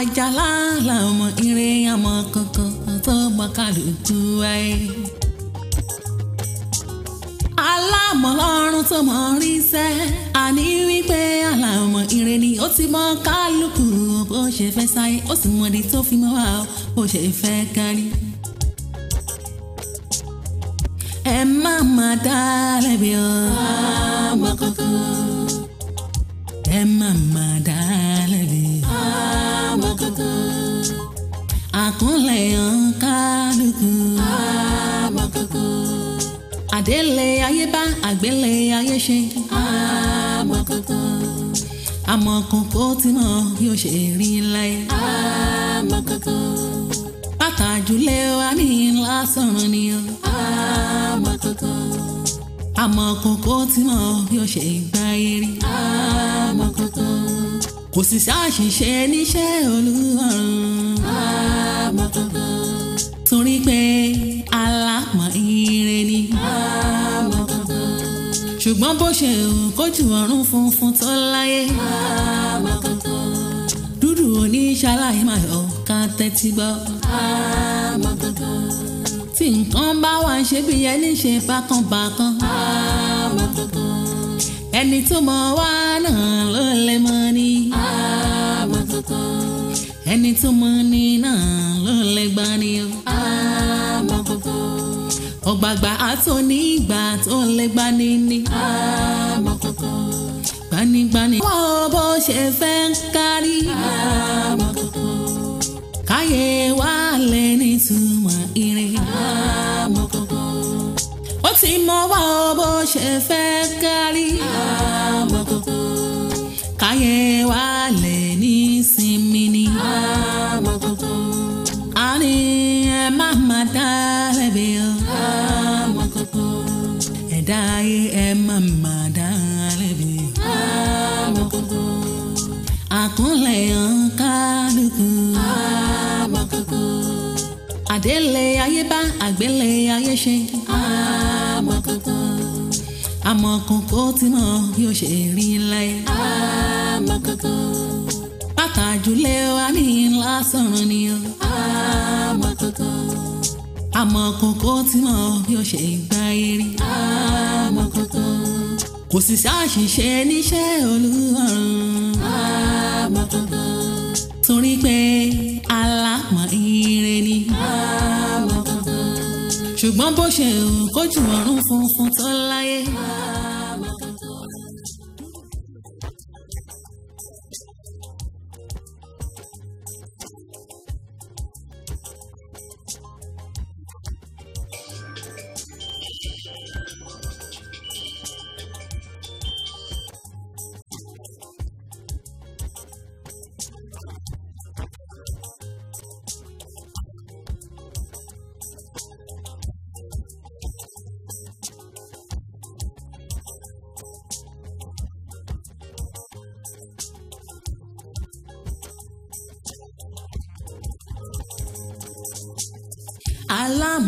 àjàlá làmọ eré àmọ kankan tó mọ kálukú ayé. alámọ̀lọ́run tó mọ̀ rí sẹ́ àní wípé alámọ̀ ire ni ó ti mọ kálukú bó ṣe fẹ́ sáyé ó sì mọ̀dí tó fi mọ́ wá bó ṣe fẹ́ kárí. ẹ má má dá lẹ́bi ọ́ àmọ́ kankan. àdélé ayé bá àgbélé ayé ṣe. àmọ́ kankan. àmọ́ kankan ó ti mọ yóò ṣe rí láyé. àmọ́ kankan. bàtà jùlẹ̀ wa ní lásán ni o. àmọ́ kankan. àmọ́ kankan ó ti yóò ṣe gbáyé rí. àmọ́ kankan. kò sì ṣàṣìṣe níṣẹ́ Olúwa. àmọ́ kankan. torí pé. ṣùgbọ́n bó ṣe hùn kójú ọ̀run funfun tó láyé. àmàkòtò. dúdú oníṣàlàyé máa yọ ká tẹ́tí gbọ́. àmàkòtò. tí nǹkan bá wà ń ṣe bí ẹni ṣe bákanbákan. àmàkòtò. ẹni tó mọ wá náà ló lè mọ ni. àmàkòtò. ẹni tó mọ ni náà ló lè gbani o. àmàkòtò ọ̀gbàgbà àtòní ìgbà tó ń lè gbani ní. àmọ́ kọ̀kọ́. gbanigbani. wọ́n bó ṣe fẹ́ ń kárí. àmọ́ kọ̀kọ́. káyé wà lè nítumọ̀ ire. àmọ́ kọ̀kọ́. ó ti mọ wọ́n bó ṣe fẹ́ kárí. àmọ́ kọ̀kọ́. káyé wà lè ní sinmi àmọ́ kọ̀kọ́. a ní ẹ má má dá ẹ̀bi o. àwọn kókó. ẹ̀dá ayé ẹ má má dá ẹ̀bi o. àwọn kókó. àkúnlẹ̀ yàn kálukú. àwọn kókó. àdélé ayé bá àgbélé ayé ṣe. àwọn kókó. àmọ̀kòkò tí mo yóò ṣe rí láyé. àwọn kókó àkàjùlé wa ní lásán ni o. àmọ́tótó. àmọ́kókó tí mo bí ó ṣe gba eré. àmọ́kótó. kò sì ṣàṣìṣe níṣẹ́ olúwarùn. àmọ́kótó. torí pé alámọ̀ ire ni. àmọ́kótó. ṣùgbọ́n bó ṣe kójú ọ̀run funfun tó láyé. àmọ́kótó.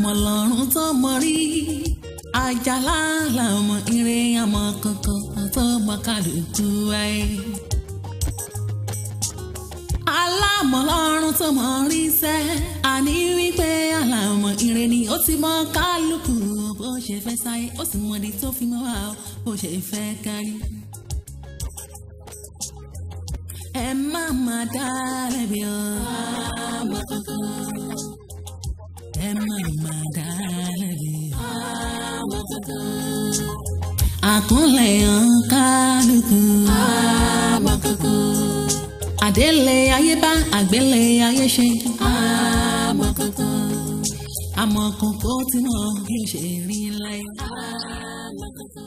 àmọ̀ lọ́rùn tó mọ̀ rí àjàlá làmọ̀ ire àmọ̀ kankan àtọ́mọ kálukú ayé. alámọ̀ lọ́rùn tó mọ̀ rí sẹ́ àní wípé àlàmọ̀ ire ni ó ti mọ kálukú bó ṣe fẹ́ sáyé ó sì mọ ẹni tó fi mọ́ wá bó ṣe fẹ́ kárí. ẹ má má dá lẹ́bi ọ́ àmọ̀ kankan ẹ máa máa dálẹ̀ rí. àwọn kankan. àkúnlẹ̀ hàn kálukú. àwọn kankan. àdélé ayé bá àgbélé ayé ṣe. àwọn kankan. àmọ́ kókó tí mo kì í ṣe rí láyé. àwọn kankan.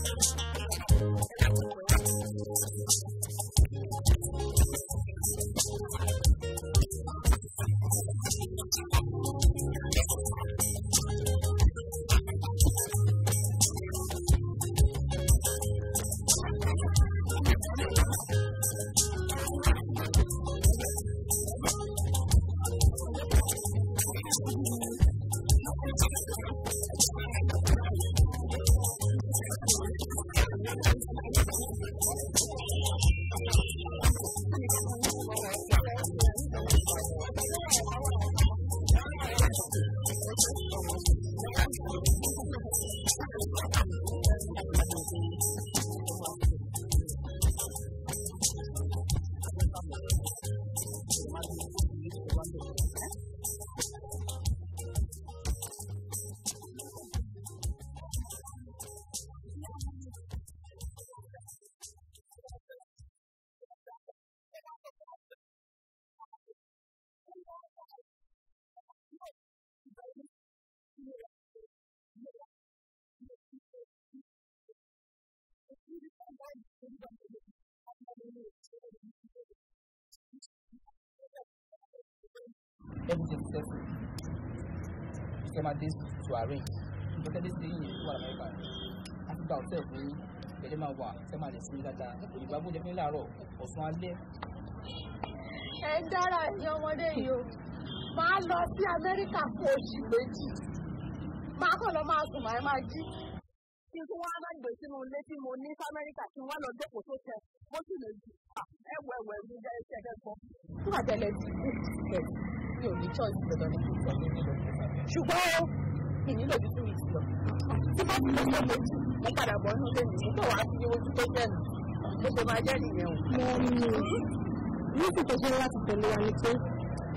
Thank you. everything successful seven days to arrange nǹkan tẹ́lẹ̀ sí yìnyín tó wà lamẹ́ríkà àti gba ọ̀sẹ̀ fún yín pẹ̀lú máa wà ṣe máa lè sinmi dáadáa ìgbà bó jẹ́ fún láàárọ̀ ọ̀sán alẹ́. ẹ dára ẹ̀yin ọmọdé yìí o máa lọ sí amẹ́ríkà fún oṣù méjì máa kàn lọ máa sùn máa máa jí kí n tún wá máa gbé sínú ilé tí mo ní fámẹ́ríkà kí n wá lọ dẹ́kun tó tẹ mo sì lè jù ẹwọ ẹwọ ẹwọ ẹjẹ ẹsẹ ẹgbẹ kan. fún àtẹlẹ ti kú mi ò ní choice lọ́dọ̀ ní kí n sọ yín nílò ṣùgbọ́n o mi nílò bí two weeks lọ tí bá ti lọ́sọ̀ méjì mo padà bọ̀ ní ilé mi nígbà wàá fi ojú tó jẹ́ nù bó ṣe máa jẹ́ nìyẹn o. mo ní ní kò tó jẹ́ láti tẹ̀lé wa ni pé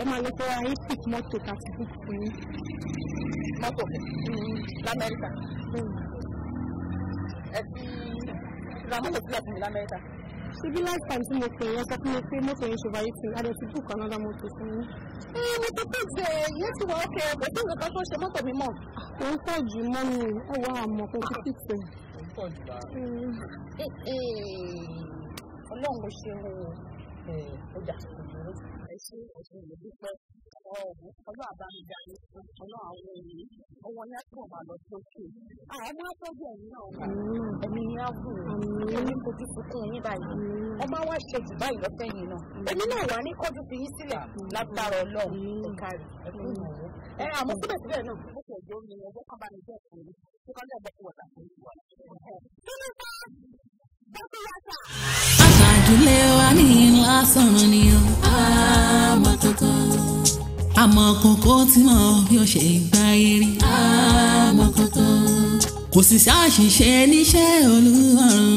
ẹ máa lọ fẹ́ ra epic mọ́tò tàbí book fún yín. mọ́tò lamẹ́ríkà hmm. ẹ ti ra sílẹ̀ fún mi lamẹ́ríkà ṣebí last time tí mo pè yẹn sọ fún mi pé mọ́tò yẹn ṣe wáyé tí a lè ti book another mọ́tò fún mi. ẹ mo ti tó ṣe yé ti wọ ọkẹ kò sí nǹkan tó ṣe mọ́tò mi mọ́. ó ń pọ̀ jù mọ́ mi ẹ wá àmọ́ kò sí títẹ̀. ọlọ́run ṣe ń ọjà ìṣòro ẹ̀ṣin ọ̀ṣun ìlú pẹ́ ọ̀hún ọlọ́ àbámidáyé ọlọ́ àwọn èyí ọwọ́ ní àtúbọ̀ máa lọ sókè. àwọn ọmọ akọ́jọ́ ẹ̀yìn náà wà. ẹ̀mí ni a ah, kù ẹ̀mí kojú fúnkún yín báyìí ọmọ wa ṣe jù báyìí lọ́tẹ̀ yìí náà èmi náà wà ní kọjú fi yín sílẹ̀ lágbára ọlọ́run ẹ̀kárì ẹ̀kún wa ní lásán ni ó. Àmọ́ tuntun àmọ̀kòkò tí mọ̀ bí ó ṣe gbáyé rí àmọ̀kòkò kò sì ṣàṣìṣe níṣẹ́ Olúwarun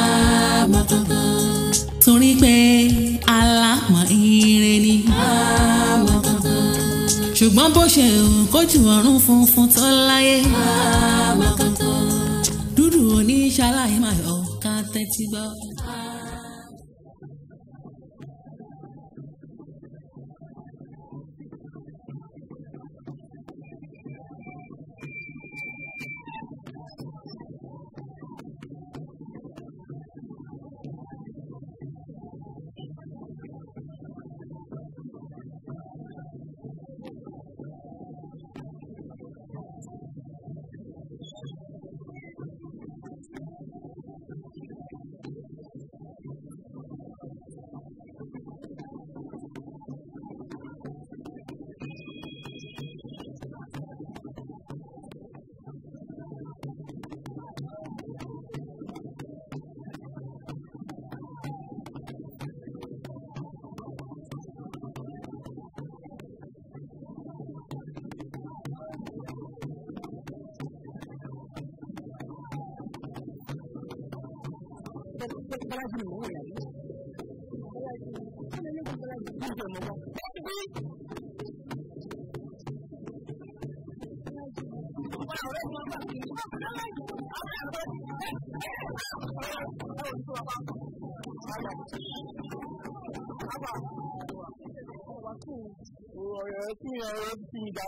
àmọ̀kòkò torí pé alámọ̀ ire ni àmọ̀kòkò ṣùgbọ́n bó ṣe hùn kójú ọ̀run funfun tó láyé àmọ̀kòkò dúdú oníṣàlàyé máa yọ ká tẹ́tí gbọ́.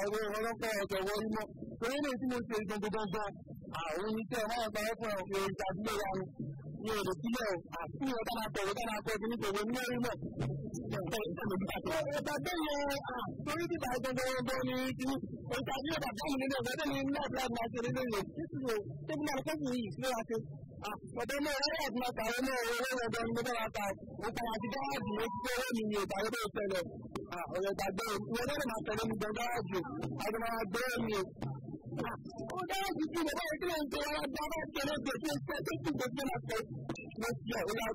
ọ̀rọ̀ ọlọ́pàá ọ̀tọ̀ wọ imọ́ torí lè tí mo ṣe ìgbọ̀ngàn gangan àwọn oníṣẹ́ máa gba ọ̀pọ̀ ọ̀rọ̀ ìtàdúgbò wa ni mi ò lè sílẹ̀ o àti ìwọ dáná tọ̀wọ́ dáná tọ̀ ní ìṣòro ní orí náà. ọba tó yẹ torí bíbá gbogbo ọgbọ ni kí ìtàdúgbò bàbá mi nílẹ̀ ọ̀gá Bọ̀dé náà wọ́n wà fún ọkọ̀ àwọn ẹ̀rọ ẹ̀rọ ẹ̀rọ ní bọ́lá ta ìpàdé àti gáàjì ní títí owó mi ní ìpàdé tó ṣẹlẹ̀. Ọ̀rọ̀ ìgbàgbé ìwọ́n náà máa tẹ̀lé mi gbọ́n gáàjì àti máa gbé mi. Ó dára jù sí ìwé báyìí tí wọ́n ń gbé wọn bá bá tẹ̀lé gbé tí ó ṣe tó kù gbé tí wọ́n fẹ́. Mo ti ẹ̀ ó yà ó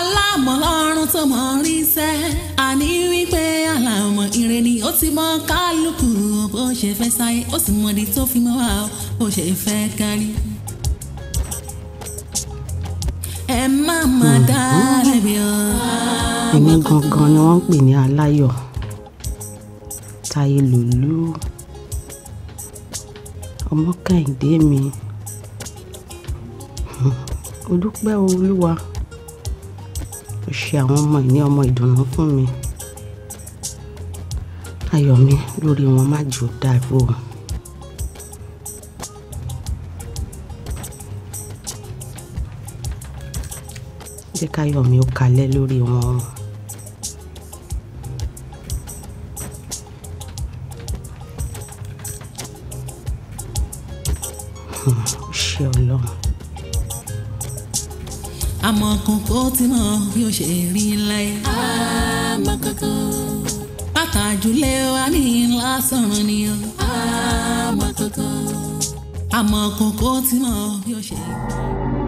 alámọ̀ lọ́rùn tó mọ̀ rí sẹ́ àní wípé alámọ̀ ire ni ó ti mọ kálukú bó ṣe fẹ́ sáyé ó sì mọ̀dí tó fi mọ́ wá bó ṣe fẹ́ kárí. ẹ má má hmm. dá lẹ́bi o. èmi gangan ni wọ́n ń pè ní aláyọ̀ táyé lòlú ọmọ kẹ́hìndé mi ó hmm. dúpẹ́ olúwa tó ṣe àwọn ọmọ ìní ọmọ ìdùnnú fún mi ayọ̀ mi lórí wọn má jò dàrú o. jẹ́ káyọ̀ mi ó kalẹ̀ lórí wọn àmọ̀kàn kò tí mọ̀ bí ó ṣe rí láyé. àmọ̀kòkò. bàtà jùlẹ̀ wa ní lásán ni o. àmọ̀kòkò. àmọ̀kàn kò tí mọ̀ bí ó ṣe rí láyé.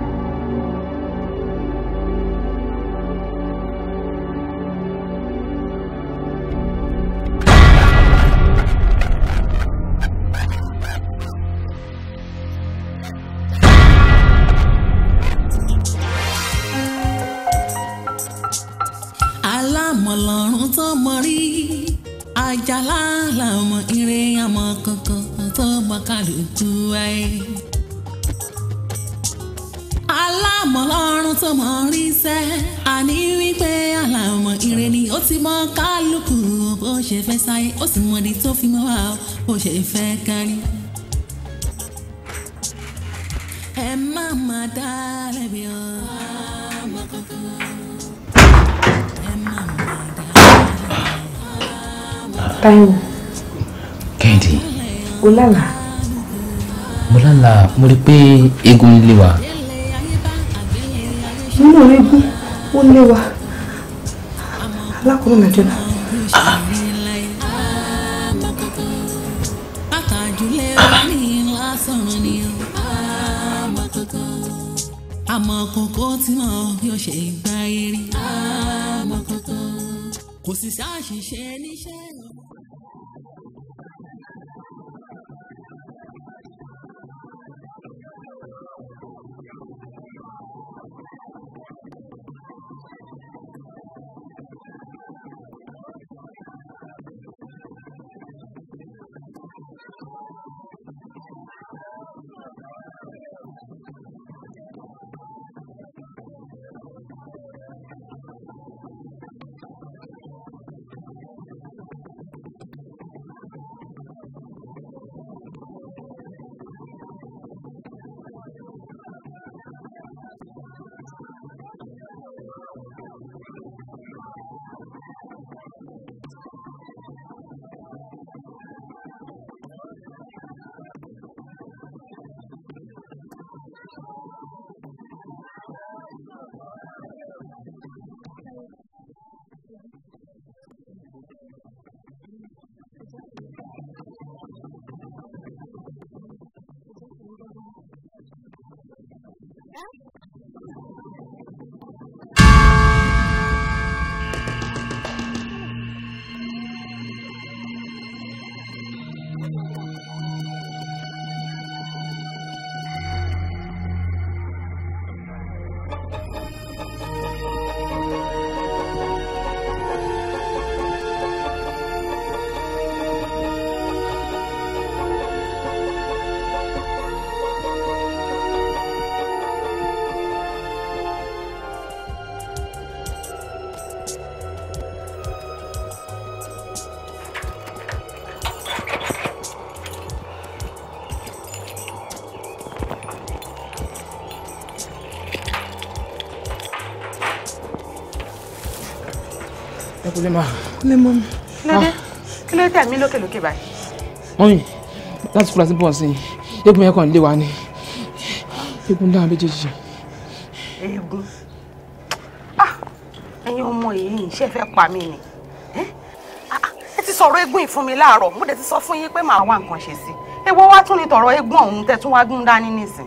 àjàlá làmọ ire àmọ kankan tó mọ kálukú ayé. alámọ̀ tó mọ̀ rí sẹ́ àní wípé alámọ̀ ire ni ó ti mọ kálukú bó ṣe fẹ́ sáyé ó sì mọ ní tó fi mọ́ wa bó ṣe fẹ́ kárí. ẹ má má dá lẹ́bi ọ́. Táíwò. Kẹ́hìndé. O lálàá. Mo lálàá mo rí pé eégún lé wa. Nínú eégún, ó lé wa. Alákùnrin Nàìjíríà. Ah. àmọ́ kókó tí mo bí ó ṣe gbá eré ah. àmọ́ kókó kò sì sáà ṣiṣẹ́ níṣẹ́. lè máa lè mọ mi. kí ló dé ah. kí ló dé tẹ̀mí lókèlókè báyìí. mọ́mí láti fúlàsí bọ̀ sí i eégún yẹn kàn lé wa ni eégún dáhùn méjèèjì. eégún ah, ẹ̀yin ọmọ yìí ṣe fẹ́ pa mí ni ah, ẹ ti sọ̀rọ̀ eégún ìfún mi láàárọ̀ mo dẹ̀ ti sọ fún yín pé màá wá nǹkan ṣe sí i èwo wá tún ni tọ̀rọ̀ eégún ọ̀hún tẹ̀ tún wá gún dání nísìn.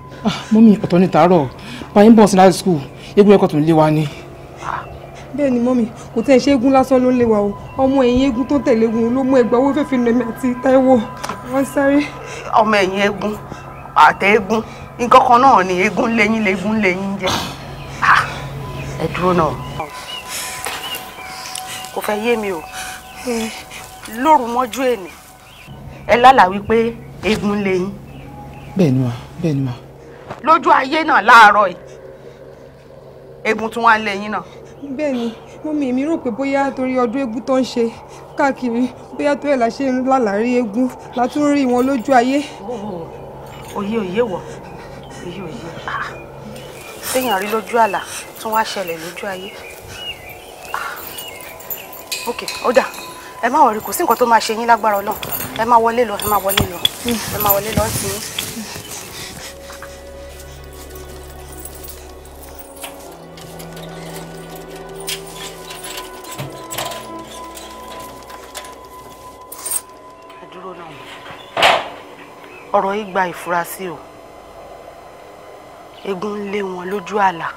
mọ́mí ọ̀tọ̀ ni tàárọ̀ báyìí ń bọ̀ sí láti skul eégún yẹn kàn tún wa ni bẹ́ẹ̀ ni mọ́mì kò tẹ́ ẹ ṣe eégún lásán ló ń lé wa o ọmọ ẹ̀yìn eégún tó tẹ̀lé eégún ló mú ẹgbàá owó fẹ́fẹ́ nu ẹ̀mí àti Táíwò wọ́n sáré. ọmọ ẹ̀yìn eégún àtẹ eégún nǹkan kan náà ni eégún lẹ́yìn lẹ́gún lẹ́yìn jẹ́ ah, ẹ dúró náà. kò fẹ́ yé mi o lóru mọ́jú èní ẹ lálàá wípé eégún lẹ́yìn. bẹ́ẹ̀ ni ma bẹ́ẹ̀ ni ma. lójú ayé náà láàárọ̀ yìí eégún tún wá lẹ́yìn náà bẹ́ẹ̀ ni mọ́mí èmi rò pé bóyá torí ọdún eégún tó ń ṣe káàkiri bóyá tó ẹ̀ la ṣe ń lálàárí eégún la tún rí wọn lójú ayé. òye òye wọ òye òye téèyàn rí lójú àlá tún wá ṣẹlẹ̀ lójú ayé ok ó dà ẹ má wọrí kò sí nǹkan tó máa ṣe yín lágbára Ọlọ́run ẹ má wọlé lọ ẹ má wọlé lọ ẹ má wọlé lọ sí yín. ọ̀rọ̀ yìí gba ìfurasí o eégún ń lé wọn lójú àlà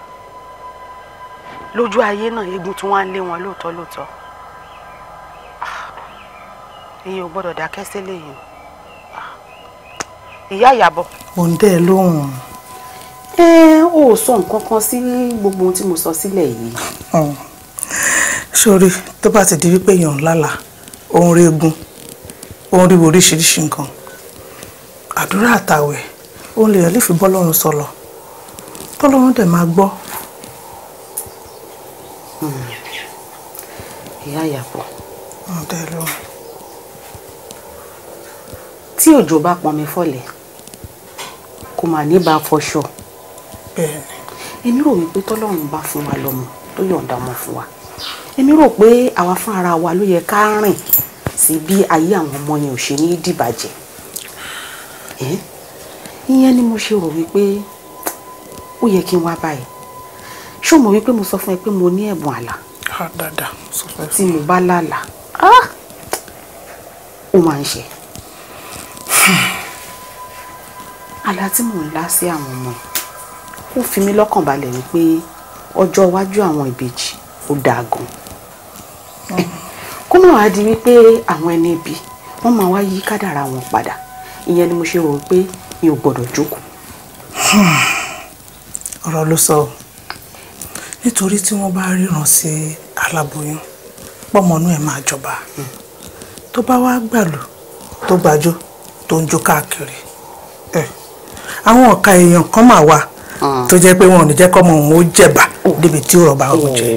lójú ayé náà eégún tí wọ́n á lé wọn lóòótọ́ lóòótọ́ èyí ò gbọ́dọ̀ dákẹ́ sílẹ̀ yìí ìyá ìyàbọ̀. ò ń dẹ́ lóhùn. ẹ ò sọ nǹkan kan sí gbogbo ohun tí mo sọ sílẹ̀ yìí. sori tó bá ti di wípé èèyàn ńlá la òun rí eégún òun rí oríṣiríṣi nǹkan àdúrà àtàwẹ̀ òun lèèyàn lè fi bọ́ lọ́run sọ̀lọ̀ tọ́lọ́run dẹ̀ máa gbọ́. ìyá ìyàpọ̀. ọ̀dẹ ló. tí òjò bá pọnmi fọ̀lẹ̀ kò mà ní bá a fọṣọ. bẹ́ẹ̀ni. èmi rò wípé tọ́lọ́run bá fún wa lọ́mọ tó yọ̀ǹda ọmọ fún wa èmi rò pé àwa fún ara wa ló yẹ ká rìn sí bí ayé àwọn ọmọ yẹn ò ṣe ní dìbàjẹ́. Eh? ìyẹn ni mo ṣe rò wípé ó yẹ kí n wá báyìí ṣó mọ̀ wípé mo sọ fún ẹ pé mo ní ẹ̀bùn àlá tí mo bá lálàá ah! ó máa ń ṣe àlá tí mò ń lá sí àwọn ọmọ yìí ó fi mí lọ́kàn balẹ̀ wípé ọjọ́ iwájú àwọn ìbejì ó dáa gan mm. kó má wàá di wípé àwọn ẹni ibi wọ́n máa wá yí kádàrá wọn padà ìyẹn ni mo ṣe rò pé mi ò gbọ́dọ̀ jókòó. ọ̀rọ̀ ló sọ nítorí tí wọ́n bá ríran sí aláboyún pọ́mọnú ẹ̀ máa jọba tó bá wá gbàlù tó gbàjọ tó ń jó káàkiri àwọn ọ̀ka èèyàn kan máa wà ah. tó jẹ́ pé wọn ò ní jẹ́ kọ́mọ òun ó jẹ̀bà oh. débi tí òrọ̀bà oh. oh, òun jẹ.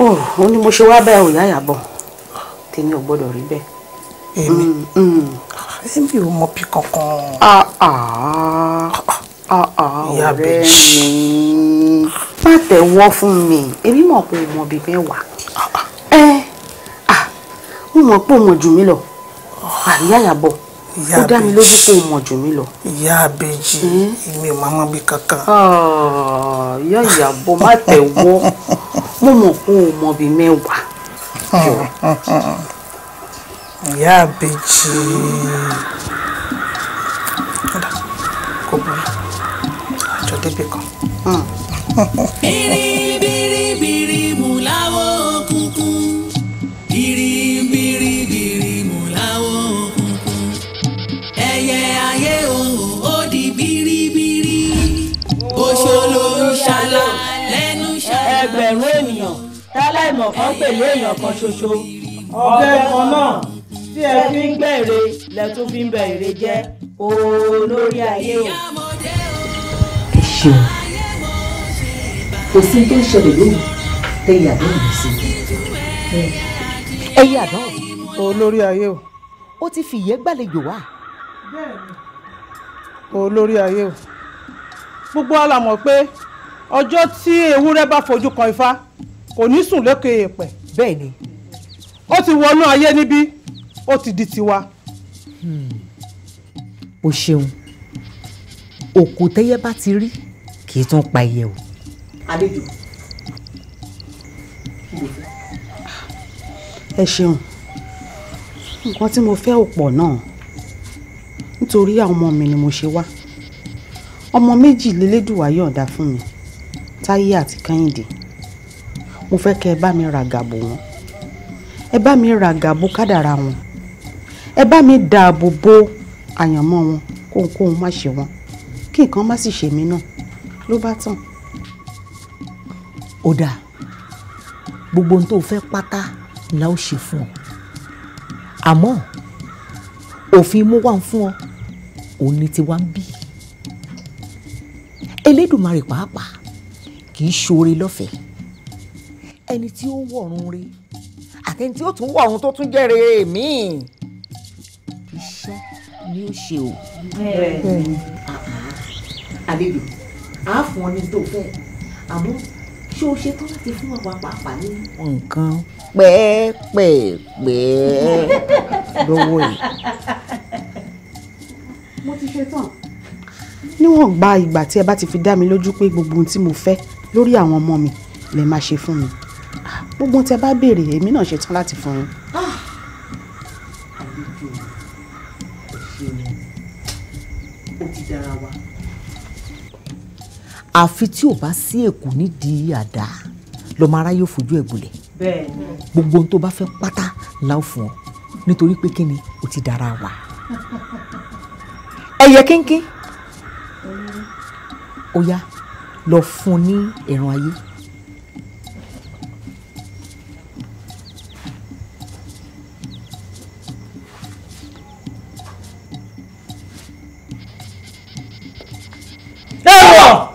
ó ní mo ṣe wá bẹ́ẹ̀ ò yáyà bọ̀ tèmi ò gbọ́dọ̀ rí bẹ́ẹ̀ èmi mm, mm. èmi ò mọ bí kankan. Ah, ah, ah, ìyá bẹ́ẹ̀ ni má tẹ̀wọ́ fún mi èmi mọ̀ pé mo bí mẹ́wàá ẹ mo mọ̀ pé mo jù mí lọ àyà yàbọ̀ ó dá mi lójú pé o mọ̀ jù mí lọ. ìyá abẹ́jì èmi ò máa mọ bí kankan. ìyá ìyàbọ̀ má tẹ̀wọ́ mo mọ̀ pé o mọ̀ bí mẹ́wàá. ìyá àbèjì ọ̀dà kò burú àjọ débì kan. Hmm. bìrìbìrìbìrì mú láwọ òkùnkùn bìrìbìrìbìrì o di bìrìbìrì òṣòlò ń ṣàlà lẹ́nu ṣàlà. ẹgbẹ̀rún ènìyàn tálẹ̀ ìmọ̀ kan pèlú èèyàn kan ṣoṣo ọ̀gá ẹ̀kọ́ náà tí ẹ fi ń gbẹ̀rẹ̀ lẹ tún fi ń bẹ̀rẹ̀ jẹ́ olórí ayé o. ẹ ṣeun kò sí tó ń ṣẹlẹ̀ lónìí tẹ ẹyẹ àdánwò sí ẹyẹ àdánwò. olórí ayé o. ó ti fìyẹ́ gbàlejò wá. olórí ayé o gbogbo wa la mọ̀ pé ọjọ́ tí ewúrẹ́ bá fojú kan ifá kò ní sùn lókè èèpẹ̀. bẹ́ẹ̀ ni ó ti wọnú ayé níbí ó ti di tiwa. Hmm. o ṣeun òkú tẹ́yẹ bá ti rí kì í tún pa iye o. àlejò ẹ ṣeun nǹkan tí mo fẹ́ ò pọ̀ náà nítorí àwọn ọmọ mi ni mo ṣe wá ọmọ méjì lélẹ́dùwà yọ̀ǹda fún mi táyé àti kẹ́hìndé mo fẹ́ kẹ́ ẹ bá mi ràgàbò wọn ẹ bá mi ràgàbò kádàrá wọn ẹ bá mi dáàbò bo àyànmọ́ wọn kóhunkóhun má ṣe wọn kí nǹkan má sì ṣe mí náà ló bá tàn. ó dáa gbogbo ohun tó fẹ́ pátá la ó ṣe fún ọ àmọ́ òfin mú wá fún ọ òun ni tiwa ń bí elédùnmarè pàápàá kì í ṣoore lọ́fẹ̀ẹ́ ẹni tí ó wọ̀run re àtẹni tí ó tún wọ̀run tó tún jẹ́ re míì ni ó ṣe o. Ah, ah. àlejò a fún ọ ní tó fẹ́ àmọ́ ṣé o ṣetán láti fún àwa pàápàá ní. nǹkan pẹ́ẹ́pẹ́ẹ́pẹ́ lọ́wọ́ yìí. mo ti ṣetán. níwọ̀n gba ìgbà tí ẹ bá ti fi dá mi lójú pé gbogbo ohun tí mo fẹ́ lórí àwọn ọmọ mi lè máa ṣe fún mi ah, gbogbo ohun tí ẹ bá béèrè èmi náà ṣetán láti fún yín. àfi tí ò bá sí èkó nídìí àdá lọmọ aráyé ò fojú ẹ̀ gbolẹ̀ gbogbo ohun tó bá fẹ́ pátá la ó fún ọ nítorí pé kí o ti dára wà ẹyẹ kínkín ó lọ fún un ní ẹran ayé. Hey!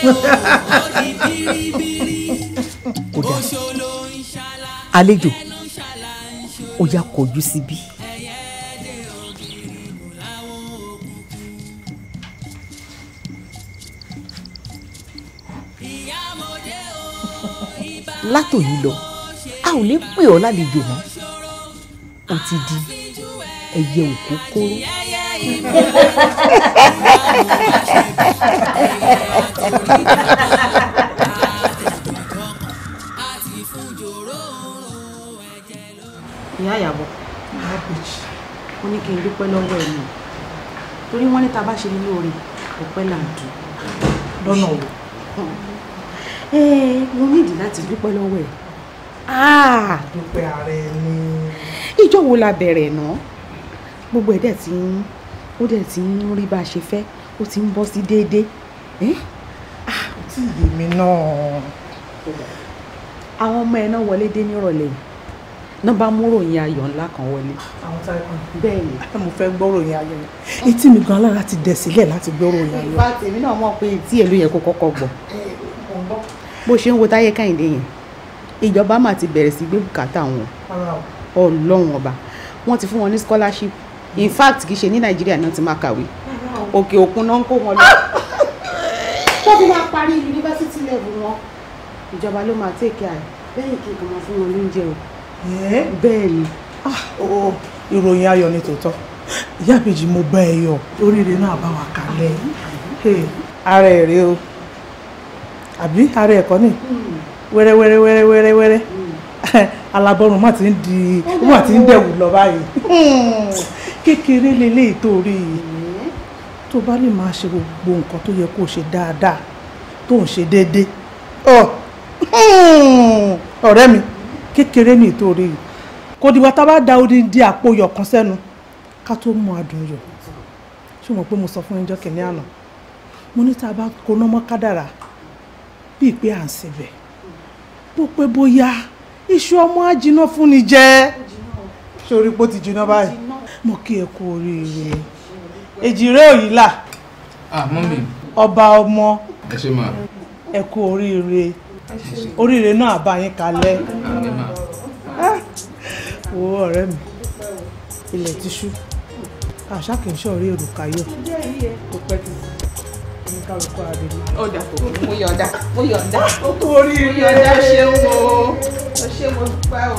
kò dáa àlejò ó yá kọjú síbí. látòyí lọ a ò lè pè ọ́ lálejò mọ́ ó ti di ẹyẹ òkú kóró ìyá ìyàbọ̀ ó ní kí n dúpẹ́ lọ́wọ́ ẹ̀ nù torí wọ́n ní ta bá ṣe ní lóore ọpẹ́ là ń dùn lọ́nà wò. mo nídìí láti dúpẹ́ lọ́wọ́ ẹ̀. Ah! dúpẹ́ ara ẹni. ìjọ wo la bẹ̀rẹ̀ náà gbogbo ẹ̀ dẹ̀ ti ń ó dẹ̀ ti ń rí bá a ṣe fẹ́ ó ti ń bọ́ sí déédéé ah, tí èmi náà. àwọn ọmọ ẹ náà wọlé dé nírọ̀lẹ́ náà bá mú ròyìn ayọ̀ ńlá kan wọlé. àwọn tá a bẹ́ẹ̀ ni. àbẹ mo fẹ́ gbọ́ ròyìn ayọ̀ yẹn. etí mi gan alára ti dẹ̀ sílẹ̀ láti gbọ́ ròyìn ayọ̀. ìfà tèmi náà mọ̀ pé etí ẹ̀ ló yẹ kó kọ́kọ́ gbọ́. bó ṣe ń wo táyé káyìndé yẹn ìjọba mà ti bẹ̀rẹ̀ sí gbé bùkátà wọn ọlọ́run ọba wọ́n ti fún wọn ní scholarship in fact kì í ṣe ní nàìjíríà náà ti máa kàwé òkè òkun náà ń kó wọn lọ. tó máa parí yunifásitì level wọn ìjọba ló máa take care bẹ́ẹ̀ kí n kàn máa fún wọn lóúnjẹ o. bẹ́ẹ̀ ni. Ah, ìròyìn ayọ̀ ni tòótọ́ ìyá ìbejì mo bá ẹ yọ oríire náà bá wa kalẹ̀ ara ẹ̀ rèé o àbí ara ẹ̀ kọ́ ni wẹ́rẹ́wẹ́rẹ́wẹ́rẹ́wẹ́rẹ́ hmm. hmm. alábọ́run má ti ń di ó má ti ń dẹ̀wù lọ báyìí hmm. kékeré leléyìí tó rí i tó bá lè máa ṣe gbogbo nǹkan tó yẹ kó ṣe dáadáa tó ń ṣe déédéé hmm, ọ̀rẹ́ mi kékeré ní ìtòrí yìí kò dìgbà tá a bá da odindi àpò kan sẹ́nu ká tó mú adùn yọ̀ ṣé mo pé mo sọ fún ẹjọ́ kìnìún àná mo ní tá a bá koná mọ́ kádàrà bíi pé à ń sebẹ̀ bó pé bóyá iṣu ọmọ á jiná fún ni jẹ́ sórí pé ó ti jiná báyìí mo kí ẹ kú oríire èjìrè òyìnlá ọba ọmọ ẹ kú oríire oríire náà bá yín kalẹ̀ ah! wo ọ̀rẹ́ mi ilẹ̀ tìṣú àṣà kì í ṣọ̀rí èrò kayọ̀ kálukú àdúgbò. ó dà mo yọ̀ǹda mo yọ̀ǹda ó kú oríire ṣé wo ṣé mo dúpẹ́ o.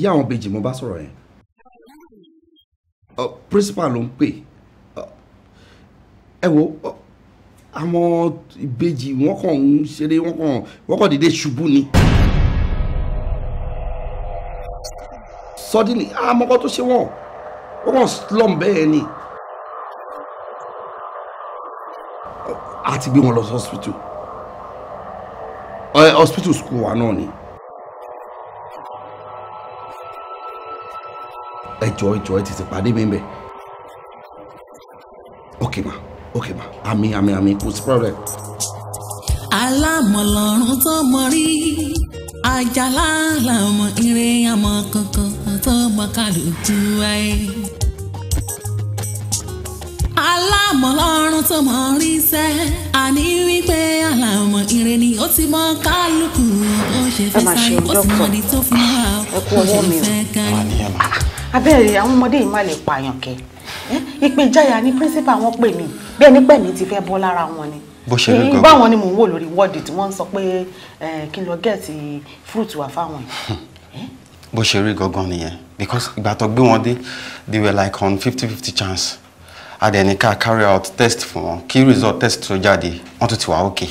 ìyá àwọn bèjì mo bá sọ̀rọ̀ yẹn principal ló ń pè ẹ wo àwọn ìbejì wọn kàn ń ṣeré wọn kàn wọn kàn dédé ṣubú ni. suddenly amọkọ tó ṣe wọn wọn kàn slum bẹ́ẹ̀ ni. a ti gbé wọn lọ sí hospital hospital school wa náà ni. ẹjọ́ ẹjọ́ ẹ ti ti pàdé mi bẹ̀. ok ma ok ma àmì àmì àmì kò sí problem. alámọ̀lọ́run tó mọ rí àjàlá làmọ̀ eré àmọ̀ kankan tó mọ kálukú ayé. alámọ̀lọ́run tó mọ rí sẹ́ àní wípé alámọ̀ eré ni ó ti mọ kálukú ó ṣe fẹ́ sáyé ó sì mọ ní tó fi máa ó ṣe fẹ́ kárí abẹ́rẹ́ àwọn ọmọdé yìí má lè pààyàn kẹ́ ìpè ìjáyà ni pírísípà wọn pè mí bẹ́ẹ̀ ni pẹ̀mí ti fẹ́ bọ́ lára wọn ni bó ṣe rí gan báwọn ni mò ń wò lórí wọ́ọ̀dì tí wọ́n ń sọ pé kí n lọ gẹ̀ẹ́tì fúrùtù wà fáwọn yìí. Hmm. bó ṣe rí gangan nìyẹn because ìgbà tó gbé wọn dé they were like on fifty fifty chance adẹnika carry out test fún wọn kí result test tó jáde wọn tún ti wá òkè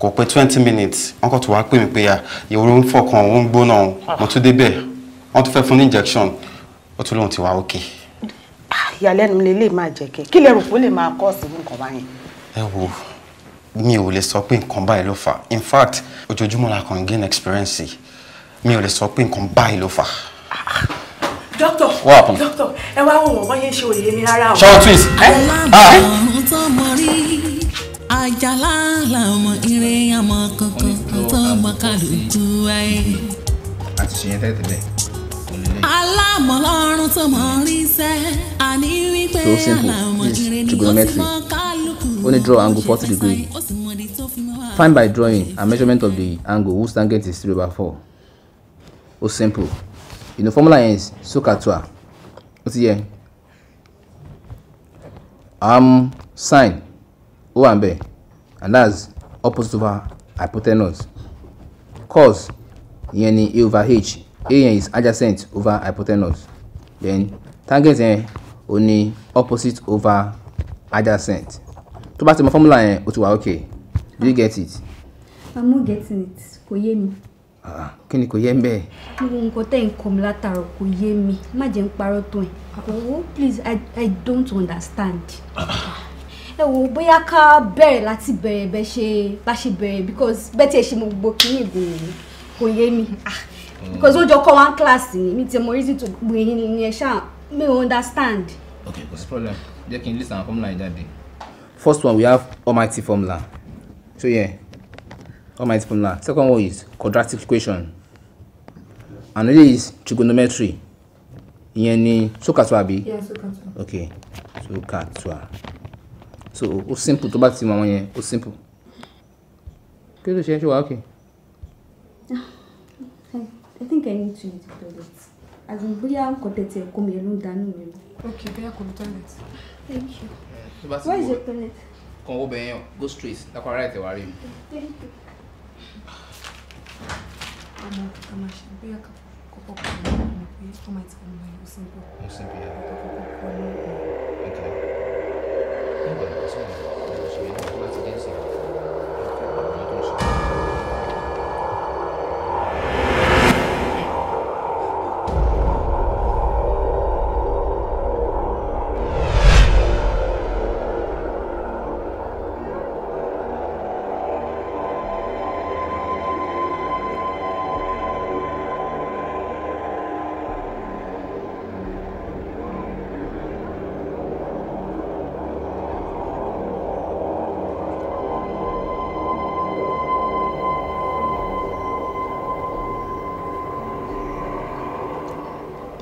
kò pé twenty minutes wọn kàn tún wá pè mí pé ìhòòhò ń fọkàn òun gbóná mo tún débẹ̀ wọ́n tún fẹ́ fún ní injection ó tún lóun ti wá òkè. Ah, ìyàlẹ́nu lè lè máa jẹ́ kí lè rò pé ó lè máa kọ́ sí nǹkan báyẹn. ẹ wo mi ò lè sọ pé nǹkan báyìí ló fà in fact ojoojúmọ́ la kàn gain experience mi ò lè sọ pé nǹkan báyìí ló fà. dókítà dókítà ẹ wá wò wọ́n wọ́n ṣe òye mi rárá o. ṣọ́ọ́ twins. aláàbọ̀ tó mọ rí àjàlá làwọn eré àmọ́ kankan tó mọ kálukú ayé. àti ṣe yẹn tẹ́tẹ́lẹ̀ fine. alámọ̀lọ́run tó mọ̀ rí sẹ́ àní wípé alámọ̀jìnrè ni ó ti mọ kálukú. only draw angle forty degree. find by drawing and measurement of the angle whose tangent is three over four. ó simple. you know formula ends socatua. ó ti yẹ. um sine O wà ń bẹ̀ and that's opposite over hypotenuse cos ìyẹn ni a over h an is adjacent over hypotenuse then tangent yẹn o ní opposite over adjacent tó bá ti mọ formula yẹn o ti wà okay do you get it. i'm not getting it kò yé mi. Ah, kí ni kò yé ń bẹ́ẹ̀. gbogbo nǹkan tẹ́ ń kọ́ mi látàrọ̀ kò yé mi má jẹ́ ń parọ́ tó yẹn oh please i i don't understand. ẹ wo bóyá ká bẹ̀rẹ̀ láti bẹ̀rẹ̀ bẹ́ẹ̀ ṣe bá ṣe bẹ̀rẹ̀ because bẹ́ẹ̀ tí ẹ ṣe mo gbogbo kí ni ìgò kò yé mi. Ah Mm. because ó jọ kọ́ one class ni mi ti mọ reason to gbé yín ni ẹ ṣáà mi ò understand. Okay, kò sí problem jẹ́ kí n list àwọn formula yìí jáde. first one we have almighty formula so yeah almighty formula second one is quadratic equation And the another is trigonometry ìyẹn ni sókàtúwà bí. yeah sókàtúwà. sókàtúwà so ó simple tó bá ti mọ àwọn yẹn ó simple kí ló ṣe é ṣe wà ókè. Okay. I think I need to use the toilet. As in, bóyá nǹkan tẹ̀tẹ̀ ẹ̀kọ́ mi ló ń dànù mi lọ. Okay, bóyá kò ní toilet. Thank you. Eh, Where is your toilet? Kàn wo bẹ̀yẹn go straight, lápá ara ẹ̀tẹ̀ wá rí mi. Thank you. Àmọ́ kàkà máa ṣe bóyá kọ́kọ́ kọ́ ọ̀nà mi pé ọmọ ìtàn mi ò sí bọ̀. Mo sì bí i.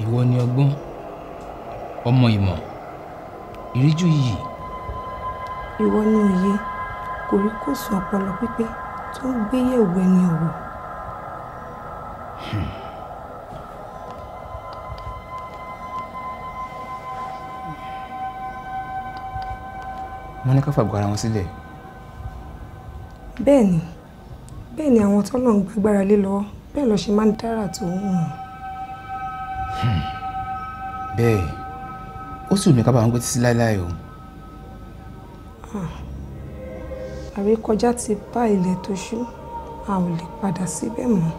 ìwọ ni ọgbọ́n ọmọ ìmọ̀ ìríjú yìí. ìwọ ni òye kòríkòsùn ọpọlọ pípé tó ń gbéyẹ̀wò ẹni ọ̀wọ̀. Hmm. wọ́n ní ká fàgbọ́ ara wọn sílẹ̀. bẹ́ẹ̀ ni bẹ́ẹ̀ ni àwọn tọ́lọ̀ ń gbàgbára lé lọ́wọ́ bẹ́ẹ̀ ló ṣe máa ń dára tó ń hàn bẹ́ẹ̀ ó sì mi kábàámọ̀ pé títí láéláé o. Ah, àrékọjá ti bá ilẹ̀ tó ṣú a ò lè padà síbẹ̀ mọ́.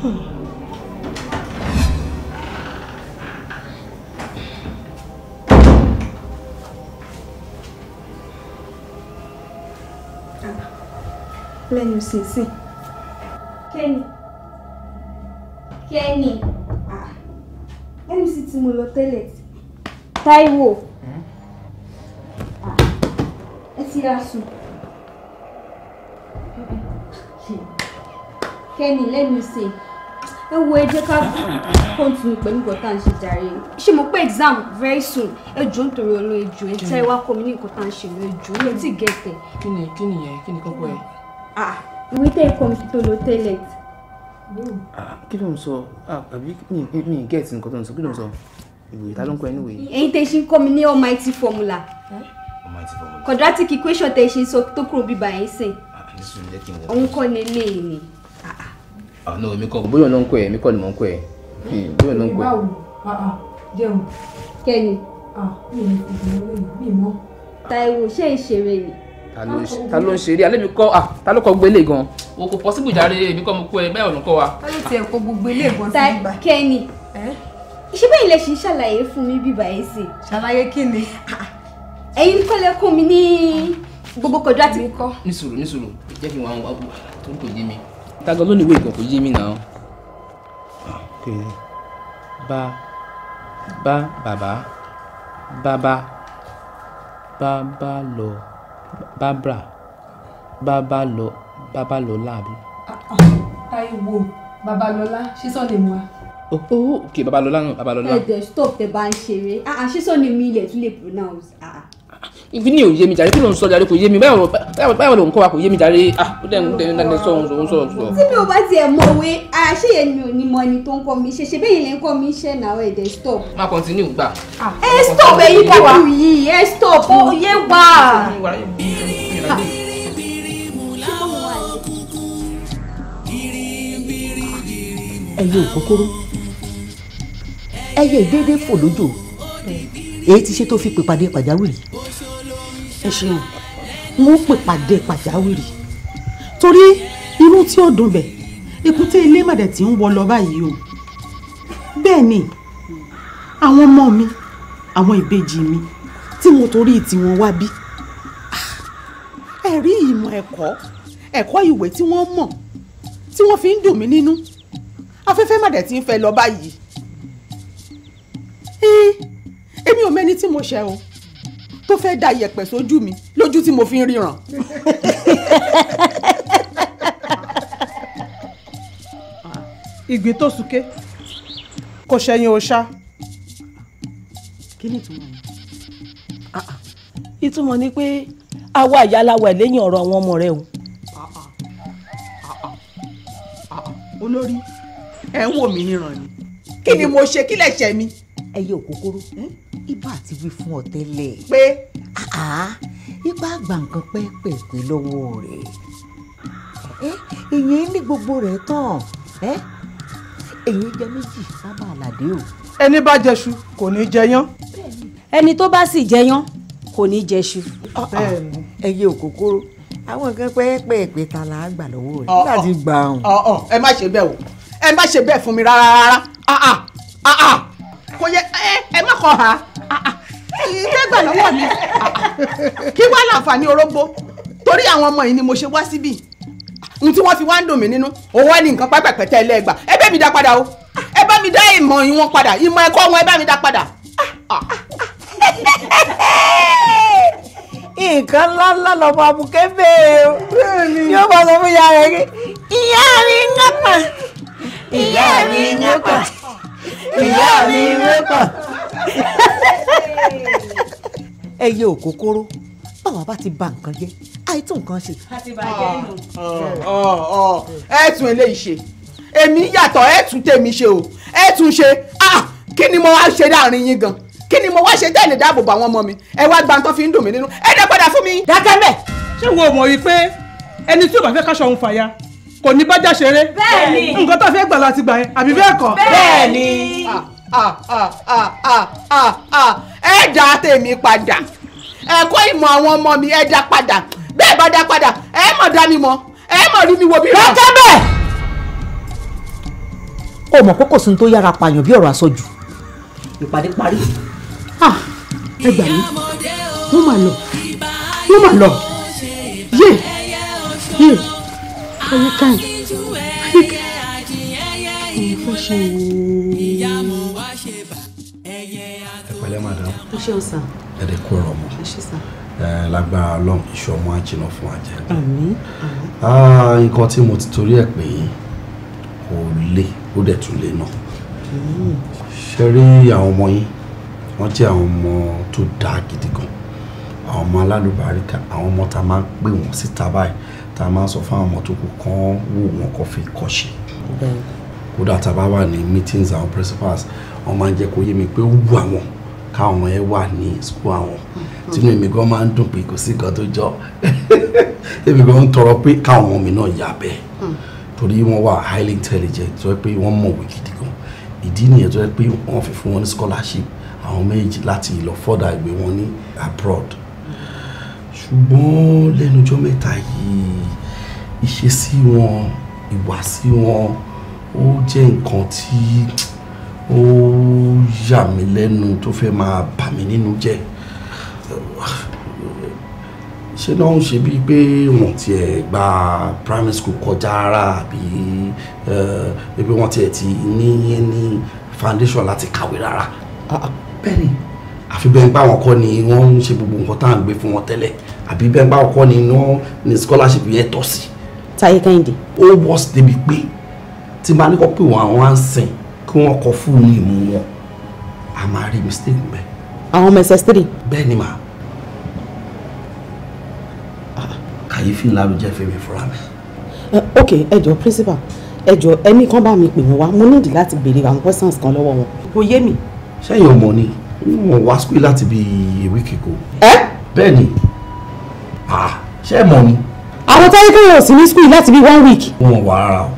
Hmm. Ah, lẹ́yìn sínsìn Táíwò hmm? ah, ẹ ti ra sùn kẹ́ni lẹ́nu ṣe ẹ wo ẹ jẹ́ ká kọ́ntínú pẹ̀lú nǹkan tá à ń ṣe jàre ṣé mo pé exam very soon ẹ jù nítorí olú ejò ẹ tẹ́ wá kọ́ mi ní nǹkan tá à ń ṣe lọ ejò ẹ ti gẹ̀ẹ́tẹ̀. kí ni kí ni yẹn kí ni kókó ẹ. Ah, ìwé tẹ ẹ kọ́mi tó lo tẹ́lẹ̀. Ah, kí ló ń sọ àbí mi ì gẹ̀ẹ́tì nǹkan tó ń sọ kí ló ń sọ ìwé ta ló ń kọ ẹnu ìwé. ẹ̀yin tẹ ṣe ń kọ́ mi ní almighty formula. almighty formula. quadratic equation tẹ ṣe sọ tó kúrò bíbá yẹn sìn. Ah, òun kọ́ ni eléyìí ni. àná èmi kọ́ bóyá ọ̀nà ń kọ́ ẹ̀ èmi kọ́ ni mò ń kọ́ ẹ̀ bóyá ọ̀nà ń kọ́ ẹ̀. Ah, ah. jẹun. kẹ́ni. Táíwò ṣé ìṣeré ni. ta ló ń ṣeré alẹ́ mi kọ́ ta ló kọ́ gbélé gan. o kò pọ́sibù jàre èmi kọ́ mo kọ́ ẹ bẹ́ẹ̀ ọ̀nà kọ́ wa. báyọ̀ tiẹ̀ kó gbogbo ilé ìbọn sí ibà. kẹ́ni ṣé bẹ́ẹ̀ ilẹ̀ ṣì ń ṣàlàyé fún mi bíbá yìí sí. ṣàlàyé kí ni. ẹ̀yin kọ́ lẹ́kùn mi ní gbogbo kọjá tí mi kọ́. ní sùúrù ní sùúrù jẹ́ kí n wá wọn wá torí kò yé mi. tagbọ́n lónìí ìwé ìgbọ̀n kò yé mi náà. bá bá bàbá bàbá bàbá lọ bàbá bàbá lọ bàbá lọ láàbí. Táíwò Babalọlá ṣé sọ́ọ̀lẹ̀ mu wa oh oh ok babalọla nù babalọla. ẹ stop tẹ bá ń ṣeré ah àṣìṣọ ah, ni mi ilẹ̀ tún lè pronounce ah. ah. ibi ni òye mi jàre kí ló ń sọ jàre kò yé mi báyọ̀ báyọ̀ ló ń kọ́ wa kò yé mi jàre ah ó dẹ̀ ń dẹ̀ ń dẹ̀ sọ òun sọ̀rọ̀ sọ̀rọ̀. tí mi ò bá tiẹ̀ mọ òwe àṣẹ ah, yẹn mi ò ní mọ ẹni tó ń kọ́ mi iṣẹ́ ṣe bẹ́ẹ̀ yẹn lè ń kọ́ mi iṣẹ́ náà ẹ jẹ stop. má continue gbà. ẹ stop ẹyin kúkú yìí ẹ stop ó oh, yé wa. ẹ yóò kókóró ẹyẹ ìdédé fò lójò èyí ti ṣe tó fi pèpàdé pàjáwìrì. ẹ ṣeun mo pèpàdé pàjáwìrì torí irú tí ó dùn bẹ èkúté ilé mọ̀dẹ̀ tí ń wọ lọ báyìí o bẹ́ẹ̀ ni àwọn ọmọ mi àwọn ìbejì mi tí mo torí tiwọn wá bí ah, ẹ̀rí ìmọ̀ ẹ̀kọ́ ẹ̀kọ́ ìwé tí wọ́n mọ̀ tí wọ́n fi ń dùn mí nínú afẹ́fẹ́ mọ̀dẹ̀ tí ń fẹ́ lọ báyìí Eh, èmi ò mẹ́ni tí mo ṣẹ̀ o tó fẹ́ da yẹ̀pẹ̀ sójú mi lójú tí mo fi ń ríran. ìgbín tó súnké kò ṣẹ̀yìn òòṣà. kí ni ìtumọ̀ yẹn. Ah, ah. ìtumọ̀ ni pé àwa àyàláwa ẹ̀ lẹ́yìn ọ̀rọ̀ àwọn ọmọ rẹ o. Ah, olórí ẹ̀ ń wò mí níran ni kí ni mo ṣe kí lẹ̀ mi ẹyẹ òkòkòrò ibà àti wí fún ọ tẹ́lẹ̀. pé ibà àgbà nǹkan pẹ́ẹ́pẹ́ẹ́pẹ́ lọ́wọ́ rẹ̀ èyí ní gbogbo rẹ̀ tán èyí jẹ méjì sábà àlàdé o. ẹni bá jẹṣu kò ní jẹyán. ẹni tó bá sì jẹyán kò ní jẹṣu. Ah, ah, ẹyẹ òkòkòrò àwọn nǹkan pẹ́ẹ́pẹ́ẹ́pẹ́ ta la gbà lọ́wọ́ rẹ̀ ah, nígbà tí gbà ọ̀hún. ẹ má ṣe bẹ́ẹ̀ o ẹ má ṣe bẹ́ẹ̀ fún mi rárá rárá kò yẹ ẹ má kọ ha ìtẹ́gbà lọ́wọ́ mi kí wá láǹfààní orógbó torí àwọn ọmọ yìí ni mo ṣe wá síbí n tí wọ́n fi wá ń dùn mí nínú òwò ní nǹkan pápẹ́pẹ́tẹ́ ẹlẹ́gbà ẹ bẹ́ mi dá padà o ẹ bá mi dá ìmọ̀ ìwọ̀n padà ìmọ̀ ẹ̀kọ́ wọn ẹ bá mi dá padà. nǹkan ńláńlá lọmọ àbùkẹ́ bẹ́ẹ̀ o yóò bá sọ fún ìyá rẹ̀ kí ìyá mi ń gbà ìyá mi ń gbà ìyá mi wépọ̀. ẹyẹ òkòkòrò báwa bá ti ba nǹkan jẹ́ àìtún nǹkan ṣe. Ah, ah, ah, ẹ tún eléyìí ṣe èmi yàtọ̀ ẹ tún tèmi ṣe o ẹ tún ṣe kí ni mo wá ṣe láàrin yín gan kí ni mo wá ṣe tẹ́lẹ̀ dáàbò bá àwọn ọmọ mi ẹ wá gba nǹkan fi ń dùn mí nínú ẹ dẹ́ padà fún mi. dákẹ́ bẹ́ẹ̀. ṣé wo mọ̀ wípé ẹni tí ò bá fẹ́ káṣọ òun fàya kò ní bájà ṣeré bẹ́ẹ̀ni nǹkan tó fẹ́ gbà láti gbà yẹn àbí bẹ́ẹ̀ kọ́ bẹ́ẹ̀ni ẹ dá tèmi padà ẹ kó àwọn ọmọ mi ẹ dá padà bẹ́ẹ̀ bá dá padà ẹ mọ̀ dá mi mọ̀ ẹ mọ̀ rí mi wo bí. lọ́jọ́ bẹ́ẹ̀. o mọ̀ pé kò sí ní tó yára pààyàn bí ọ̀rọ̀ àsọjù. ìpàdé parí. ẹ gbà mí wọ́n máa lọ wọ́n máa lọ yé yé àyíká you àyíká yìí mo fẹ́ ṣe ìpẹ́lẹ́ madam ó ṣe ọ̀sà ẹ̀dẹ̀ kó ọ̀rọ̀ mọ́ lágbára ọlọ́run iṣu ọmọ àjìnà fún ajẹ́ ah, nǹkan tí mo ti torí ẹ̀ pé kò lé ó dẹ̀ tún lé náà hmm. ṣe rí àwọn ọmọ yín wọ́n jẹ́ àwọn ọmọ tó dáa gidi gan àwọn ọmọ alálùbáríkà àwọn ọmọ tá a máa ń pè wọ́n síta báyìí tá a máa ń sọ fáwọn ọmọ tó kù kán wò wọn kó fi kọ́ ṣe kódà tá a bá wà ní meetings àwọn principals wọn máa ń jẹ́ kó yé mi pé ó wù àwọn káwọn ẹ wà ní school àwọn tínú èmi gan máa ń dùn pé kò sí nǹkan tó jọ èmi gan ń tọrọ pé káwọn ọmọ mi náà yà bẹ́ẹ̀ hmm. torí wọ́n wà highly intelligent tó yẹ pé wọ́n mọ̀wé gidi gan ìdí nìyẹn tó yẹ pé wọ́n fi fún wọn ní scholarship àwọn méjì láti lọ fọ́dà ìgbé wọn ní abroad ṣùgbọ́n lẹ́nu ọjọ́ mẹ́ta yìí ìṣesí wọn ìwàsí wọn ó jẹ́ nǹkan tí ó yà mí lẹ́nu tó fẹ́ máa bà mí nínú jẹ́ ṣé náà ń ṣe bíi pé wọ́n tiẹ̀ gba primary school kọjá ara àbí ẹbí wọ́n tiẹ̀ ti ní ní foundation láti kàwé rárá. Ah, ah, bẹ́ẹ̀ ni àfi bẹ́ẹ̀ bá wọn kọ́ ni wọ́n ń ṣe gbogbo nǹkan tá à ń gbé fún wọn tẹ́lẹ̀ àbí bẹ́ẹ̀ bá wọn kọ́ ni wọ́n ní scholarship yẹn tọ́ sí. táyé kẹ́hìndé. ó wọ́ sí débi pé tí máa ní kọ́ pé wọ́n àwọn á ń sìn kí wọ́n kọ fún ní ìmú wọn a máa rí mistake bẹ́ẹ̀. àwọn ọmọ ẹsẹ̀ three. bẹ́ẹ̀ ni màá. Ah, kàyéfì ńlá ló jẹ́ fúnra mi. ok ẹ jọ principal ẹ jọ ẹnì kan bá mi pè mí wá mo nídìí láti béèrè àwọn questions kan lọ́wọ́ wọn. kò yé mi. sẹ́yìn wọn wá sípé láti bí ìwé kíkó. ẹ. bẹ́ẹ̀ ni ah, ṣé ẹ mọ̀ ni. àwọn táyé kẹ́yìn ò sí ní school láti bí one week. wọn wà rárá o.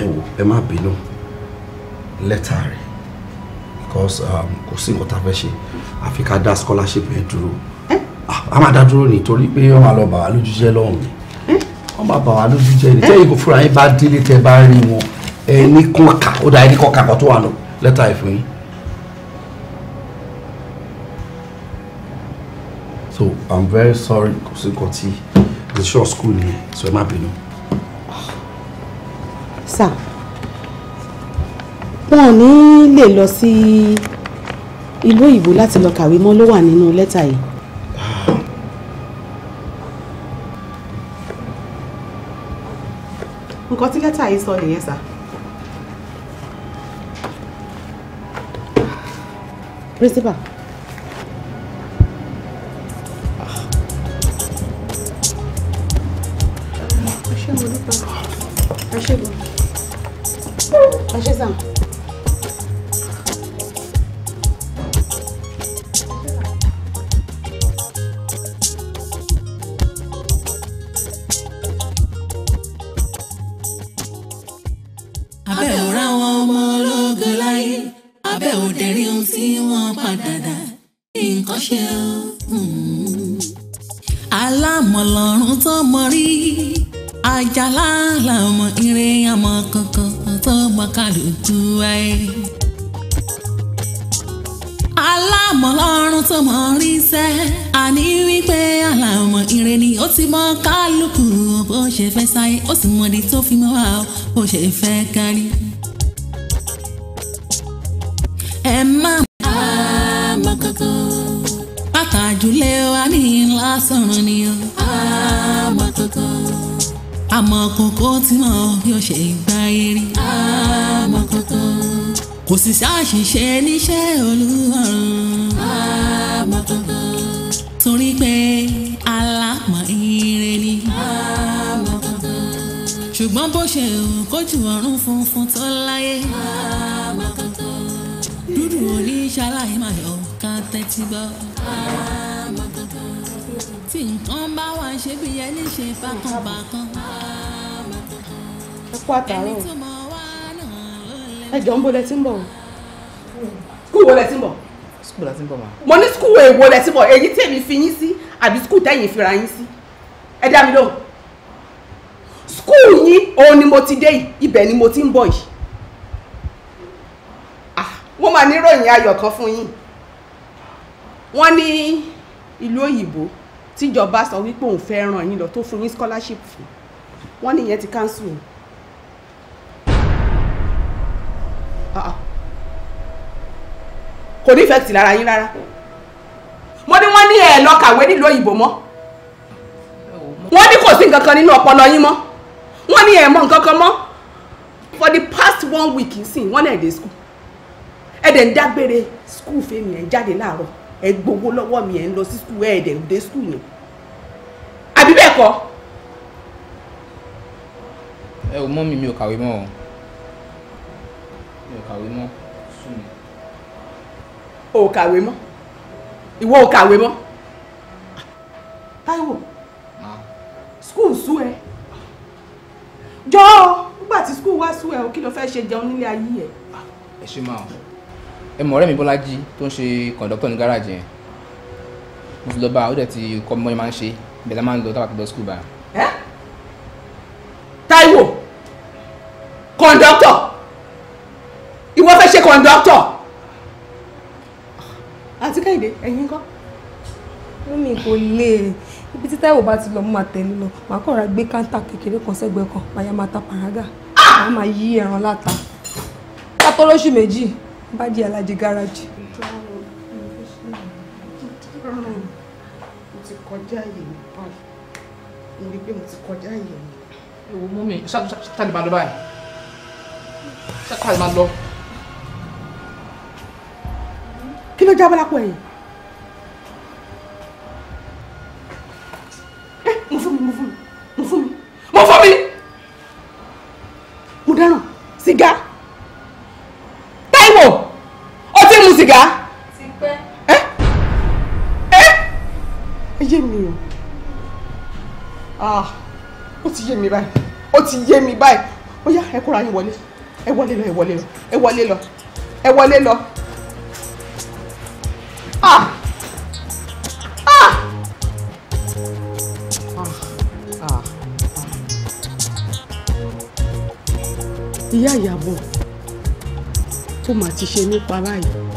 ẹ wò ẹ má bínú lẹ́tà rẹ̀ because um, kò sí nǹkan tá a fẹ́ ṣe àfi ká dá scholarship yẹn dúró ah, a máa dá dúró nítorí pé wọ́n máa lọ bà wá lójú jẹ́ lọ́hùn-ún wọ́n máa bà wá lójú jẹ́ ní tẹ́yìn kò fúnra yín bá délé tẹ́ bá rí wọn ẹni kún ọkà ó dà ẹni kún ọkà kan tó wà nù lẹ́tà ìfún yín. so i'm very sorry kò sí nǹkan tí the short school ni so ẹ má bínú. sir wọn ò ní lè lọ sí ìlú òyìnbó láti lọ kàwé mọ́ ló wà nínú lẹ́tà yìí. nǹkan tí lẹ́tà yìí sọ nìyẹn sir. Principal. ṣe fẹ́ kárí. ẹ má àmọ́ kankan. bàtà àjùlé wa ní lásán ni o. àmọ́ kankan. àmọ́ kókó tí mo bí ó ṣe gbá eré. àmọ́ kankan. kò sì ṣàṣìṣe níṣẹ́ olúwarùn. àmọ́ kankan. torí pé alámọ̀ ire ni. àmọ́ kankan ṣùgbọ́n bó ṣe ojú ọ̀run funfun tó láyé. dúdú oníṣàlàyé máa yọ ká tẹ́tí gbọ́. tí nǹkan bá wà ṣe bí ẹni ṣe bákanbákan. ẹ kú àtàrọ ẹ jọ ń bolẹ tí ń bọ̀ o. skul wo tí ń bọ̀. skul la tí ń bọ̀ ma. mo ní skul wo èwo lẹ tí ń bọ̀ èyí tèmi fi yín sí àbí skul tẹ̀yìn fira yín sí ẹ dá mi lóhùn òun ni mo ti dé yìí ibẹ̀ ni mo ti ń bọ̀ yìí ah, wọ́n máa níròyìn ayọ̀ kan fún yín wọ́n ní ìlú òyìnbó tíjọba sọ wípé òun fẹ́ ràn yín lọ tó fún yín scholarship fún wọ́n ní ìyẹn ti cancel ah, ah. kò ní effect lára yín rárá mo ní wọ́n ní ẹ̀ lọ kàwé nílùú òyìnbó mọ́ wọ́n ní kò sí nǹkan kan nínú ọpọlọ yín mọ́ wọ́n ní ẹ̀ mọ nǹkan kan mọ́ for the past one week sin wọ́n náà dé school ẹ̀ dẹ̀ ń dágbére school fèmí ẹ̀ ń jáde láàárọ̀ ẹ̀ gbowó lọ́wọ́ mi ẹ̀ ń lọ sí school ẹ̀ dẹ̀ ń dé school yẹn àbí bẹ́ẹ̀ kọ́. ẹ ò mọ mi mi ò kàwé mọ́ o mi ò kàwé mọ́ sùn mi. o ò kàwé mọ́ ìwọ ò kàwé mọ́ Táíwò ah. school sú ẹ. Eh jọ nígbà tí skul wá sùn ẹ o kí ló fẹ́ ṣe jẹun nílé ayé ẹ. Ah, ẹ ṣe máa ẹ mọ̀ ọ̀rẹ́ mi Bọ́lájí tó ń ṣe kọ̀ǹdọ́tọ̀ ní gáràjì yẹn mo fi lọ bá a ó dẹ̀ ti kọ́ mọ́ ẹ máa ń ṣe ibẹ̀ la máa ń lọ tábà tó lọ skul bá ẹ Táíwò kọ̀ǹdọ́tọ̀ ìwọ fẹ́ ṣe kọ̀ǹdọ́tọ̀ àti Kẹ́hìndé ẹ̀yin kọ́. mú mi kò lè ibi tí Táíwò bá ti lọ mú máa tẹ̀lé lọ màá kọ̀ra gbé káńtà kékeré kan sẹ́gbẹ́ kan màá yá máa ta pàrágà màá máa yí ẹran láta kátó lóṣù méjì bá di alájẹ gáràjì. kí ló jábọ́ lápò ẹ̀yìn. mi báyìí ó ti yé mi báyìí ó yá ẹ kóra yín wọlé ẹ wọlé lọ ẹ wọlé lọ ẹ wọlé lọ ẹ wọlé lọ. ah ah ah ah, ah! ìyá ìyàbọ̀ ó mà ti ṣe nípa báyìí.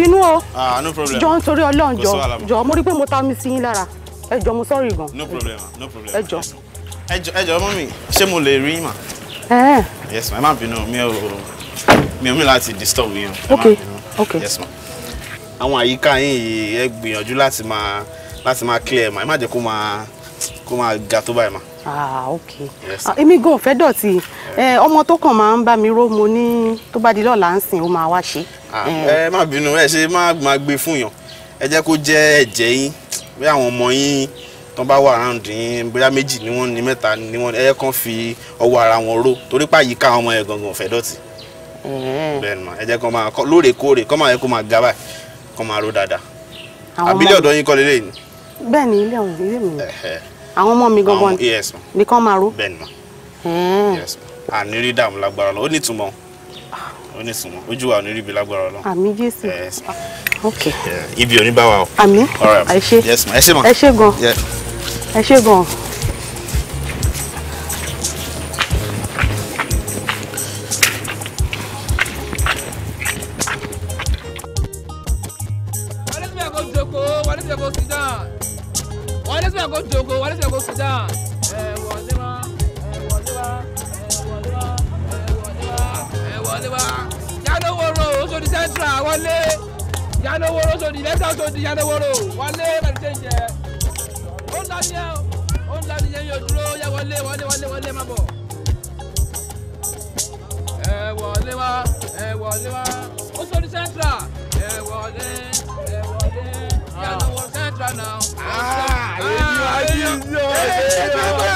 bínú o. ah no problem. jọ nítorí Ọlọ́run jọ jọ mo rí pé mo ta mi sí yín lára ẹ jọ mo sọrí gan. no problem no problem. ẹ jọ. ẹ jọ ẹ jọ ọmọ mi ṣé mo lè rí mà. ẹ. yes ma ẹ má bínú mi ò mi ò mi láti disturb yín o. ok ok yes ma. àwọn àyíká yín yìí ẹ gbìyànjú láti máa láti máa clear ma ẹ má jẹ́ kó máa kó máa ga tó báyìí ma. ah ok ah, èmi gan ò fẹ́ dọ̀tí eh. Eh, ọmọ tó kàn máa ń bá mi ró mo ní tó bá di lọ́la ń sìn ó máa wá ṣe é ẹ ah. eh, má bínú ẹ ṣe má má gbé fún yàn ẹ jẹ́ kó jẹ́ ẹ̀jẹ̀ yín bí àwọn ọmọ yín tán bá wà round yín bóyá méjì ni wọ́n ní mẹ́ta ni wọ́n ẹ kàn fi ọwọ́ ara wọn ró torí pàyíká àwọn ọmọ yẹn gangan fẹ́ dọ̀tí mm-hmm. bẹ́ẹ̀ni ma ẹ jẹ́ kó máa kọ lóòrèkóòrè kó máa yẹ kó máa ga báyìí kó máa ró dáadáa àbílẹ̀ ọ̀dọ́ yín kọ́ lélẹ̀ yìí. bẹ́ẹ̀ni ilé ọ̀hún ilé mi àwọn ọmọ mi gangan ni kán máa ró. bẹ́ẹ̀ni ma àní mm-hmm. lágbára lọ ó ní ìtumọ̀ ó ojú wa ní rí lágbára Ọlọ́run. àmín Jésù ah, ok. ibi ò ní bá wa o. àmín àìṣe ẹ ṣe gan ẹ ṣe gan. wọlé wọlé wọlé wọlé má bọ̀. ẹ wọlé wá ẹ wọlé wá ó sọ ní central ẹ wọlé ẹ wọlé yàtọ̀ wọ central náà. èyí ah, ah, ah, wá sí sọ èyí wá bọ̀.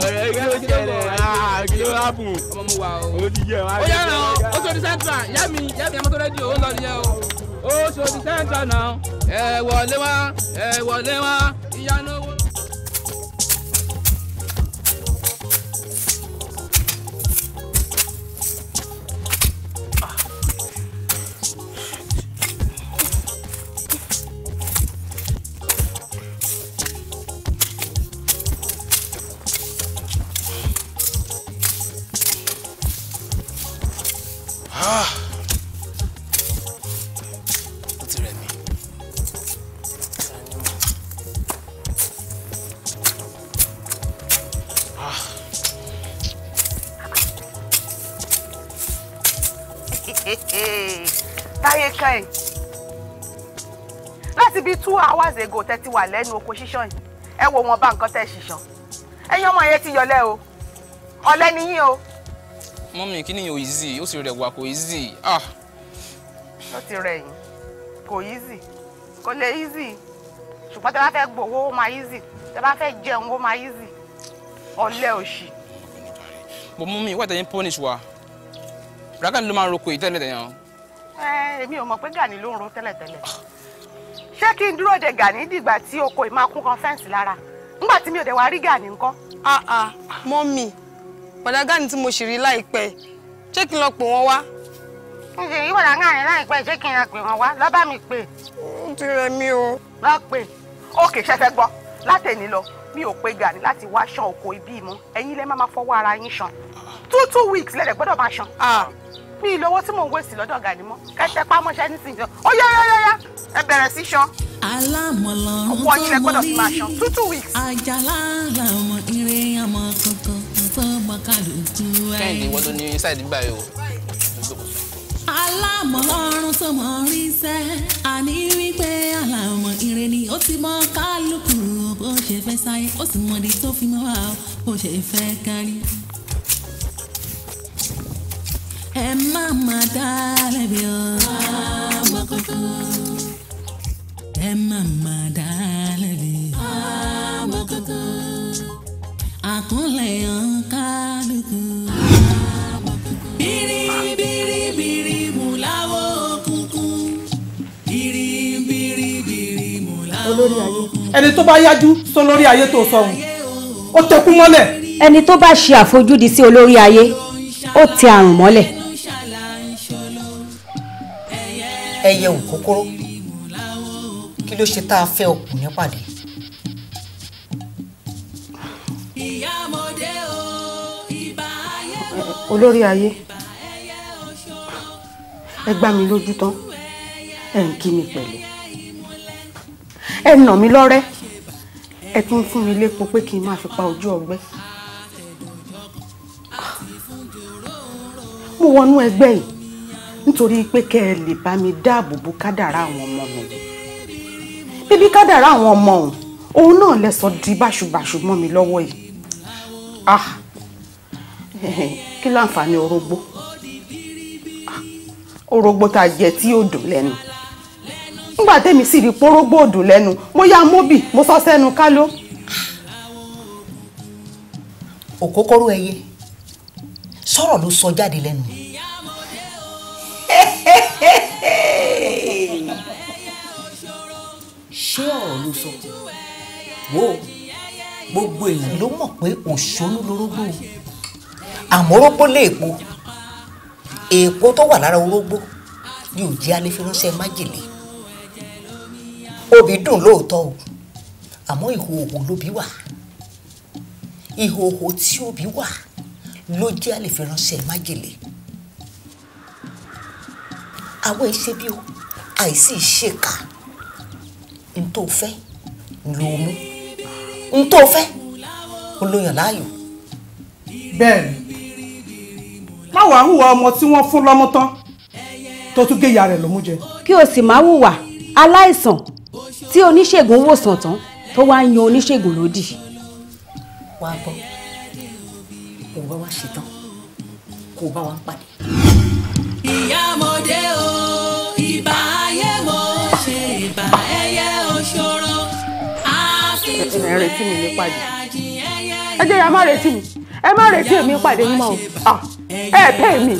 ọ̀rẹ́ ìgbà ló ṣẹlẹ̀ kí ló wá bùn. ọmọ mi wà o. ó ti yẹ wá. ó yára o ó sọ ní central yá mi yá mi amọ́tò lọ nìyẹn o ó sọ ní náà. ẹ wọlé wá ẹ wọlé wá ìyanu owó. bíi two hours ago tẹ́ ti wà lẹ́nu oko ṣíṣàn yìí ẹ wo wọn bá nǹkan tẹ́ ṣìṣàn ẹ̀yin ọmọ yẹn ti yọlẹ́ o ọ̀lẹ ni yín o. mọ́mí kí nìyẹn ò easy ó sì rẹ̀ wá kò easy. Ah. ó ti rẹ̀ yín kò easy kò lè easy ṣùgbọ́n tẹ́ bá fẹ́ gbowó ó máa easy tẹ́ bá fẹ́ jẹun ó máa easy ọ̀lẹ òṣì. bò mọ́mí ìwà ìtẹ̀yìn punish wa ràgà ni ló máa ń roko yìí tẹ́lẹ̀ tẹ́lẹ̀ yẹn. ẹ èmi ò mọ̀ pé Gani ló ń ro tẹ́lẹ̀ tẹ́lẹ̀. Ah. ṣé kí n dúró de Gani dìgbà tí oko ìmákún kan fẹ́ǹsì lára nígbà tí mi ò dẹ̀ wá rí Gani ńkọ́. ah ah mọ́mì bọ̀dá Gani tí mo sì rí láìpẹ́ ṣé kí n lọ pè wọn wá. ǹjẹ́ yìí wọ̀dà Gani láìpẹ́ ṣé kí n lọ pè wọ́n wá lọ bá mi pè. ó ti rẹ̀ mí o. lọ pè ókè ṣẹfẹ gbọ́ látẹni lọ mi ò pe Gani láti wá ṣan oko ibi mú ẹ̀yin lẹ má máa fọwọ́ ara yín ṣan two two weeks lẹ́dẹ̀ gbọ́dọ̀ máa ṣan. Ah. mi ì lówó tí mò ń wèsì lọ́dọ̀ ọ̀gá ni mọ́ kẹ́tẹ́ pamọ́ṣẹ́ nísìnyí ó yá yá yá yá ẹ bẹ̀rẹ̀ sí ṣan ọkọ yín rẹ gbọ́dọ̀ máa ṣan two two weeks. àjàlá làwọn eré ọmọ tuntun tó gbọ́kàlù tú ẹ. kẹ́hìndé wọ́n ló ní sáìdì gbà yìí o. alámọ̀lọ́run tó mọ̀ rí sẹ́ àní wípé àlàmọ̀ ire ni ó ti mọ kálukú bó ṣe fẹ́ sáyé ó sì mọ̀ di tó fi mọ́ wa bó ṣe fẹ́ kárí ẹ má má dá lẹ́bi o àmọ́kòkò ẹ má má dá lẹ́bi àmọ́kòkò àkúnlẹ̀ yàn kálukú àmọ́kòkò. bìrìbìrì bìrì mú láwọ̀ òkùnkùn bìrìbìrì bìrì mú láwọ̀ òkùnkùn. ẹni tó bá yájú sọ lórí ayé tó sọ òun ó tẹkú mọ́lẹ̀. ẹni tó bá ṣe àfojúdi sí olórí ayé ó tẹ àrùn mọ́lẹ̀. ẹyẹ òkókóró kí ló ṣe tá a fẹ́ òkú nípàdé. olórí ayé ẹ gbá mi lójú tán ẹ ń kí mi pẹ̀lẹ́ ẹ nà mí lọ́rẹ́ ẹ tún fún mi lépo pé kí n máa fi pa ojú ọgbẹ́ ah, mo wọnú ẹgbẹ́ yìí nítorí pé kẹ́ ẹ lè bá mi dáàbò bo kádàrá àwọn ọmọ mi bíbí kádàrá àwọn ọmọ òun òun náà lẹ sọ di báṣubàṣu mọ́ mi lọ́wọ́ yìí ah kí láǹfààní orógbó ah, orógbó tá a jẹ tí yóò dùn lẹ́nu nígbà tẹ́mi sì rí porógbó òdùn lẹ́nu mo yá móbì mo sọ sẹ́nu káló. òkókóró ẹyẹ sọ̀rọ̀ ló sọ jáde lẹ́nu yìí ṣé ọ̀rọ̀ ló sọ wo gbogbo èèyàn ló mọ̀ pé òṣòro lórógbó àmọ́ orógbó lé èpo èpo tó wà lára orógbó ni ò jẹ́ alẹ́ fi ránṣẹ́ májèlé obì dùn lóòótọ́ o àmọ́ ìhòòhò lóbi wà ìhòòhò tí obì wà ló jẹ́ alẹ́ fi ránṣẹ́ májèlé àwọn ìṣe bí o àìsí ìṣèkà n tó fẹ́ ló mú n tó fẹ́ n ló yàn láàyò. bẹ́ẹ̀ni láwọn àhùwà ọmọ tí wọ́n fún lọ́mú tán tó tún gé ìyá rẹ̀ ló mú jẹ. kí o sì máa hùwà aláìsàn tí oníṣègùn wòsàn tán tó wá ń yan oníṣègùn lódì. wàá bọ̀ òun bá wá ṣetán kó o bá wa pàdé ìyámọ̀dé o ìbà ayé mo ṣe ìbà ẹyẹ òṣòro á sì ju ẹyẹ àjíyẹyẹ. ẹ jẹ́ ya má retí mi ẹ má retí èmi pàdé yín o ah, ẹ pè mí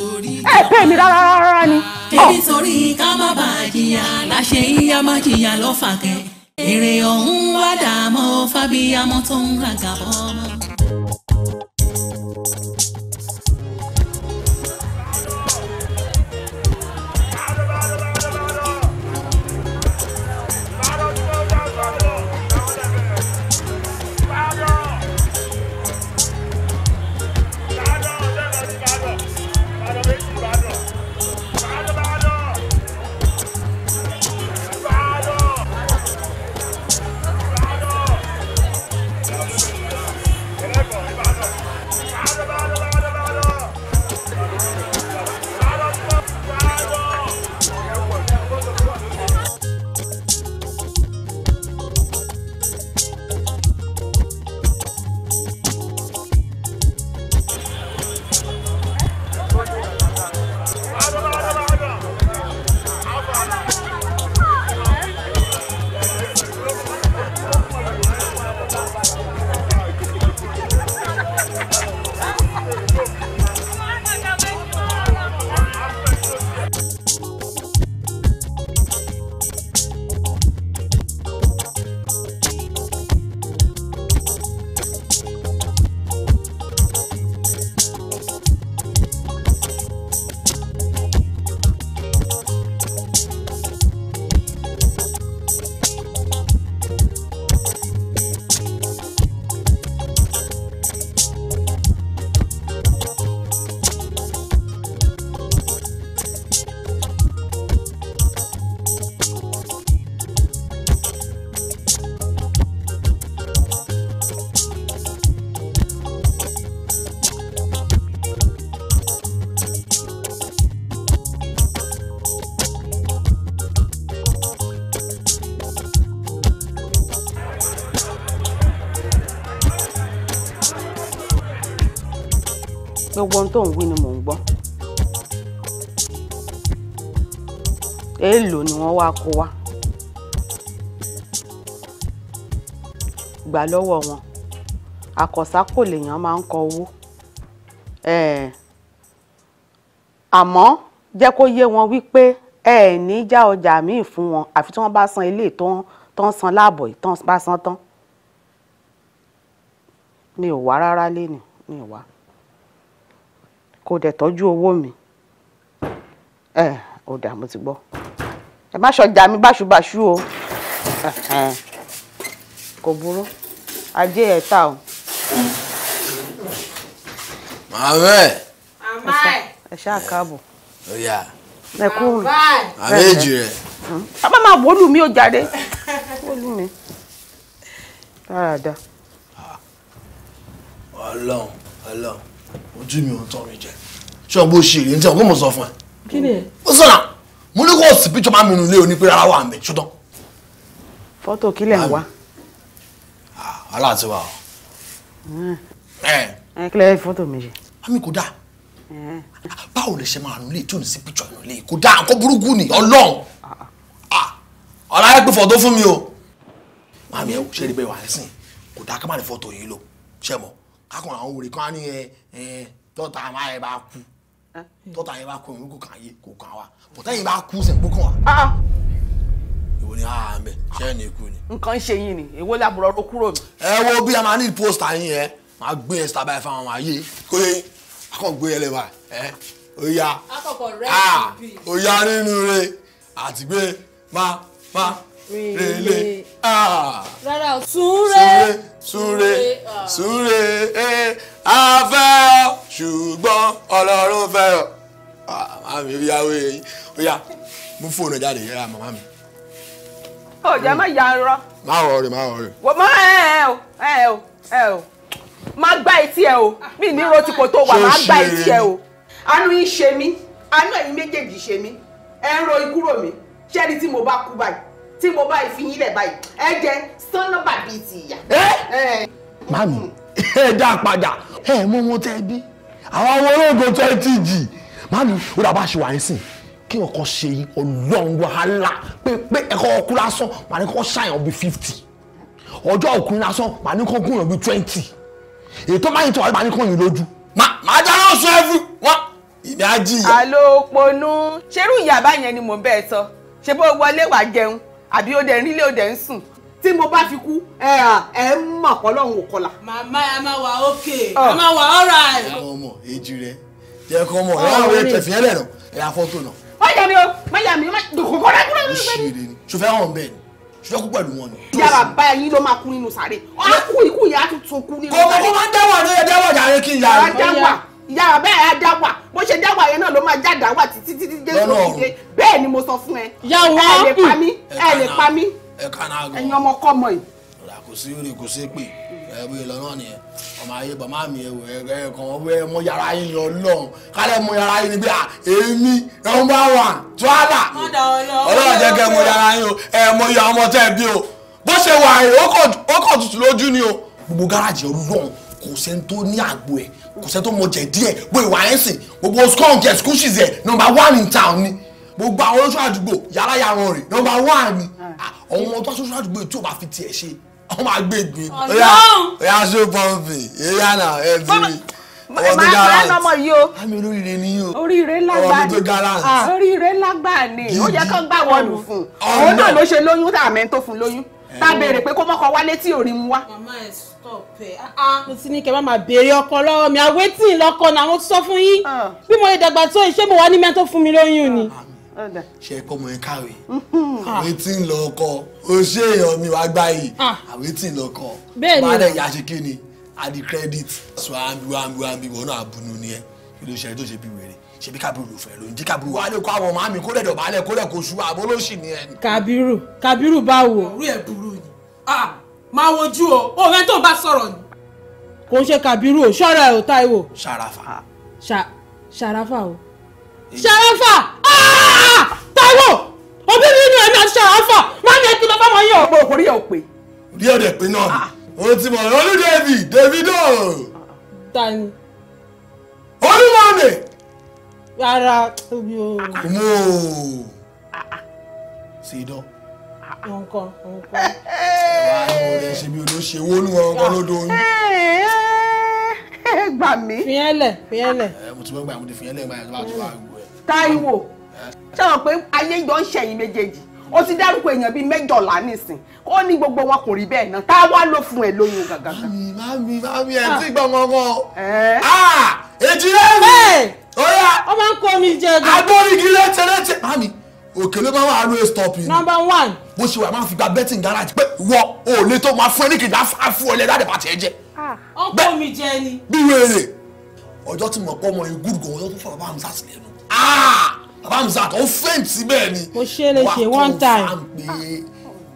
ẹ pè mí rárá rárá ni. ebi torí ah. ká má bàa jìyà láṣẹ ìyá má jìyà lọ́fà kẹ́ èrè ọ̀hún wá dààmú fábíyàmọ́ tó ń ràgà tó ń wí ni mò ń gbọ́. èèlò ni wọ́n wá kó wa gbà lọ́wọ́ wọn àkọ̀sákò lèèyàn máa ń kọ owó àmọ́ jẹ́ kó yé wọn wípé ẹ ẹ̀ ní já ọjà míì fún wọn àfi tí wọ́n bá san ilé tó ń san láàbọ̀ yìí tó ń bá san tán mi ò wá rárá lénìí mi ò wá kó dẹ̀ tọ́jú owó mi ẹ ò dà mo ti gbọ́ ẹ má ṣọjà mi báṣubàṣu o kò burú ajé ẹ ta o. màmá ẹ. màmá ẹ. ẹ ṣáà káàbọ̀. ó yà. ẹ kú rìn. àmì èjì rẹ. bàbá hmm? máa wọlú mi ó jáde wọlú mi dáadáa. Ah. ọlọ́run ọlọ́run ojú mi ò ń tọrọ jẹ ṣé ọgbọ́n òṣèré ń tẹ ọgbọ́n mo sọ fún ẹ. kí ni. ó sọ̀rọ̀ mo ní kó o sì mi nù lé oní pé rárá wà mí ṣùtọ́. fọ́tò kí lẹ̀ ń wá. Ah, wàhálà ti wà o. Hmm. Eh. ẹ kí lè fi fọ́tò mi ṣe. àmì kò dáa eh. báwo lè ṣe máa nù lé tí ní sí píjọ nù lé kò dáa nǹkan burúkú ni ọlọ́run ah. Ah, ọ̀la ẹ̀ pé fọ́tò fún mi o. màmí ẹ ṣe é rí bẹ́ẹ̀ wà á sìn kò dáa ká má ní fọ́tò yìí lò ṣẹ́ mọ́ kákan àwọn òrè kan á ní ẹ tọ́ta máa ẹ bá kú tọ́ta yẹn bá kú ẹ̀rọ kò kàn yé kò kàn wá bọ̀tá yẹn bá kú sẹ̀ gbókàn wá. ìwọ ah, ah. ni àá mẹ ṣẹ́ ẹ̀ ní ikú ni. nǹkan ṣe yín ni èwo lábùrọ̀ ló kúrò mi. ẹ wo bí a máa ní pósítà yín yẹn máa gbé ẹ sábà fún àwọn àyè kó yẹ gbé ẹ lẹ́wà ẹ oya oya ah, nínú rẹ àtìgbé máa máa rèlè rárá o tún rẹ súre súre ẹ ah. eh, a fẹ́ ọ ṣùgbọ́n ọlọ́run fẹ́ ọ. Ah, màmá mi rí yàwó yẹn ó yá mú fóònù jáde yẹra màmá mi. ọjà má ya rọ. má wọ rẹ má wọ rẹ. wò má ẹ o ẹ o ẹ o má gbá etí ẹ o mi ní ro tipò tó wà má gbá etí ẹ o. àánú yín ṣe mí àánú ẹ̀yin méjèèjì ṣe mí ẹ ń ro ikú rò mí ṣẹ́ni tí mo bá kú báyìí tí mo bá fi yín lẹ̀ báyìí ẹ jẹ sánlọ́bà bíi ti ìyá. mami ẹ dá padà ẹ mú wọn tẹ bí àwọn ọmọ olóògùn twenty g mami ó dàbá ṣe wà nísìn kí ọkọ ṣe yín ọlọ́run wàhálà pé ẹ̀kọ́ ọkùnrin lásán màá ní kó ṣàyàn bíi fifty ọjọ́ ọkùnrin lásán màá ní kó gúnyàn bíi twenty ètò máa ń tọ́ àdébà ní kó yín lójú. màá dáná sọ ẹ fún wọn ìdájí. àlòpọ̀nù ṣerú ìyàbá yẹn ni mo ń bẹ́ẹ̀ sọ ṣe bó wọlé wàá jẹun àbí ó dẹ̀ ń rílé ó dẹ̀ ń sùn tí mo bá fi kú ẹ ẹ ń mọ̀ pọ́lọ́hún òkọlà. màmá ẹ máa wà ókè ah. ẹ máa wà ọ̀rà ẹ. ọmọ èjì rẹ jẹ kó mọ ẹ àwọn ẹtẹ fi ẹlẹ náà ẹ yà fọ́tò náà. má yà mí o má yà mí o má dòkòkò rẹ kúrò nínú ìgbẹ́ mi. sọfẹ́ hàn bẹ́ẹ̀ ni sọfẹ́ kú pẹ̀lú wọn ni. ìyá bàbá yín ló máa kú nínú sàré ó kú ikú ìyá ìyá bẹ́ẹ̀ á dá wà bó ṣe dá wà yẹn náà ló máa já dá wà títí títí jésù òdìdé bẹ́ẹ̀ ni mo sọ fún ẹ. ẹ lè pa mí ẹ lè pa mí ẹ̀yin ọmọ kọ́ mọ yìí. kò sí rè kò sí pè ẹ bí ìlànà nìyẹn ọmọ ayé bàmá mi ẹ wò ẹ kàn wọ́n wẹ́ mọ yàrá yín lọ lọ́hùn kálẹ̀ mọ yàrá yín níbi èmi nọ́mbà wàn tíwálà ọlọ́run jẹ́ kẹ́ mọ yàrá yín o ẹ mọ iye ọmọ tẹ́ bí o bó ṣe wà ó kàn tutù lójú ni o gbogbo gáràjì ọlọ́run kò sẹ́ni ní àgbo ẹ̀ kò sẹ́ tó mọ jẹ̀ díẹ̀ bó ìwà ẹ̀ sìn gbogbo skunk ẹ̀ skushes ẹ̀ nọmba one in town ni gbogbo àwọn oṣù àdúgbò yàrá yàrá rẹ̀ nọmba one ni ah. Ah, àwọn ọmọ tó aṣoṣo àdúgbò tí ò bá fi tiẹ̀ ṣe àwọn máa gbé ìgbín. ọ̀yá ọ̀yá ṣó pọ́ǹpì èyí àná ẹ̀ bí mi ọmọ tó gara ọmọ àmì oríire ni yìí o oríire lágbà ni ah, oríire lágbà ni ó yẹ kó gbà wọlù fún un òun náà ló ṣe lóyún tá àmẹ́ tó fún lóyún tá a béèrè pé kó mọ́kọ wálé tí ò rí mu wá stop ẹ. Ah, ah. mo ti ní kẹ́ ẹ má máa béèrè ọkọ lọ́wọ́ mi àwẹ́tì lọ́kọ náà mo ti sọ fún yín ah. bí mo lè dàgbà tó iṣẹ́ mo wà ní mẹ́tò fún mi lóyún ni. ṣe kọ́ mo yẹn káwé àwẹ́tì lọ́kọ o ṣe èèyàn mi wàá gbá yìí àwẹ́tì lọ́kọ bá dẹ̀ yà ṣe kí ni adi credit sọ àmì wàmí wàmí wọn náà bunú ni ẹ kí ló ṣe tó ṣe bí wèrè ṣebí kabiru ló fẹ́ ló ń jí kabiru wàá lè kó àwọn ọmọ mi kó lè dọ̀bálẹ̀ kó lè kó ṣubú àbólóṣì ni ẹ. kabiru kabiru báwo. orí ẹ burú ni máa wojú o o fẹ́ tó bá sọ̀rọ̀ ni. kò ń ṣe kàbírù o ṣọ́ra ẹ̀ ò táìwò. ṣàràfà. ṣàràfà o. ṣàràfà táìwò òbí mi ni èmi àti ṣàràfà máa ní ẹtí bàbá wọn yẹ ọ̀pọ̀ òkúrí ẹ̀ ò pé. rí ọ̀dẹ̀ pé náà o ti mọ̀ olú david davido. ta ni. olúmọ̀ọ́nì. rárá omi kò mú o. ṣèdán nǹkan nǹkan. wà á lọ rẹ ṣe bí olóṣè wo ní wọn kọ lódò yín. gbà mí. fiẹ́lẹ̀ fiẹ́lẹ̀. mo ti gbọ́ gbà mo ti fiẹ́lẹ̀ gbà yẹn tó bá tó bá gbọ́ ẹ. Táíwò ṣé wọn pé ayé jọ ń ṣẹ̀yìn méjèèjì ó ti dárúkọ èèyàn bíi mẹ́jọlá nísìn ó ní gbogbo wọn kò rí bẹ́ẹ̀ náà tá a wá ló fún ẹ lóyún gàgàgà. mami mami ẹ ah. ti gbọ́ ọkọ. Ah, èjì lẹ́yìn. ó máa ń kó omi jẹ gan. agbórígi lẹ́tẹ̀lẹ́tẹ̀. mami òkèlè máa wà á lóye stop. number one bó ṣe wà máa fi gba betting garage pé wọ ò lè tó máa fún ẹ ní kìdá fún ọ lẹ́dá àdèbàtì ẹ jẹ. Ah. ọkọ mi jẹ ni. bí wèrè ọjọ́ tí mo kọ́ ọmọ yẹn gúdùgàn ọjọ́ tó fọ bàbá mi sàtì lẹ́nu. Ah! bàbá mi sàtì ó fẹ́ǹtì bẹ́ẹ̀ ni. mo ṣe lè ṣe one time. wà á kó fà ń pé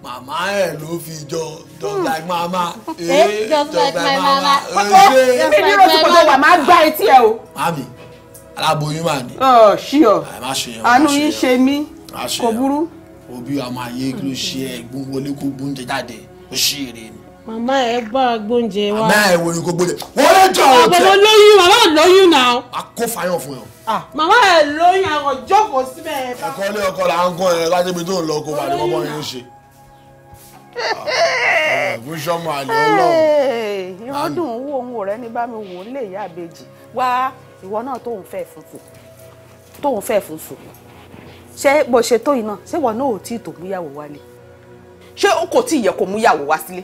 màmá ẹ̀ ló fi jọ just like mama. just like my mama. ọ̀pọ̀ ẹ̀mí ló ti kọjá wà máa gbá etí ẹ o. mami aláboyún mà ní. ọ̀ ṣí ọ àánú yín ṣe mí kò burú òbí wa máa yé kí ló ṣe ẹ gbọ́n wọlé kó gbóúnjẹ jáde ó ṣì rè ni. màmá ẹ bá gbóúnjẹ wa. màmá ẹ wo ni kó gbóúnjẹ wọlé jọ ọ tẹ. bàbá lóyún màmá lóyún náà. a kó fàyàn fún ẹ. Ah. màmá ẹ lóyún àwọn jókòó síbẹ̀. ẹ̀kọ́ ilé ọkọ là ń gún ẹ lájẹ́bi tó ń lọ kó bàdé mọ́mọ́ yín ṣe. bó ah, àlè ọlọ́run. ìrọ́dùn owó òun rẹ ṣé bó ṣe tó yìí náà ṣé wọn náà ò tí ì tó múyàwó wálé ṣé o kò tí ì yẹ kó múyàwó wá sílé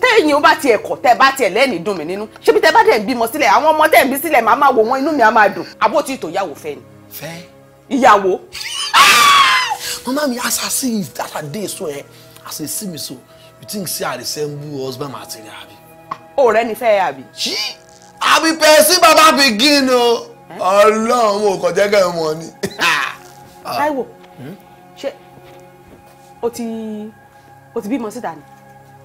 tẹ́yìn o bá tiẹ̀ kọ̀ tẹ́ bá tiẹ̀ lẹ́ẹ̀ni dùn mí nínú ṣé bí tẹ́ bá tẹ̀ ń bímọ sílẹ̀ àwọn ọmọ tẹ̀ ń bí sílẹ̀ màá máa wò wọ́n inú mi á máa dùn àbó tí ì tó yàwó fẹ́ ni. fẹ́. ìyàwó. mama mi as i see you that i dey so eh as i see me so you think say i resemble your husband material abi. ọ̀rẹ́ ni fẹ́ àbí. ṣí àbí pẹ̀sí bàbá pikin o eh? ọlọ́run ò kọjá kẹ́ ẹ mọ̀ ni. Ah. Táíwò hmm? ṣé o ti o ti bímọ síta ni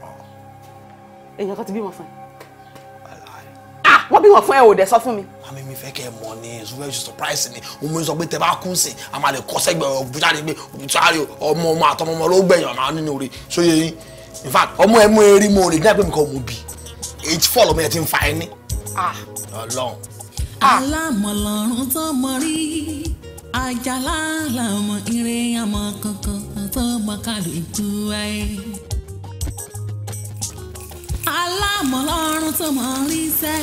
ah. èèyàn kan ti bímọ fún ẹ ah, wọ́n bímọ fún ẹ ò dẹ̀ sọ fún mi. àmì mi fẹ́ kẹ́ ẹ mọ̀ ni ìṣúwẹ́ ṣe surprise ni òun mi sọ pé tẹ bá kún sí a máa lè kọ́ sẹ́gbẹ̀ẹ́ ọ̀bùjáde pé ọ̀bùjáde ọmọ ọmọ àtọmọ ọmọ ló gbẹ̀yàn máa nínú rẹ̀ sóye yín in fact ọmọ ẹ mú erí mú orin dábẹ́ mi kọ́ mu bì age four lọ́mọ ẹ ti ń fa ẹni. ọlọ́run. alámọ̀lọ́run tó mọ rí Àjàlá làmọ ire àmọ kankan àtọmọ kálukú ayé. Àlámọ̀ tó mọ̀ rí sẹ́,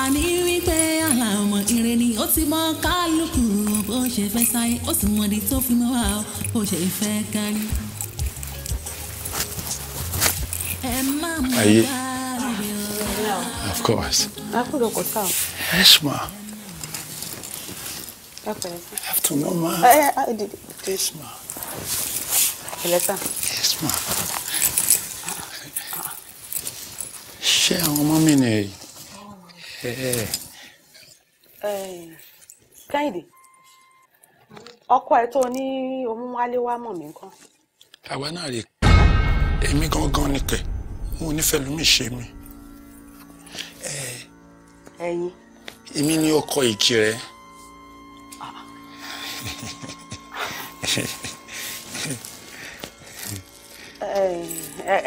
àní wípé àlámọ̀ ire ni ó ti mọ kálukú bó ṣe fẹ́ sáyé, ó sì mọ̀dí tó fi mọ́ wa bó ṣe fẹ́ kárí. Ẹ má mú ká lè rẹ̀. Of course. Akúrò kò tà. Yes ma. Am. Afternoon, ma. I, I did it. Yes, ma. Eleta. Yes, ma. Ṣé àwọn ọmọ mi nìyí? Eh, eh, eh. Kẹ́hìndé, ọkọ ẹ tó ní òun wálé wá mọ̀ mí nǹkan. Àwa náà rè èmi gangan ni kẹ̀, mo nífẹ̀ẹ́ lómi ṣe mi. Ẹyin. Èmi ni ọkọ ìjì rẹ̀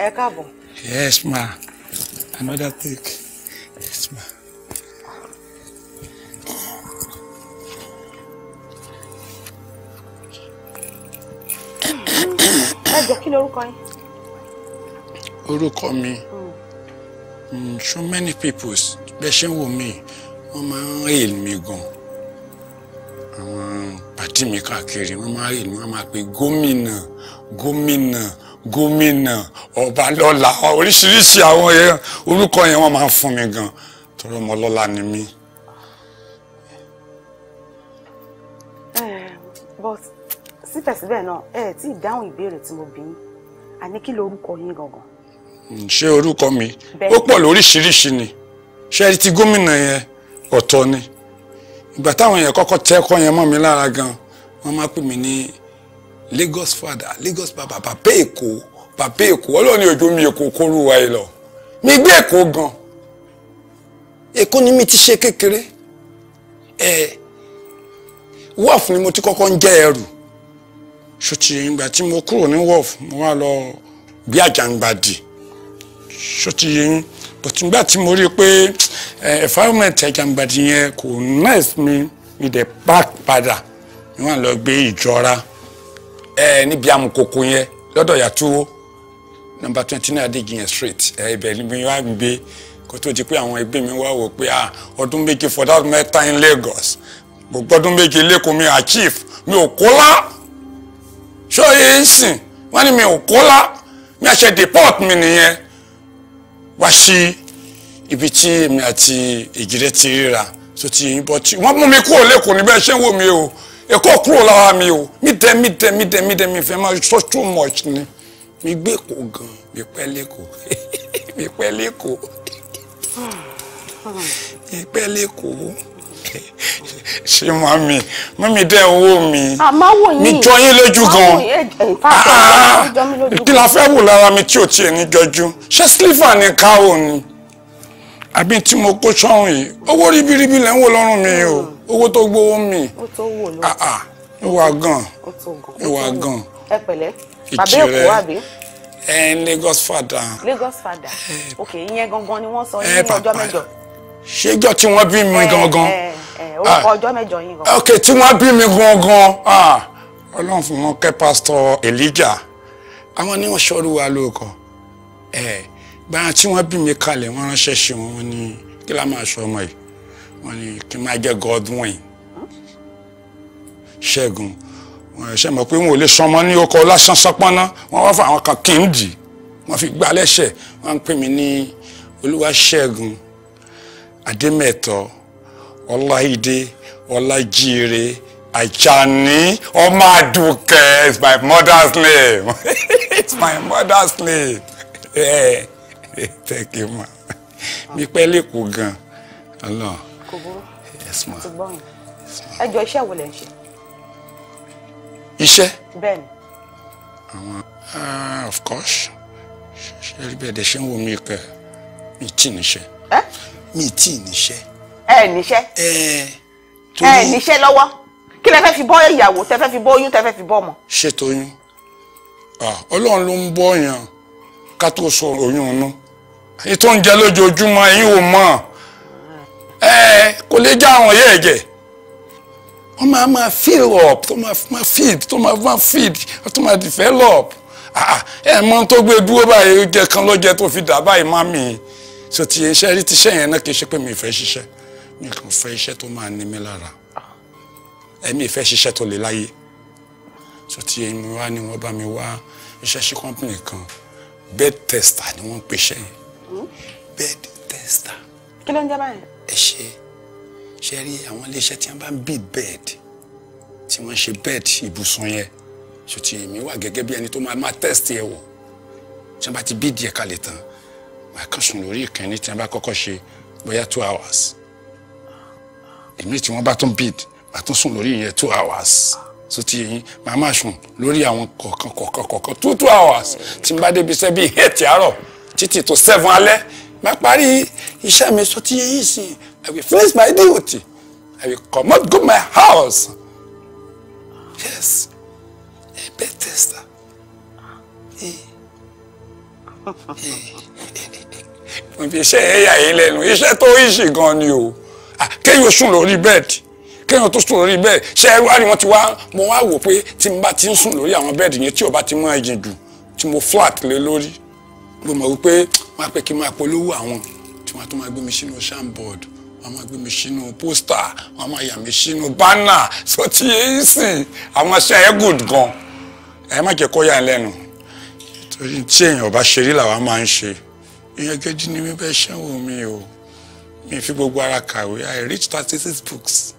ẹ cabo. yes ma another take yes ma. ẹ jọ kí lorúkọ yín. orúkọ mi hmm. Hmm, so many people bẹ́ẹ̀ ṣe ń wò mí wọ́n máa ń hail mi gan àwọn pàtí mi káàkiri wọ́n máa rìn ní wọ́n máa pe gómìnà gómìnà gómìnà ọbalọ́lá oríṣiríṣi àwọn yẹn orúkọ yẹn wọ́n máa ń fún mi gan torí ọmọ ọlọ́lá ni mí. but síbẹ̀síbẹ̀ náà ẹ ẹ̀ tí ì dáhùn ìbéèrè tí mo bí yín àní kí lorúkọ yín gangan. ṣé orúkọ mi ó pọ̀ lóríṣiríṣi ni ṣé ti gómìnà yẹn ọ̀tọ̀ ni ìgbà táwọn èèyàn kọ́kọ́ tẹ́kọ́ yẹn mọ́ mi lára gan wọ́n máa pè mí ní Lagos father Lagos bàbá bàbá èkó bàbá èkó ọlọ́ọ̀ni òjò mi èkó kóru wa yìí lọ mi gbé èkó gan èkó ni mi ti ṣe kékeré ẹ wọ́ọ̀f ni mo ti kọ́kọ́ ń jẹ́ ẹrù ṣòtì ìgbà tí mo kúrò ní wọ́ọ̀f mo wá lọ gbé àjàǹgbàdì ṣòtì yìí bùtùgbà tí mo rí i pé eh, environment ẹ̀jàǹgbàdì yẹn kò nice mi mi dẹ̀ park padà mi wà lọ gbé ìjọra eh, níbi amukoko yẹn lọ́dọ̀ yàtúwó nọ́mbà twenty nine adigun yẹn street eh, ibẹ̀ ni mi wá gbé kó tó di pé àwọn ẹgbẹ́ mi wá wò pé ah, ọdún méje for that mẹ́ta in Lagos gbogbo ọdún méje lẹ́kọ̀ọ́ mi achieve mi ò kó lá ṣọ́ yẹn ń sìn wọ́n ní mi ò kó deport mi nìyẹn wá sí ibi tí èmi àti èjìrẹ́ ti ríra tó ti yẹn bọ́ tí wọ́n mú mi kúrò lẹ́kọ̀ọ́ níbẹ̀ ṣé ń wò mí o èkó kúrò lára mi o mi dẹ mi dẹ mi dẹ mi dẹ mi fẹ́ máa sọ too much ni mi gbé èkó gan mi pẹ́ lẹ́kọ̀ọ́ mi pẹ́ lẹ́kọ̀ọ́ mi pẹ́ lẹ́kọ̀ọ́ ṣe mami mami dẹ́ ń wò mí mi jọ yín lójú gan ah, kí la fẹ́ wò lára mi tí ò tiẹ̀ ní jọjú ṣé sílífà ni káwò ni àbí tí mo kó sọ́run yìí owó ribiribi lẹ́ ń wò lọ́rùn mi o hmm. owó tó gbowó mi ìwà ah, ah. gan ìwà gan ìjìrẹ́ ẹ̀ Lagos fada. Lagos fada eh. ok ìyẹn gangan ni wọ́n sọ eh, ní ọjọ́ mẹ́jọ ṣéjọ́ tí wọ́n bí mi eh, gangan. Eh, eh, ah. ọjọ́ mẹ́jọ yìí gan. ok tí wọ́n bí mi gangan ah, ọlọ́run fún wọn kẹ́ pásítọ̀ Elijah àwọn ní wọ́n ṣọ́rú wa lóòkọ́ báyà tí wọ́n bí mi kalẹ̀ wọ́n ránṣẹ́ ṣe wọn wọ́n ní kí lá máa ṣọ ọmọ yìí wọ́n ní kí n máa jẹ́ Godwin ṣẹ́gun wọ́n ṣe mọ̀ pé wọn ò lè sọmọ ní ọkọ̀ lásán sánpọ́nná wọ́n wá fún àwọn kan kí n dì wọ́n fi gbá lẹ́sẹ̀ wọ́n pè mí ní olúwa ṣẹ́gun adémẹ̀tọ́ ọláìdé ọlájíire àjàní ọmọ àdùkẹ́ it's my mother's name it's my mother's name yeah. thank you ma mi pẹ́ lẹ́kọ̀ọ́ gan ọlọ́run yes ma ẹ jọ iṣẹ́ wo lẹ ń ṣe. iṣẹ́. bẹ́ẹ̀ni. àwọn ah, of course ṣe rí bẹ́ẹ̀ dẹ̀ ṣe ń wo mi kẹ́ mi tì níṣẹ́. ẹ́ mi tí níṣẹ́. ẹ níṣẹ́. ẹ torí ẹ níṣẹ́ lọ́wọ́ kí lẹ fẹ́ fi bọ́ ìyàwó tẹ fẹ́ fi bọ́ oyún tẹ fẹ́ fi bọ́ ọmọ. ṣé toyún ọlọ́run ló ń bọ́ yàn ká tó sọ oyún inú èyí tó ń jẹ lójoojúmọ́ ẹ̀yin ò mọ̀ ẹ kò lè já àwọn yẹ́ ẹ̀jẹ̀ wọ́n máa máa fill up tó máa ma feed tó máa ma feed tó máa develop ẹ mọ tó gbé dúró báyìí jẹ kan ló jẹ tó fi dà báyìí má mi so ti iṣẹ́ e rí ti iṣẹ́ yẹn náà kì í ṣe pé mi fẹ́ ṣiṣẹ́ mi kàn fẹ́ iṣẹ́ tó máa ní mi lára ẹ̀mí ìfẹ́ ṣiṣẹ́ tó lè láyé so ti ẹ̀yin wá ni wọ́n bá mi wá iṣẹ́ sí kọ́mpìnì kan bed tester ni wọ́n ń pèsè yẹn hmm? bed tester. kí ló ń jẹ́ báyìí. ẹ ṣe ṣe rí àwọn iléeṣẹ́ tí wọ́n bá ń build bed tí wọ́n ṣe bed ibùsùn yẹn so ti èmi wà gẹ́gẹ́ bí ẹni tó máa máa test yẹ wò tí wọ́n bá ti build yẹ kalẹ̀ tán máa kàn sùn lórí ìkànnì tí wọ́n bá kọ́kọ́ ṣe bóyá two hours èmi tí wọ́n bá tún bid máa tún sùn lórí ìyẹn two hours so ti yẹn máa máa sùn lórí àwọn kọ̀ọ̀kan kọ̀ọ̀kan kọ̀ọ̀kan two two hours tí n bá débi iṣẹ́ bíi eight àárọ̀ títí tó seven alẹ́ máa parí iṣẹ́ mi so ti yẹn yìí sìn I will finish my duty I will comot go my house yes a bed tester ibi iṣẹ́ yẹn yà yín lẹ́nu iṣẹ́ tó ìṣì gan ni o kéèyàn sùn lórí bẹ́ẹ̀dì kéèyàn tó sùn lórí bẹ́ẹ̀dì ṣé ẹ wá ni wọ́n ti wá mo wá wò pé tí n bá ti ń sùn lórí àwọn bẹ́ẹ̀dì yẹn tí ò bá ti máa jìn jù tí mo flat lé lórí mo mọ̀ wípé máa pẹ́ kí n máa polówó àwọn tí wọ́n á tún máa gbé mi sínú shamboard wọ́n máa gbé mi sínú pósítà wọ́n máa yà mí sínú bánà sọ tí yéé sìn àwọn aṣọ ẹ̀ gùd gan ẹ má jẹ́ kó yà lẹ́nu torí tí èèyàn ò ṣe rí làwa máa ń ṣe èèyàn ni mi bẹ́ẹ̀ ṣẹ́wò mi o mi fi gbogbo ara kàwé I read thirty six books.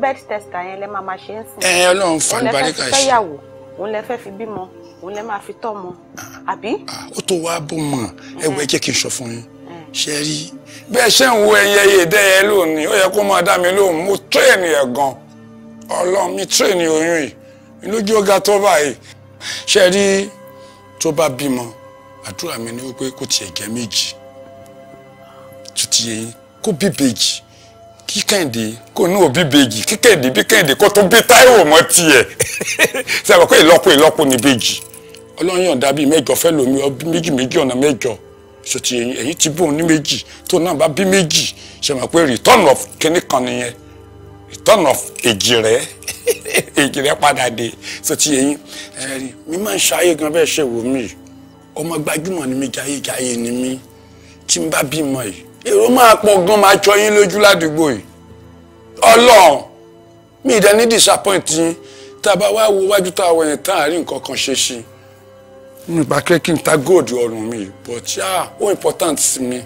bed tester yẹn lẹ máa ma ṣe ń sìn. ẹ Ọlọ́run fanbarika ṣe. òun lẹ fẹ́ fi fi bímọ òun lẹ máa fi tọ́mọ àbí. ó tó wá bó mọ ẹ wọ ẹ jẹ́ kí n sọ fún yín ṣe rí bẹ́ẹ̀ ṣe ń wo ẹyẹ ìdẹ́yẹ lónìí ó yẹ kó máa dá mi lóhùn mo tírèènì ẹ̀ gan ọlọ́run mi tírèènì oyún yìí lójú ọ̀gá tó báyìí ṣe rí tó bá bímọ àdúrà mi ni wípé kò tiẹ̀ jẹ́ méjì tó ti yẹ yín kó bí bèjì kí kẹ́hìndé kò ní òbí bèjì kí kẹ́hìndé bí kẹ́hìndé kó tó bí táìwò mọ́ tiẹ̀ sábà kó ìlọ́kù ìlọ́kù ní bèjì ọlọ́run yọ̀ǹda bíi mẹ́jọ fẹ́ lomi ọbí méjì méjì ọ̀nà mẹ́jọ sọtì ẹ̀yìn ẹ̀yìn ti bóun ní méjì tó náà bá bí méjì ṣe mọ̀ pé return of kínní kan nìyẹn return of èjì rẹ èjì rẹ padà dé so ti yẹn ẹrí mi máa ń ṣayé gan bẹ́ẹ̀ ṣe wò mí ọmọ gbajúmọ̀ ni mi jayé jayé ni mi tí n bá bímọ yìí èrò máa pọ̀ gan máa jọ yín lójú ládùúgbò yìí ọlọ́run mi ìdá ní disappoint yín tá a bá wá wo wájú tá a yẹn tá a nǹkan kan ṣe sí mi ìgbà kí n ta gold ọrùn mi but ah ó important sí mi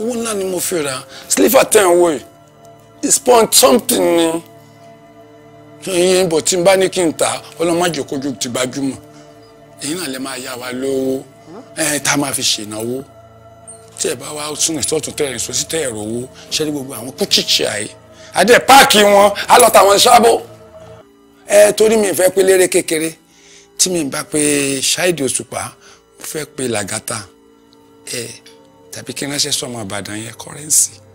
owó ńlá ni mo fi ra sliver ten wo yìí spawn something ni kí n yín bọ̀ tí n bá ní kí n ta ọlọ́mọdé kojú ti gbajúmọ̀ èyí náà lè máa yá wa lówó ẹ̀ tá a máa fi ṣènáwó tí ẹ bá wá sún ìtọ́tún tẹ̀ ẹ̀rìn sọ́sí tẹ̀ ẹ̀rọ owó ṣe ní gbogbo àwọn kúchìchì àyè adé páàkì wọn á lọ tàwọn ṣáàbò ẹ torí mi fẹ́ pé léré kékeré tí mi bá pé ṣáìdì òṣùpá fẹ́ pé làgàtà ẹ tàbí kí n ránṣẹ́ sọmọ ìbàdàn yẹn kọ́rẹ́ǹsì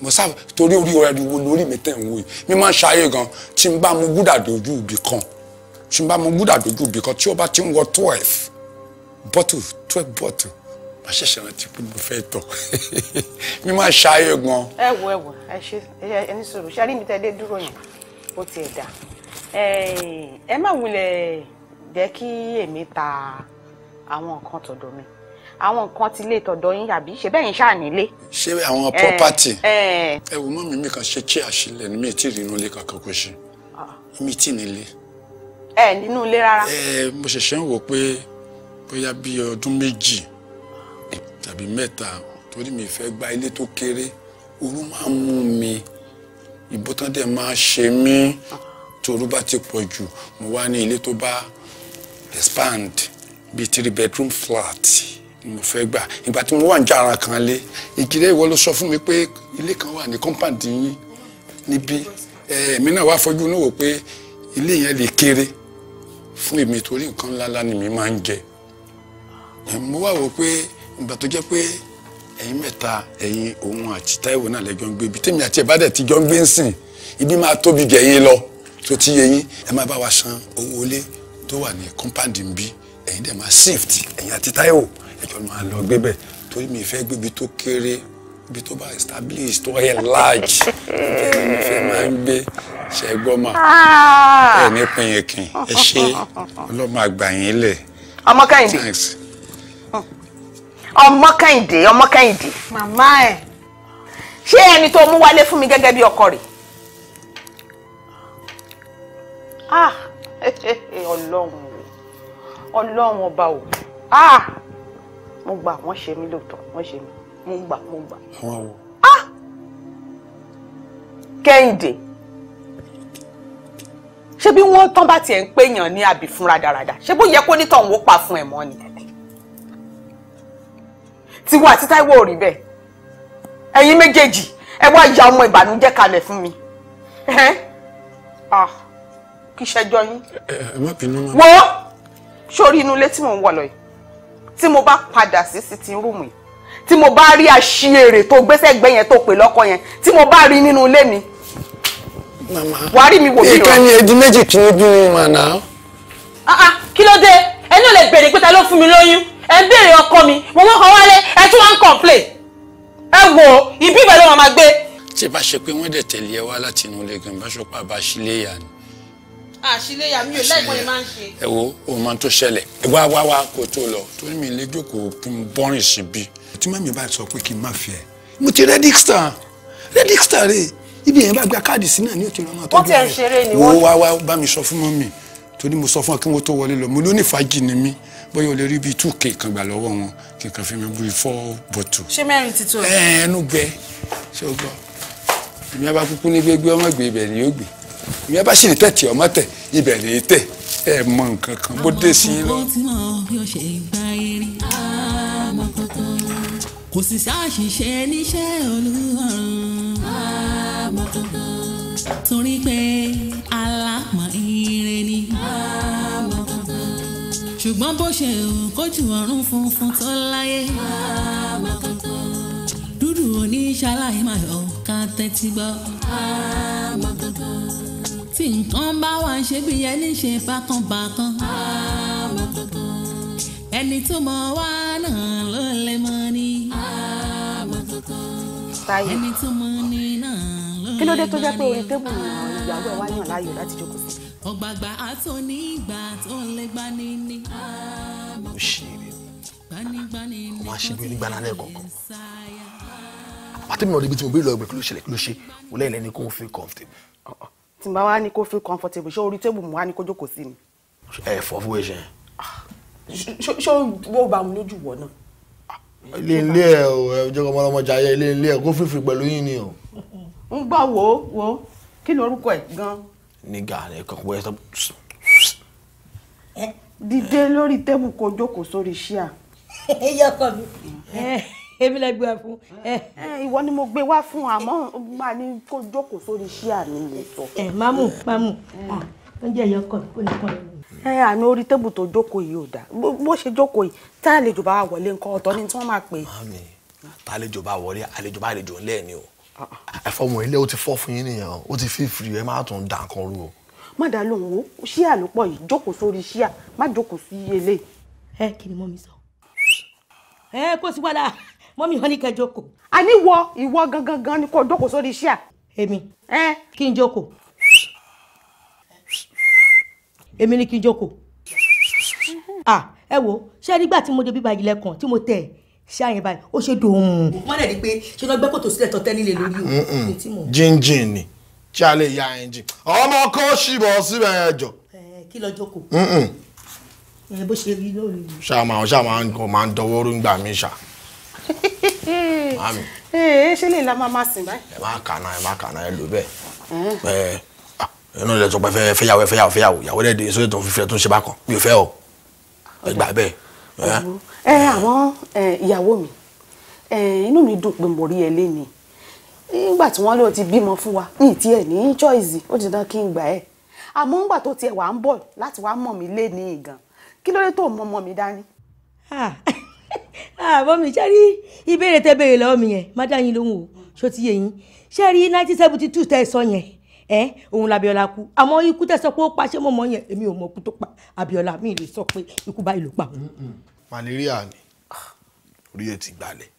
mo sábà torí orí ariwo lórí mi tẹ̀ ń wò yìí mi máa ń ṣayé gan tí n bá mu gúdà dojú ibì kan tí n bá mu gúdà dojú ibì kan tí ó bá ti ń wọ twelve bottle twelve bottle máa ṣẹ̀ṣẹ̀ rántí pé mo fẹ́ tọ̀ mi máa ṣayé gan. ẹ wo ẹ wo ẹ ṣe ẹ ní sọ̀rọ̀ ṣe àrími tẹ́lẹ̀ dúró yẹn ó ti dà ẹ má wulẹ̀ jẹ́ kí èmi ta àwọn nǹkan tọ̀dọ̀ mi àwọn nǹkan ti lè tọ̀dọ̀ yín àbí ṣe bẹ́ẹ̀ yín ṣáà nílé. ṣé àwọn eh, property eh. ẹ wò mọ́ mi mi kàn ṣe chair sílẹ̀ ní mi tí ì rínú ilé kankan kò ṣe ah. mi tí ì nílé. ẹ eh, nínú ilé rárá. ẹ mo ṣẹ̀ṣẹ̀ ń wò pé bóyá bíi ọdún méjì tàbí mẹ́ta torí mi fẹ́ gba ilé tó kéré ooru máa ń mú mi ìbótán máa ṣe mí torú bá ti pọ̀ jù mo wá ní ilé tó bá expand bíi three bedroom flat mo fẹ́ gbà ìgbà tí mo wà ń já ara kan lé ìjìnlẹ̀ ìwọ ló sọ fún mi pé ilé kan wà ní compound yín níbí èmi náà wá fojú inú wò pé ilé yẹn lè kéré fún èmi torí nǹkan ńláńlá ni mi máa ń jẹ mo wá wò pé ìgbà tó jẹ́ pé ẹ̀yin mẹ́ta ẹ̀yin òun àti Táíwò náà lẹ́jọ́ ń gbé ibi tèmi àti ẹ̀bá dẹ̀ ti jọ ń gbé ń sìn ibi máa tóbi gẹ̀yìn lọ tó ti yẹ ẹ máa bá wa san owó ilé tó wà ní compound ń bí ẹ̀yin dẹ̀ máa shift ẹ̀yin àti Táíwò ẹjọ́ máa lọ gbébẹ̀ torí mi fẹ́ gbébi tó kéré ibi tó bá establish tó ẹ̀ large ẹni mi fẹ́ máa ń gbé ṣe é ẹ ah! ní pinyekin ẹ ṣe ọlọ́mọ àgbà yín lẹ̀. ọmọ Kẹ́hìndé ọmọ Kẹ́hìndé ọmọ Kẹ́hìndé. màmá ẹ. ṣé ẹni tó mú wálé fún mi gẹ́gẹ́ bí ọkọ rẹ̀. Ah! ọlọ́run ọlọ́run ọba o. Ah! mo gbà wọ́n ṣe mí lóòótọ́ wọ́n ṣe mí mo gbà mo gbà. ah kẹ́hìndé ṣé bí wọ́n tán bá tiẹ̀ ń péyàn ní àbí fún radarada ṣé bó yẹ kó ní tọ̀hún ó pa fún ẹ̀ mọ́ ni. tiwọn àti táíwò ò rí bẹ́ẹ̀ ẹ̀yin méjèèjì ẹ wá ya ọmọ ìbànújẹ́ kalẹ̀ fún mi. Ah! kí ṣẹjọ yín. ẹ ẹ má bínú. wọ́n sórí inú ilé tí mò ń wọ̀ lọ yìí tí mo bá padà sí sitting room yìí tí mo bá rí àṣìírè tó gbéṣẹ́ gbẹ́ yẹn tó pè lọ́kọ yẹn tí mo bá rí nínú ilé mi wàá rí mi wò mí rọ. ìkànnì ẹdín méjì kì í bínú ìmọ̀ náà. kí ló dé ẹni ò lè béèrè pé ta ló fún mi lóyún ẹ ń béèrè ọkọ mi mo mọ́ kan wálé ẹ tún wá ń complain ẹ wò ó ìbí ìbẹ̀rẹ̀ wọn máa gbé. tí bá ṣe pé wọ́n dẹ̀ tẹ̀lé ẹ wá láti inú ilé gan bá ṣọpá bá yà ni àṣìléyà mi ò lẹ́gbọ̀n ẹ̀ máa ń ṣe. ẹ wo o máa tó ṣẹlẹ̀ wá wá wá kó tó lọ torí mi lè jókòó kí n bọ́rìn sí bí. tí màmí bá sọ pé kí n má fi ẹ mo ti rẹ́dí star rẹ́dí star rè ibi yẹn bá gba káàdì sí náà ní òtún ọmọ tó dùn rẹ wo wá wá bá mi sọ fún mọ́mì torí mo sọ fún ọ kí wọ́n tó wọlé lọ mo ló fàájì ni mí bóyá o lè rí bíi two k kan gbà lọ́wọ́ wọn kí n kàn fi mi bú ifọ́ bọ̀tù. ṣé mẹ́rin ti tó. ẹ ẹnu gbẹ ṣé o gbọ́ èmi abakúkú ní gbégbé ọmọ gbé ibẹ̀ ni yóò gbé ìyẹn bá sì ní tẹ̀tì ọmọ tẹ̀ ibẹ̀ lè tẹ̀ ẹ mọ nǹkan kan bó dé sí i lọ. kò sì ṣàṣìṣe níṣẹ́ Ọlọ́run torí pé alámọ̀ ire ni ṣùgbọ́n bó ṣe hù kójú ọ̀run funfun tó láyé dúdú oníṣàlàyé máa yọ ká tẹ́tí gbọ́ tí nǹkan bá wà ń ṣe bí ẹni ṣe bákanbákan. ẹni tó mọ wá náà ló lè mọ ni. Táyé kí ló dé tó jẹ́ pé orí tébùlù ìyàwó ẹ̀ wá yàn láàyò láti jókòó sí. ọ̀gbàgbà àtò ní ìgbà tó lè gbani ní. mo ṣe é kò máa ṣe bí onígbàlá lẹ́ẹ̀kọ̀ọ̀kan àpàtẹ́mi náà débi tí mo bí lọ ìgbẹ́ kí ló ṣẹlẹ̀ kí ló ṣe mo lẹ́yìn lẹ́ni kó o feel comfortable tí n bá wá ní kó feel comfortable ṣé orí tébù mú wá ní kó jókòó sí mi. ẹ fọ fún ẹsẹ. ṣé wọ́n bá mi lójú wọ̀ náà. ilé ilé ẹ o ẹ jẹ́ kọ́ ọmọlọmọ jayé ilé ilé ẹ kó fífi pẹ̀lú yín ni o. ń gbọ́ wo wo kí ni orúkọ ẹ̀ gan. nígà ẹ kàn wọ ẹ sọ. dìde lórí tébù kó jókòó sórí ṣíà. ẹ yọkọ mi èmi lẹ gbé fún. Eh, eh, ìwọ ni mo gbé wá fún àmọ́ máa ní kó jókòó sórí iṣẹ́ eh, ah, àmì lè sọ. ẹ mamu mamu oúnjẹ yẹn kọ kó ní kọ ní. ẹ àmì orí tébù tó jókòó yìí ò dáa bó ṣe jókòó yìí tá àlejò bá wọlé nǹkan ọ̀tọ̀ ni tí wọ́n máa pè é. àmì tá àlejò bá wọlé àlejò bá àlejò ńlẹ̀ ni o ah, ah. ẹ̀fọ́mọ ilé o ti fọ́ fún yín nìyẹn ó ti fi fìrí ẹ má tún dà nǹkan rú o. má dá lóhùn o ṣíà ló pọ̀ yìí jókòó sórí ṣíà má jókòó sí eléyìí. ẹ kí ni mọ́ mi sọ. ẹ kó sí wàhálà mọ́mí wọn ní kẹ́ jókòó. a ní wọ ìwọ gangan gan ni kò jókòó sórí iṣẹ́ à. èmi kí n jókòó èmi ni kí n jókòó. ẹ wo ṣé nígbà tí mo dé bíbá ilẹ̀ kan tí mo tẹ̀ ṣé àyìn báyìí ó ṣe dòun. wọ́n lè rí i pé ṣé lọ́ọ́ gbẹ́ kòtò sílẹ̀ tọ́tẹ́ nílé lórí o. jíjìn ni tí a lè ya ẹ̀jìn ọmọ kan ṣìbọ̀ síbẹ̀ yẹn jọ. kí lọ jókòó. bó ṣe rí lórí. ṣáà máa ń dọwọ́ ń gbà mí ṣáà mami. ee eh, eh, ṣe lè la máa ma sìn báyìí. ẹ má kàná ẹ má kàná ẹ lò bẹ́ẹ̀. ẹ ah, inú ilẹ̀ tó pẹ́ fẹ́ fẹ́yàwó fẹ́yàwó fẹ́yàwó ìyàwó rẹ̀ di sórí tó fi fẹ́ tó ń ṣe bákan mi ò fẹ́ o ẹ gbà bẹ́ẹ̀. ẹ àwọn ìyàwó mi inú mi dùn pé mo rí ẹ lénìí nígbà tí wọ́n lé o ti bímọ fún wa ní ìtí ẹ̀ ní choice ó ti dán kí n gbà ẹ̀ àmọ́ ńgbà tó tiẹ̀ wà ń bọ̀ láti wá mọ̀ mí lé ní ìgàn kí ló tó mọ̀ mọ̀ mí dání. Ah, mi ṣe rí ìbéèrè tẹ́ béèrè lọ́wọ́ mi yẹn má dá yín lóhùn o ṣó ti yé yín ṣe rí nineteen seventy two tẹ́ ẹ sọ yẹn ẹ òun l'Abíọ́lá kú àmọ́ ikú tẹ́ sọ pé ó pa ṣé mo mọ̀ yẹn èmi ò mọ̀ ikú tó pa Abíọ́lá mi lè sọ pé ikú báyìí ló pa. malaria ni ah. orí ẹ ti gbalẹ̀.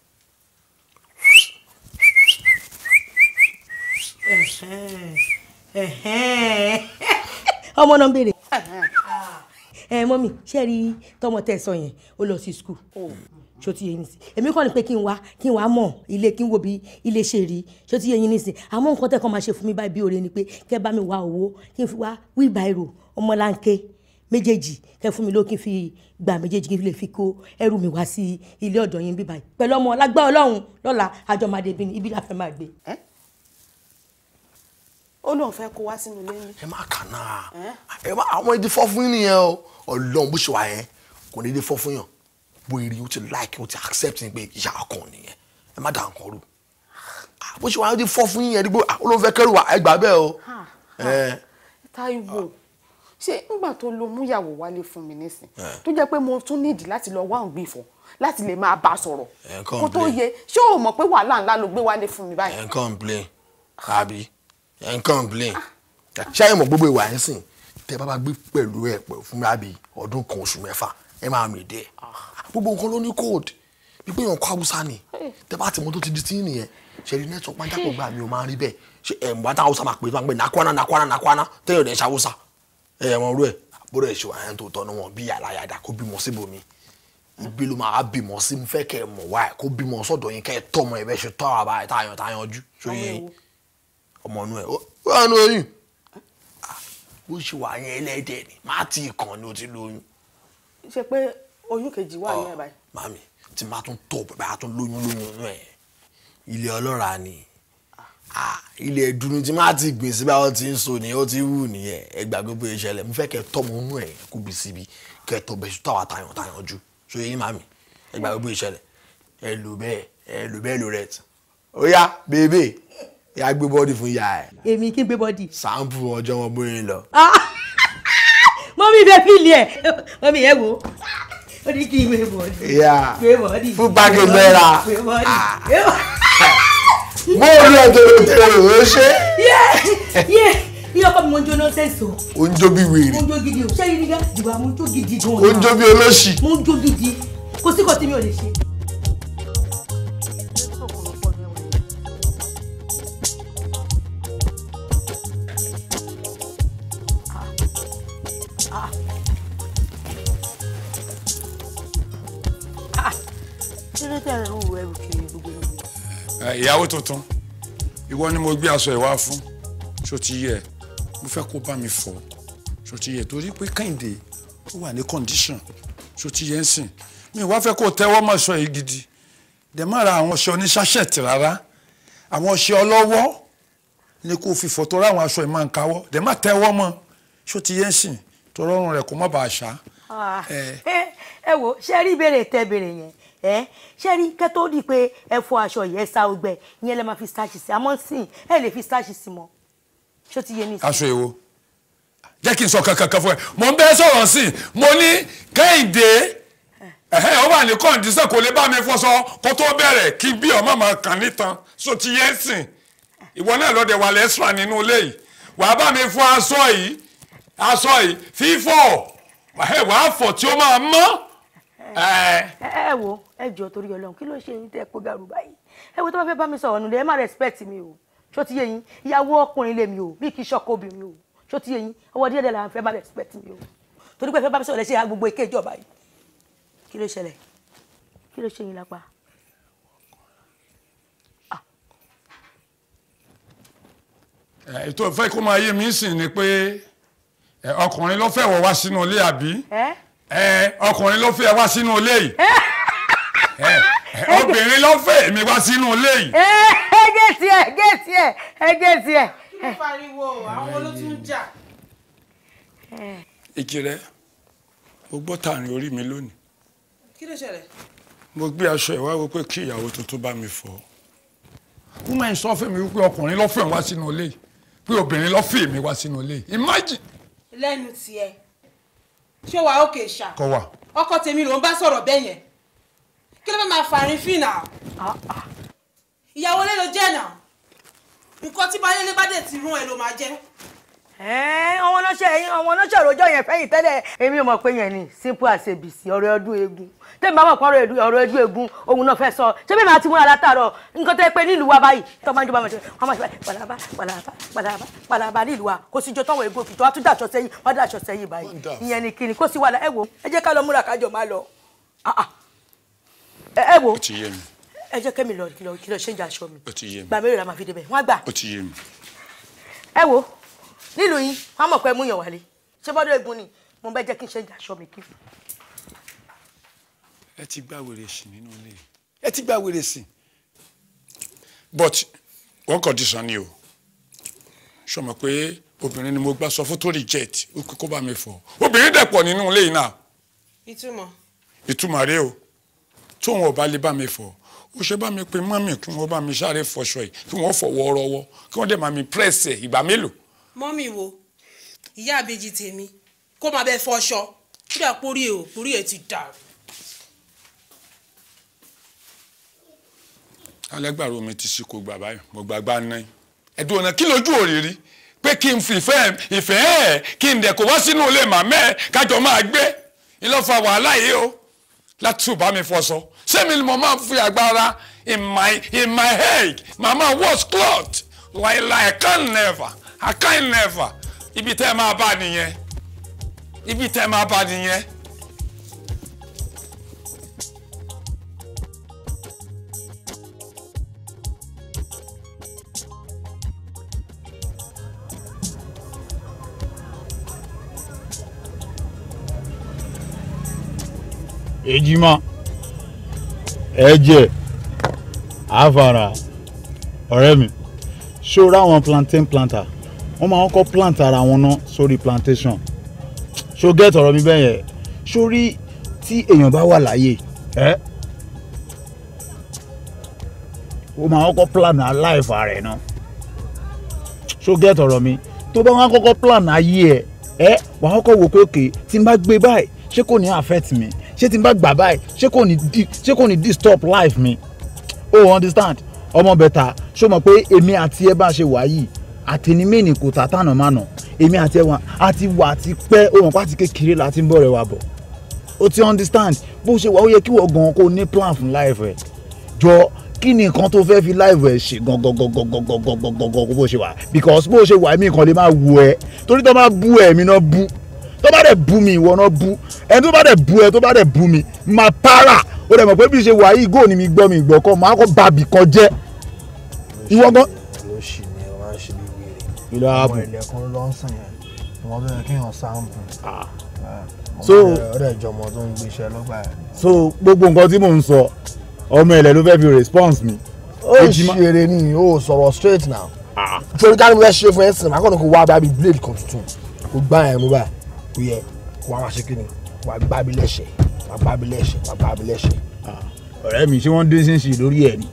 ọmọ náà ń béèrè ẹ mọ́mì ṣé rí tọmọ tẹ̀ sọ yẹn ó lọ sí skul oh. ṣó ti yẹ yín sí èmi kàn ní pé kí n wá kí n wá mọ ilé kí n wo bí ilé ṣe rí ṣó ti yẹ yín nísìn àmọ́ nǹkan tẹ́ kàn máa ṣe fún mi báyìí bí ọ̀rẹ́ ni pé kẹ́ bá mi wá owó kí n fi wá wíìbáìrò ọmọláńké méjèèjì kẹ́ fún mi ló kí n fi gbà méjèèjì kí n lè fi kó ẹrù mi wá sí ilé ọ̀dọ̀ yín bíbáyìí pẹ̀lú ọmọ lágbá ọlọ́run lọ́la àjọmọdé ibi ibi la máa gbé ó lóun fẹ́ kó wá sínú ilé mi. ẹ má kà náà ẹ má àwọn ìdí fọ́ fún yín o ọlọ́run bó ṣe wà yẹn kò ní ìdí fọ́ yàn bó eré o ti like o ti accept ni pé ìyá ọkàn nìyẹn ẹ má dà nǹkan rú bó ṣe wà yẹn ó ti fọ́ fún yín yẹn dígbò olóun fẹ́ kẹ́rù wà ẹ gbà bẹ́ẹ̀ o. Táíwò ṣé ńgbà tó lo múyàwó wálé fún mi nísìn tó jẹ́ pé mo tún nídìí láti lọ wá òǹgbìn fún láti lè máa bá a kó tó yẹ ṣé o mọ̀ pé wàhálà ńlá ló gbé wálé fún mi báyìí. ẹ̀ ń blé àbí ẹ̀ ń complain ṣé àyẹ̀mọ̀ gbogbo ìwà ẹ̀ ń sìn tẹ́ bá bá gbé pẹ̀lú ẹ̀ pẹ̀ fún mi àbí ọdún kan oṣù mẹ́fà ẹ máa rìn dẹ́ gbogbo nǹkan ló ní code pípé èèyàn kọ́ haúsá ni tẹ́ bá ti mọ ti di tí nìyẹn ṣe rí network máa jápọ̀ gbà mí o máa rí bẹ́ẹ̀ ṣe ẹ̀ mọ̀ àtàwọn haúsá máa pè é máa pè nàkúánà nàkúánà nàkúánà tẹ́yọ̀ rẹ̀ ṣàwùsá ẹ̀ mọ̀ rú ẹ̀ àbúrò ẹ̀ ṣe wà yẹn tó tọ́ wọn bí àlàyàdà kó bímọ síbòmí ibi ló máa bímọ sí mo fẹ́ kẹ́ ẹ mọ̀ wá ẹ̀ kó bímọ sọ́dọ̀ yín kẹ́ ẹ tọ́ ọmọ ẹ̀ bẹ́ẹ̀ ṣe tọ́ àbá ẹ̀ táyàn táyàn jú ṣóyè ọmọ inú ẹ wọ́n nu oyún ó ṣe wà yẹn ẹlẹ́dẹ̀ ni má ti kàn ni o ti lóyún. ṣe pé oyún kejì wà ní ẹ̀ báyìí. màmí tí má tún tọ̀ bàbá tún lóyún lóyún inú ẹ̀ ilé ọlọ́ra ni ilé ẹ̀dùnú tí má ti gbìn síbi àwọn tí ń so ni ó ti wù nìyẹn ẹ gbàgbé bóyá ìṣẹ̀lẹ̀ mo fẹ́ kẹ́ tọ́ mọ inú ẹ̀ kó bí síbi kẹ́ tọ́ bẹ́ẹ̀ sùn táwa tayàn tayàn jù ṣó yé màmí ẹ gbàgbé bóyá ìṣẹ̀lẹ̀ ẹ lò bẹ́ẹ̀ ẹ lò bẹ́ẹ̀ lò rẹ̀ tì ó yá bèbè ìyá gbé bọ́dì fún ìyá ẹ̀. èmi kí n gbé bọ́dì. sàǹpù ọjọ́ wọn bóyá lọ. Ah! mọ́mí bẹ́ẹ̀ fìlì ẹ̀ mọ́mí ẹ̀ wò ó ní kí n gbé bọ́dì. gbé bọ́dì. fún báàgì mẹ́ra. gbé bọ́dì. bóòlù ọ̀dọ̀rọ̀ tẹ̀lé ò ṣe. bí ọkọ mi mo ń jó nọ́sẹ̀sì o. o ń jó bí wèrè. mo ń jó gidi o ṣé yìí jùlọ mo ń jó gidi gan-an. o ń jó bí olóṣì. mo ń jó gidi kò mi ò lè ṣe. ìyàwó tuntun ìwọ ni mo gbé aṣọ ìwá fún ṣó ti yẹ mo fẹ́ kó bá mi fọ̀ ṣó ti yẹ torí pé kẹ́hìndé ó wà ní condition ṣó ti yẹ ń sìn mi wá fẹ́ kó tẹ́wọ́ mọ́ aṣọ yìí gidi dẹ̀ má ra àwọn aṣọ oníṣàṣẹ̀tì rárá àwọn aṣọ ọlọ́wọ́ ni kò fi fọ̀ tọ́ra àwọn aṣọ yìí máa ń káwọ́ dẹ̀ má tẹ́wọ́ mọ́ ṣó ti yẹ ń sìn tọrọrùn rẹ̀ kó má bàa ṣá. Ah. ẹ wo ṣe rí ìbéèrè tẹ ìbéèrè yẹn Eh? ẹ ṣé rí kẹ́ tó di pé ẹ fọ aṣọ yìí ẹ sa ọgbẹ ìyẹn lẹ máa fi starch sí àmọ́ sìn ẹ lè fi starch sí mọ́ ṣó ti yé mi. aṣọ èwo jẹ́ kí n sọ kankan fún ẹ mo ń bẹ́ sọ̀rọ̀ sí i mo ní kẹ́hìndé eh. ẹ̀hẹ́ ó wà ní kọ́ndíṣàn kò lè bá mi fọṣọ kó tó bẹ̀rẹ̀ kí bí ọmọ máa kàn nítan ṣó ti yé sìn ìwọ náà lọ́dẹ̀ wà lẹ́sùn nínú ilé yìí wàá bá mi fọ aṣọ yìí aṣọ yìí fífọ̀ wàá fọ̀ tí ó máa mọ́. ẹ eh, ẹ wo ẹ jọ torí Ọlọ́run kí ló ṣe yín tẹ́ ẹ kó gàrú báyìí ẹ wo tó bá fẹ́ bá mi sọ̀rọ̀ nílẹ̀ ẹ má respect mi o ṣó ti yé yín ìyàwó ọkùnrin lèmi o bí kì í ṣọkọ obìnrin o ṣó ti yé yín ọwọ́ díẹ̀ díẹ̀ là ń fẹ́ má respect mi o torí pé ẹ fẹ́ bá mi sọ̀rọ̀ ẹ ṣe ya gbogbo èké ìjọba yìí kí ló ṣẹlẹ̀ kí ló ṣe yín lápá. Ah. Eh, ètò ìfẹ́ kó máa yé mi sìn ni pé eh, ọkùnrin ló fẹ́ wọ̀ wá sínú ilé àbí eh? ọkùnrin ló fẹ́ wá sínú ilé yìí. Eh, eh, obìnrin ló fẹ́ mi wá sínú ilé yìí. ẹ gé tiẹ̀ gé tiẹ̀ ẹ gé tiẹ̀. kí ló pariwo àwọn olótún jà. Eh. ìkìrẹ́ mo gbọ́ tààrin orí mi lónìí. kí ló ṣẹlẹ̀. mo gbé aṣọ ìwáwo pé kí ìyàwó tuntun bá mi fọ̀. woman sọ fún mi wípé ọkùnrin ló fẹ́ mi wá sínú ilé yìí pé obìnrin ló fẹ́ mi wá sínú ilé yìí imagine. lẹ́nu tiẹ̀ ṣé wàá òkè ṣá. kọ wa. ọkọ tèmi ló ń bá sọ̀rọ̀ bẹ́ẹ̀ yẹn kí ló fẹ́ máa fàárín fín náà ah, ah. ìyàwó lé ló jẹ́ náà nǹkan tí balẹ̀lẹ̀ bá dẹ̀ ti rún ẹ ló máa jẹ́. ọmọ ọlọ́ṣẹ́ ẹ̀yìn ọmọ ọlọ́ṣẹ́ òròjọ́ yẹn fẹ́yìn tẹ́lẹ̀ èmi ò mọ̀ pé yẹn ni simple as abc ọ̀rọ̀ ọdún eegun tẹ́mi bá mọ̀ pé ọ̀rọ̀ ẹdún eegun òun náà fẹ́ sọ ṣé bẹ́ẹ̀ máa ti múra látàárọ̀ nǹkan tẹ́ pé nílùú wa báyìí tọ́ máa ń jọba ọmọ ṣe pàlàbà pàlàbà pàlàbà pàlàbà nílùú wa kò síjọ tọ́wọ̀ egun òfìtọ́ wàá tún dàṣọ sẹ́yìn wàá dàṣọ sẹ́yìn báyìí ìyẹn ni kí ni kò sí wàhálà ẹ wò ẹ jẹ́ ká lọ múra kájọ máa lọ ah, ẹ wo ẹ jẹ́ kẹ́mi lọ kí lọ kí lọ ṣe ń jẹ aṣọ mi gbà mélòó la máa fi débẹ̀ wọ́n á gbà ẹ wo nílùú yín wọ́n á mọ̀ pé mú yàn wálé ṣé bọ́dọ̀ egun ni mo bẹ́ jẹ́ kí n ṣe ń jẹ aṣọ mi kí. ẹ ti gba wèrè sí nínú ilé ẹ ti gba wèrè sí. but one condition ni o sọmọ pé obìnrin ni mo gbà sọ fún tó reject ó kó bá mi fọ obìnrin dẹ̀ pọ̀ nínú ilé yìí náà. ìtumọ̀. ìtumọ̀ rèé o tóun ọba lè bá mi fọ o ṣe bá mi pe mọ́mì kí wọ́n bá mi sáré fọṣọ ẹ̀ kí wọ́n fọ wọ́ọ́rọ́wọ́ kí wọ́n dẹ̀ máa mi pírẹ́sì ẹ̀ ìgbà mélòó. mọ́mì wo ìyá àbejì tèmi kó máa bẹ fọṣọ kódà pórí ẹ ò pórí ẹ ti dàrú. alẹ́gbàrú mi ti ṣí kó gbà báyìí mo gbàgbá náà ẹ̀dùn ọ̀nà kí lójú òrìrí pé kí n fi ìfẹ́ ìfẹ́ ẹ̀ kí n dẹ̀ kó wá sínú ilé màmá ẹ̀ kájọ máa gbé ńlọ́fà wàhálà yìí o láti tún bá mi fọṣọ. Same, ni mama, máa fi agbára in my in my head mama was cloth like like I can never I can never ibi tẹ́ máa bá nìyẹn ibi tẹ́ máa bá nìyẹn. Ejima ẹ̀jẹ̀ àfàrà ọ̀rẹ́ mi ṣó ráwọn plantain planter wọ́n máa ń kọ́ plant ara wọn ná sórí plantation ṣó gẹ́tì ọ̀rọ̀ mi bẹ́yẹn ṣó rí tí èèyàn bá wà láàyè ẹ́ ó máa ń kọ́ plan aláìfà rẹ̀ ná ṣó gẹ́tì ọ̀rọ̀ mi tó bá wọn kọ́kọ́ plan ayé ẹ̀ ẹ́ wàá kọ́ wò pé òkè tí n bá gbé báyìí ṣé kò ní affect mi ṣé tí n bá gbà báyìí ṣé kò ní ṣé kò ní disturb life mi o oh, understand ọmọ bẹ̀tà ṣó mọ̀ pé èmi àti ẹ bá ṣe wà yìí àtẹni mẹ́ni kò tà tànà mànà èmi àti ẹ wà àti wà àti pẹ́ o mọ̀ pé àti kékeré la ti ń bọ̀rẹ̀ wa bọ̀ o ti understand bó ṣe wà ó yẹ kí wọ́n gan kó ní plan fún life ẹ̀ jọ kí ni nǹkan tó fẹ́ fi live ẹ̀ ṣe gangangangangangangangangan bó ṣe wà because bó ṣe wà mí kan lè máa wù ẹ́ torí tó máa bú ẹ̀mí náà bú tó bá dẹ̀ bú mi ìwọ náà bú ẹni tó bá dẹ̀ bú ẹ tó bá dẹ̀ bú mi máa para ó dẹ̀ mọ̀ pé bí ṣe wà yìí góò ni mi gbọ́ mi ìgbọ́ kọ́ máa kọ́ bàbí kan jẹ́ ìwọ gan. ìlú ààbò wọn bẹ̀rẹ̀ kí wọn sáàmù. Ah. Ah, so ọ̀rẹ́ ìjọmọ tó ń gbéṣẹ́ lọ́gbà ẹ̀. so gbogbo nǹkan tí mò ń sọ ọmọ ilẹ̀ ló fẹ́ fi response mi. ó ṣeré ni ó sọ̀rọ̀ straight now. Ah. torí ká ló fẹ́ ṣe fún ẹ̀sìn màkànnà kó wá bá bí blade kan tuntun kó gbá ẹ̀ mú báyìí ó yẹ wàá máa ṣe kí ni wàá gbá mi lẹ́sẹ̀ wàá gbá mi lẹ́sẹ̀ wàá gbá mi lẹ́sẹ̀. Ah, ọ̀rẹ́ mi ṣé wọ́n dín sí sí lórí ẹ̀ ni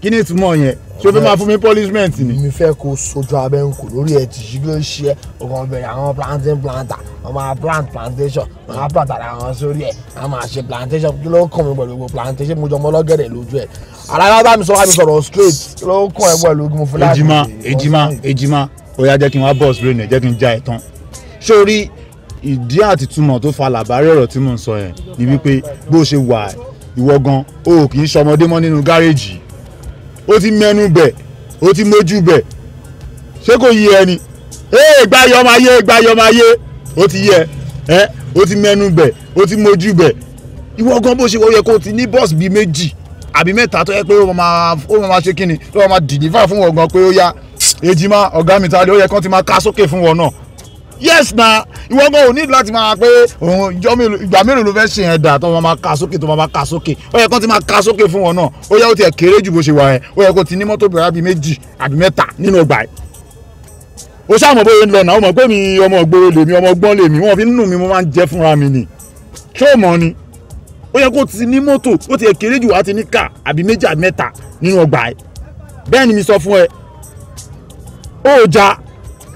kí ni ìtumọ̀ yẹn ṣé o fẹ́ máa fún mi punishment ni. mi fẹ́ kó sojú abẹ́ ń kò lórí ẹ̀ tìṣí ló ń ṣe ọkàn bẹ̀rẹ̀ àwọn plantain planter wọ́n máa plant plantation wọ́n máa plant ara wọn sórí ẹ̀ wọ́n máa ṣe plantation kí ló kàn mí pẹ̀lú gbogbo plantation mo jọ mọ́ lọ́gẹ̀dẹ̀ lójú ẹ̀ alága bá mi sọ wá mi sọ̀rọ̀ straight kí ló kàn ẹ̀ pẹ̀lú mo fi ejima ejima ejima Oya yá jẹ́ kí n wá bọ́ọ̀sì lónìí jẹ́ kí n já ẹ̀ tán sórí ìdí àtìtumọ̀ tó fa làbárí ọ̀rọ̀ tí mò ń sọ yẹn ni wípé bó ṣe wà ìwọ gan o kì í ṣọmọdé mọ́ nínú gáréèjì ó ti mẹ́nu bẹ̀ ó ti mójú bẹ̀ ṣé kò yí ẹni ee gba yọmọ ayé gba yọmọ ayé ó ti yẹ ẹ ó ti mẹ́nu bẹ̀ ó ti mójú bẹ̀ ìwọ gan bó ṣe wọ yẹ kó o ti ní bọ́ọ̀sì bíi méjì àbí mẹ́ta tó yẹ pé ó máa máa ṣe kíni ó máa dìnífà fún wọn pé ó yá èjì ọ̀gá mi ta lé ó yẹ kán ti máa ká sókè fún wọn náà yes na ìwọ gan ò ní láti máa pé òun ìgbà mélòó ló fẹ́ ṣe yẹn dà tó máa máa ka sókè tó máa máa ka sókè ó yẹ kó ti máa ka sókè fún wọn náà ó yẹ kó tiẹ̀ kéré jù bó ṣe wà yẹn ó yẹ kó ti ní mọ́tò bẹ̀rẹ̀ bíi méjì àbí mẹ́ta nínú ọgbà yẹn ó ṣàmọ̀ bóyá ń lọ náà ó mọ̀ pé mi ọmọ ògbóró lèmi ọmọ ọgbọ́n lèmi wọn fi ń nù mí mo máa ń jẹ́ fúnra mi ni ṣé ò mọ̀ ni ó yẹ kó ti ní mọ́tò ó ti kéré jù wá ti ní kà àbí méjì àbí mẹ́ta nínú ọgbà yẹn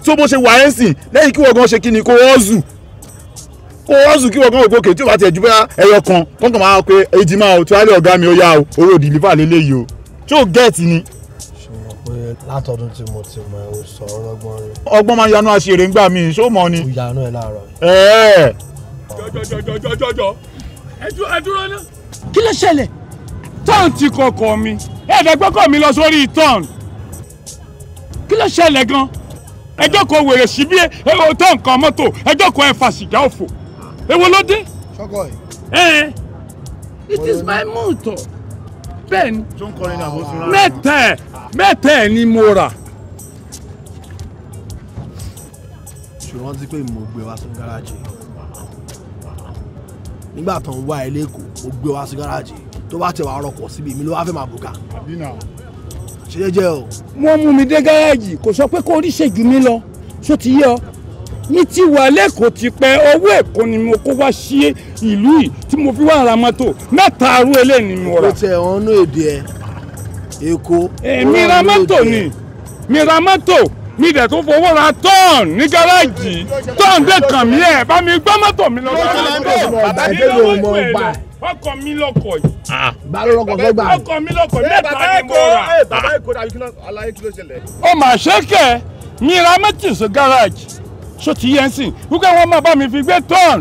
tó bó ṣe wà ẹ́ sìn lẹ́yìn kí wọ́n gan ṣe kí ni kó ọ́ọ̀zù kó ọ́ọ̀zù kí wọ́n gan ògbókè tí ó bá tiẹ̀ ju bẹ́ẹ̀ ẹyọ kan tó ń kàn máa pe èjì máa o tí wàá lé ọ̀gá mi ó yá o owó dìlífà lélẹ́yìí o tí ó gẹ̀ẹ́tì ni. ṣùgbọ́n pé látọdún tí mo ti mọ ẹ̀wò sọ ọlọ́gbọ́n rẹ. ọgbọ́n máa yanú àṣìírí ńgbà mi ṣó mọ ni. ìyanu ẹ láàárọ̀. ẹ̀ẹ́. jọjọjọjọjọjọ ẹ dúró ná. kí ló ṣẹlẹ̀. tán ti kọkọ ẹjọ́ kan wèrè síbí tó nǹkan mọ́tò ẹjọ́ kan ẹ̀fà sìgá òfò èwo ló dé. ṣọkọ ẹ. it is my motor bẹ́ẹ̀ ni mẹ́tẹ̀ ẹ̀ mẹ́tẹ̀ ni mo rà. ṣùgbọ́n pé mo gbé wá sí gáràjì nígbà tó ń wá ẹ lẹ́kọ̀ọ́ mo gbé wá sí gáràjì tó bá tẹ̀ wá rọkọ̀ síbi mi ló wá fẹ́ máa bùkà ṣe jẹ́jẹ́ o. wọ́n mú mi dé gáràjì kò sọ pé kó oríṣẹ́ jù lọ ṣó ti yé ọ ti wà lẹ́kọ̀ọ́ ti pẹ́ owó èkó ni mo kó wá sí ìlú yìí tí mo fi wá ra mọ́tò mẹ́ta arú eléyìí ni mo rà. ó tẹ ọ̀nà èdè ẹ̀ èkó. èmi ra mọ́tò ni mi ra mọ́tò mi dẹ̀ tó fowó ra tọ́ọ̀n ní gáràjì tọ́ọ̀n dẹ̀ kàn mí ẹ̀ bá mi gbọ́ mọ́tò mi lọ. bàbá mi lọ́wọ́ ìwé rẹ̀ ọkọ mi lọkọ yìí. Ah. báwo lọkọ fẹ́ gbà. ọkọ mi lọkọ eh, mẹ́ta ni mo rà. Eh, bàbá ah. èkó dàbí kí aláyé kí ló ṣẹlẹ̀. ó mà ṣe kẹ́ mi ra mẹ́tì sí gáràjì ṣó ti yẹn sìn wípé wọ́n máa bá mi fi gbé tọ́ọ̀n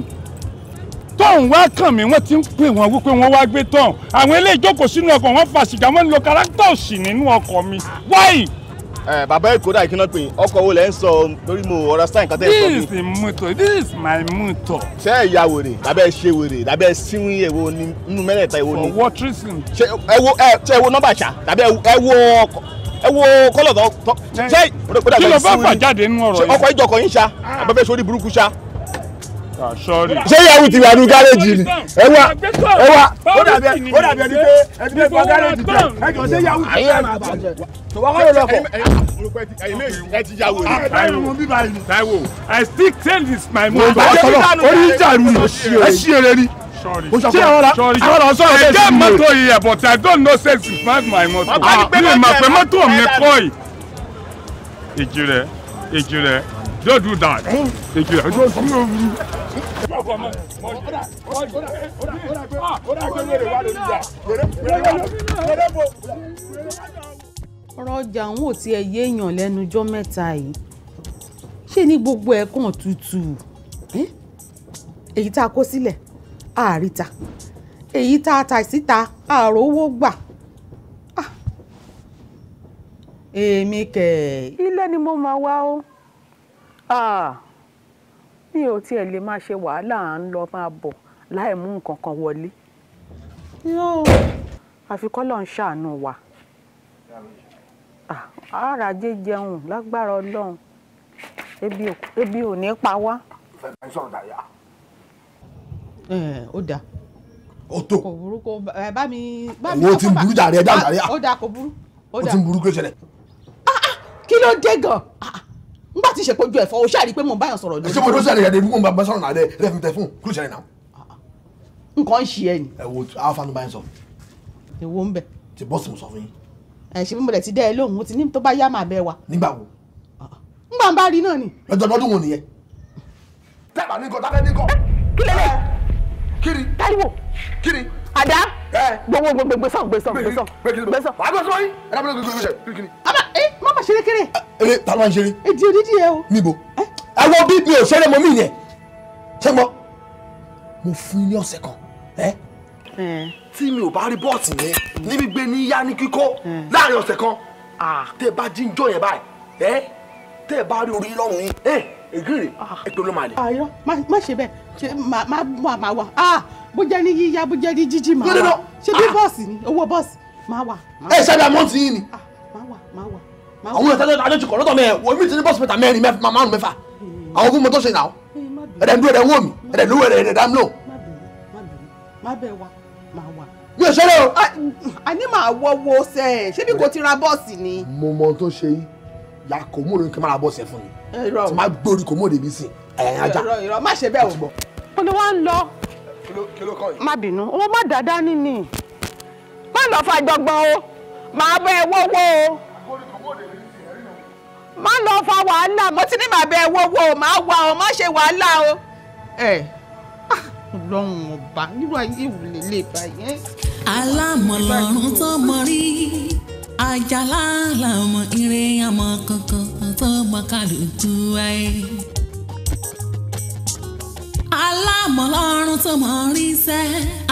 tọ́ọ̀n wá kàn mí wọ́n ti ń pè wọ́n wípé wọ́n wá gbé tọ́ọ̀n àwọn eléyìí jókòó sínú ọkọ̀ wọ́n fa sìgá wọ́n lo kárátọ̀ òsì nínú ọkọ̀ mi wáyìí Eh, bàbá èkó dà kí náà pè ọkọ̀ wo lẹ́ ń sọ lórí mo understand nǹkan tẹ́ ẹ sọ mi. this is motor this is my motor. ṣé ẹ ya wèrè lábẹ́ ṣe wèrè lábẹ́ síwìn èwo ni nínú mẹ́rẹ̀ẹ̀ta èwo ni. for what reason. ṣe ẹ wo ẹ ṣe ẹ wo nọ́mbà ṣá tàbí ẹ wo ọkọ̀ ẹ wo kọ́lọ̀ tó eh, ṣe. kí ló bá fà nínú ọ̀rọ̀ yìí. ọkọ̀ ìjọkọ̀ yín ṣá ah. àbẹ́fẹ́ sórí burúkú ṣá ṣé ìyàwó ti wà ní gáréjì ni ẹ wá ẹ wá ó dàbí ẹni pé ẹni pé gba gáréjì tẹ ẹ jọ ṣé ìyàwó ti wà máa bàjẹ́ tòwá kọ́ ló lọ ẹ ti yàwó ẹ. Táíwò I still tell this my mother. orí ìjà mi ẹ ṣí eré ni ṣé àwọn àwọn sọ̀rọ̀ bẹ́ẹ̀ sí mi. ẹ̀jẹ̀ mọ́tò yìí ẹ̀ but I don't know say it's not my mọ́tò. Ah, mi ò mọ̀ pé mọ́tò mi kọ́ yìí. èjì rẹ̀ èjì rẹ̀. Don't do that. Don't do that. ọ̀rọ̀ ọjà àwọn ò tiẹ̀ yéèyàn lẹ́nu ọjọ́ mẹ́ta yìí ṣé ní gbogbo ẹ̀ kàn tutù èyí tá a kó sílẹ̀ àáríta èyí tá a tà síta àròwó gbà ah! èmi kẹ̀. ilé ni mo máa wá o mi ò tiẹ̀ lè máa ṣe wàhálà à ń lọ máa bọ̀ láì mú nǹkan kan wọlé àfi kọ́lọ̀ ń ṣàánú wa ara jẹ jẹun lágbára ọlọ́run ebi ò ní pa wá. ó dáa ó tó kò burú kò bá mi. wo ti burú jàre ẹ dáhùn jàre. ó dáa kò burú. ó ti burú kí ló ṣẹlẹ̀. Ah, ah, kí ló dé gan-an. Ah, ti ṣe kojú ẹ̀fọ́ o ṣáà rí i pé mò ń báyàn sọ̀rọ̀ lórí. ṣé mo dúró sẹ́yìn ẹ̀dẹ̀ ìdúgbò bá sọ̀rọ̀ náà dẹ̀ ẹ̀ fi tẹ fún kúrò sẹ́yìn náà. nǹkan ń ṣe ẹ ni. ẹ wo afa ni báyìí sọ. èwo ń bẹ. ti bọ́ọ̀sì mo sọ fún yín. ẹ ṣe bí mo lẹ ti dẹ́ ẹ lóhùn mo ti ní tó bá yá màá bẹ wa. nígbà wo. Ah, ah. ngbà ń bá rí náà ni. lọ́jọ́ lọ́dún wo nìyẹn. tẹ́ẹ̀bà ní kọ́ tábẹ́ ní kọ́. Eh, kí lélẹ̀. Eh, kiri. táíwò. kiri. àdá. Eh. gbogbo gbogbo gbèsàn gbèsàn gbèsàn. gbèsàn. wàá gbèsàn yín. ẹ ẹ eh, má má ṣeré kéré. Ah, eré ta ló máa ń ṣeré. èdè eh, òdìdí ẹ o. níbo eh? àwọn bí mi ò ṣeré mo mí yẹn ṣé mo mo fún yín ní ọ̀sẹ̀ kan tí mi ò bá rí bọ́ọ̀sì yẹn mm. ní gbígbé ní yá ní kíkó láàrin ọ̀sẹ̀ kan ah. tẹ́ ẹ bá jí ń jọ yẹn báyìí tẹ́ ẹ bá rí orí lọ́rùn yín ègèrè èpè ah. ló máa lè. ayọ má ṣe bẹ́ẹ̀ ṣe máa àmà wa bó jẹ ní yíyá bó jẹ ní jíjí máa wà ṣe bí bọ́ọ̀sì ni owó bọ́ọ̀sì máa wà. ẹ ṣáda mọ́tì yín ni. máa wà máa wà àwọn yẹn tẹ́lẹ̀ adé ti kọ̀ lọ́tọ̀ mẹ́ẹ̀ wọ́n mi ti ní bọ́ọ̀sì mẹ́ta mẹ́rin mẹ́fà márùn mẹ́fà àwọn ogun mọ́tò ṣe nà ó ẹ̀rẹ̀ ndú ẹ̀rẹ̀ wò mí ẹ̀rẹ̀ lówó ẹ̀rẹ̀ ẹ̀rẹ̀ dámúlò. mi ò ṣeré o. àní màá wọ wo ṣe é ṣé bí kò ti ra bọ́ọ̀sì ni. mo mọ tó ṣe yín ya kò mú ní kí n má ra bọ́ọ̀sì ẹ̀ fún mi tí má gbórí kò mú òde mi sí ẹ̀yìn ajá. ìrọ̀ má ṣe bẹ́ẹ̀ o. mo ní wọ́n ń lọ. má bínú owó má dáadáa nínú má lọ fa gbọgbọn o má bẹ ẹ wọ́wọ́ o má lọ fa wàhálà mo ti ní màá bẹ wọ́wọ́ má wà ọ má ṣe wàhálà o. ẹ ah, ọlọ́run ọba nírú ayé wò lélẹ̀ báyẹn. alámọ̀lọ́run tó mọ rí ajá lálàmọ̀ ire àmọ̀ kankan tó mọ kálukú ayé alámọ̀ lọ́rùn tó mọ̀ rí sẹ́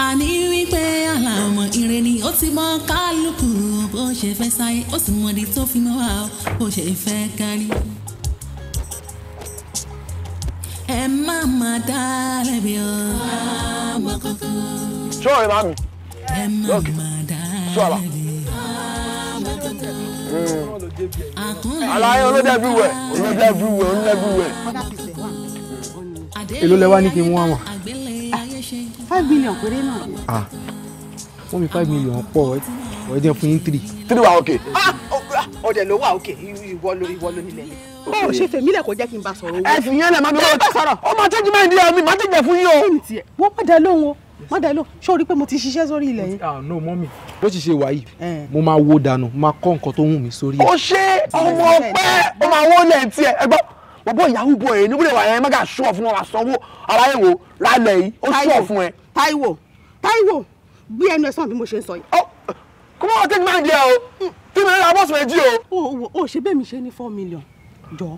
àní wípé alámọ̀ ire ni ó ti mọ kálukú bó ṣe fẹ́ sáyé ó sì mọ̀dí tó fi mọ́ wa bó ṣe fẹ́ kárí. ẹ má má dá lẹ́bi ọ́ àmọ́ kókó. mi. ẹ má má dá lẹ́bi àmọ́ kókó. àkúnlẹ̀. àlàyé olódẹ́bí wẹ̀ olódẹ́bí wẹ̀ olódẹ́bí wẹ̀ èló lẹ ní kí n mú àwọn. Ah, five million péré náà. ah wọ́n mi five million pọ̀ ọ̀ jẹ́ fún yín three. three wa ok. Ah, ọ̀dẹ̀ ló wà ok ìwọ ló ìwọ ló nílẹ̀ ni. báwo ṣe fèmí lẹ kó jẹ́ kí n bá sọ̀rọ̀ owó. ẹ fi yẹn lẹ máa bí wọn bá sọ̀rọ̀ ó máa tẹ́jú mẹ́rin díẹ̀ mi máa tẹ̀jẹ̀ fún yín o. wọ́n má dá lóhùn o má dá lóhùn ṣé o rí i pé mo ti ṣiṣẹ́ sórí ilẹ̀ yìí. ah no mọ́mì bó ti ṣe wà yìí eh. mo máa wo dànù máa kọ́ nǹkan tó wù mí sórí ẹ̀. ó ṣe ọmọ ọpẹ́ ó máa wọlé tiẹ̀ ẹgbọ́n bọ̀bọ̀ yahoo boy ẹ̀ níbo lè wà yẹn mẹ́gà sọ̀ fún wa sanwó àwáyé wo lálẹ́ yìí ó sọ̀ fún ẹ. Táíwò Táíwò gbé ẹnu ẹ sàn bí mo ṣe ń sọ yìí. kó mọ́ ọtí máa jẹ o tí mi ní abọ́sùn ẹjí o. o ò ṣe bẹ́ẹ̀ mi ṣe ní four million jọ.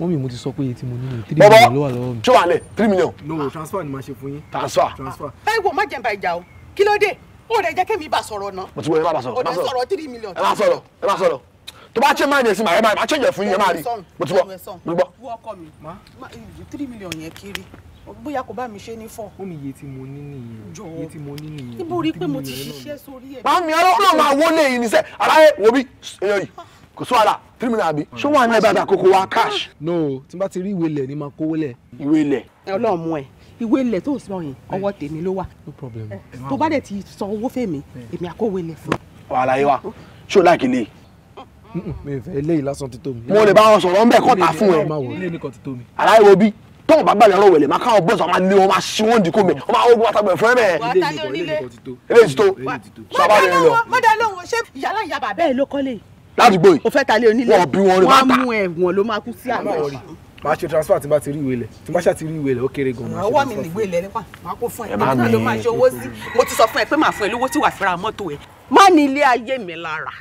wọ́n mi mo ti sọ pé etí mo nílò three million ló wà lọ́wọ́ mi. bọ́bọ́ ṣọ́wà lẹ̀ three million. no transfer ni màá ṣe fún yín. transfer. Taiwo, má jẹ́ n bá ìjà o kí ló dé o ò dẹ̀ jẹ́ kémi bá sọ̀rọ̀ náà. mo three million. ẹ má tó bá ṣe máa ní ẹsìn màá máa máa ṣèjẹ fún yẹn máa rí mo ti wọ mo ti gbọ. ọkọ mi three million yẹn kiri bóyá kò bá mi ṣe ní four. omi iye tí mo ní nìyẹn iye tí mo ní nìyẹn. níbo rí i pé mo ti ṣiṣẹ́ sórí ẹ̀. màámi ọlọ́run máa wọlé yìí níṣẹ́ aráyé wo bí èèyàn yìí kò sọ àlà three million àbí ṣé wọn àná ìbàdàn àkókò wa cash. no tí n bá ti rí ìwé ilẹ̀ ni máa kówó lẹ̀. ìwé ilẹ̀. ọlọ́run mú ẹ ìwé ilẹ̀ tó sọ yẹn ọwọ́ tèmi ló wà. no problem. tó bá dẹ̀ ti sọ owó fèmí èmi àkówó ilẹ̀ fún. wàhálà yìí wa ṣó láàkì lè mi ò fẹ́ eléyìí lásán ti tó mi. mo lè bá wọn sọ̀rọ̀ ńbẹ̀ kọ́ta fún ẹ aláìwo bí tọ́wọ̀n bá gbàgbé ọ̀rọ̀ wẹ̀lẹ̀ máa káwọn bọ́ọ̀sì ọmọ alẹ́ wọn máa ṣí wọn dìkó mẹ́ wọn máa wọ́n àtàgbẹ̀ fún ẹ mẹ́. eléyìí ti tó sábà lè lọ. mo dá lóhùn ṣé yàrá ìyàbà bẹ́ẹ̀ ló kọ́lé. ládùúgbò yìí o fẹ́ ta lé onílé wọn bí wọn rí máa ta wọn mú ẹ̀wọ̀n ló máa kú sí àná máa ṣe transfer tí n bá ti rí ìwé lẹ̀ tí n bá ṣá ti rí ìwé lẹ̀ ó kéré gan-an. ọwọ́ mi nìwé lẹ̀ nípa máa kó fún ẹ pé kí ló máa ṣe owó sí mo ti sọ fún ẹ pé màá fún ẹ lówó tí wàá fi ra mọ́tò ẹ má ní ilé ayé mi lára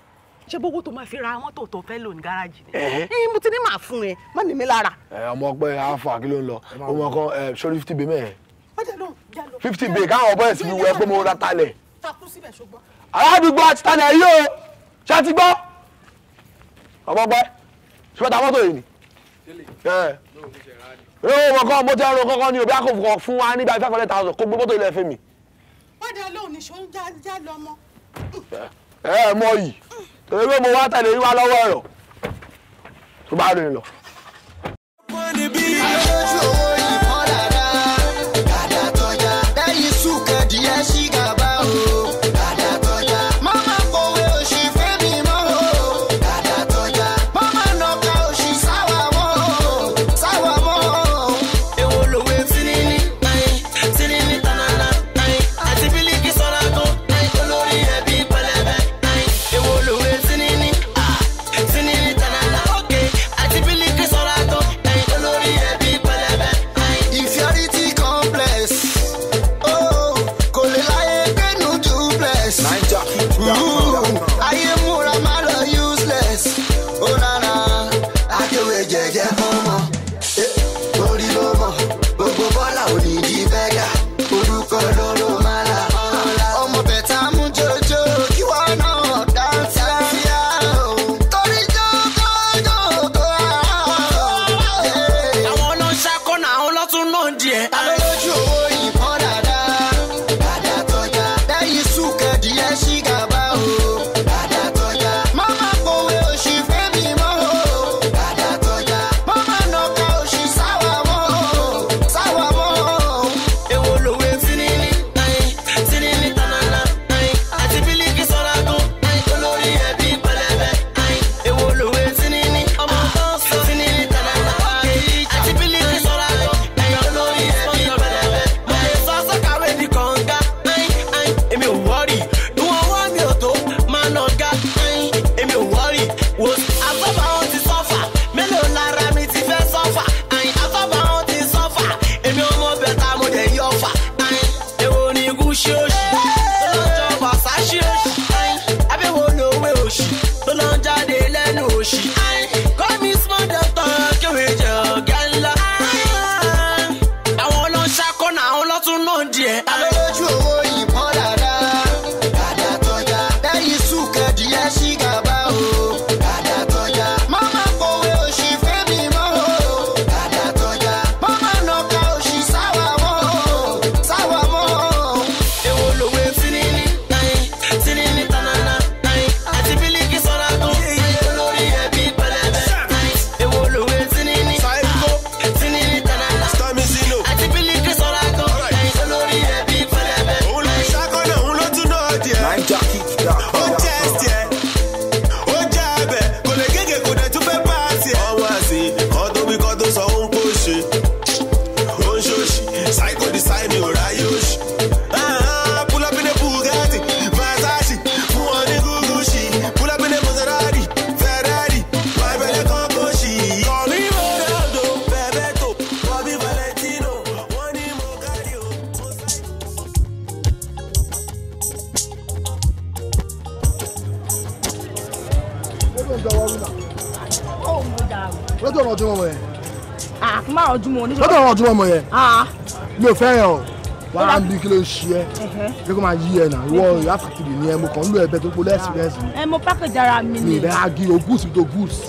ṣé bówó tó máa fi ra mọ́tò tó fẹ́ lò ní gáràjì ni. ẹ̀ẹ́n mo ti ní màá fún ẹ má ní mi lára. ẹ ọmọ ọgbẹ afa kí ló ń lọ ọmọ kan ẹ sórí fifty bay mẹ́ẹ̀. fifty bay káwọn ọgbẹ́ ẹ̀sìn wẹ̀ pé mo ra talẹ̀. aládùúgbò àti talẹ̀ yìí o ṣé a ti gbọ́. ọmọ ọgbẹ́ ṣùgbọ́n ta mọ́tò yìí ni. ẹ ọmọ kan mo ti ẹrù kankan ni òbí àkókò fún wa nígbà five hundred thousand kó gbé mọ́tò ilẹ̀ fún wọ́n dá lóhùn ní torí pé mo wá tẹ̀lé yín wá lọ́wọ́ ẹ̀rọ tó bá rìn lọ. ojúmọ́ oníṣòwò. lọ́dọ̀ àwọn ojúmọ́ ọmọ yẹn mi ò fẹ́ yẹn o wàá bí kí ló ń ṣe ẹ ṣé kó máa yí ẹ náà ìwọ ìyá ni ẹ mo kàn ń lo ẹ̀bẹ̀ tó polo experience mi. ẹ mo package ara mi ni. mi ìbẹ́ agi o goose to goose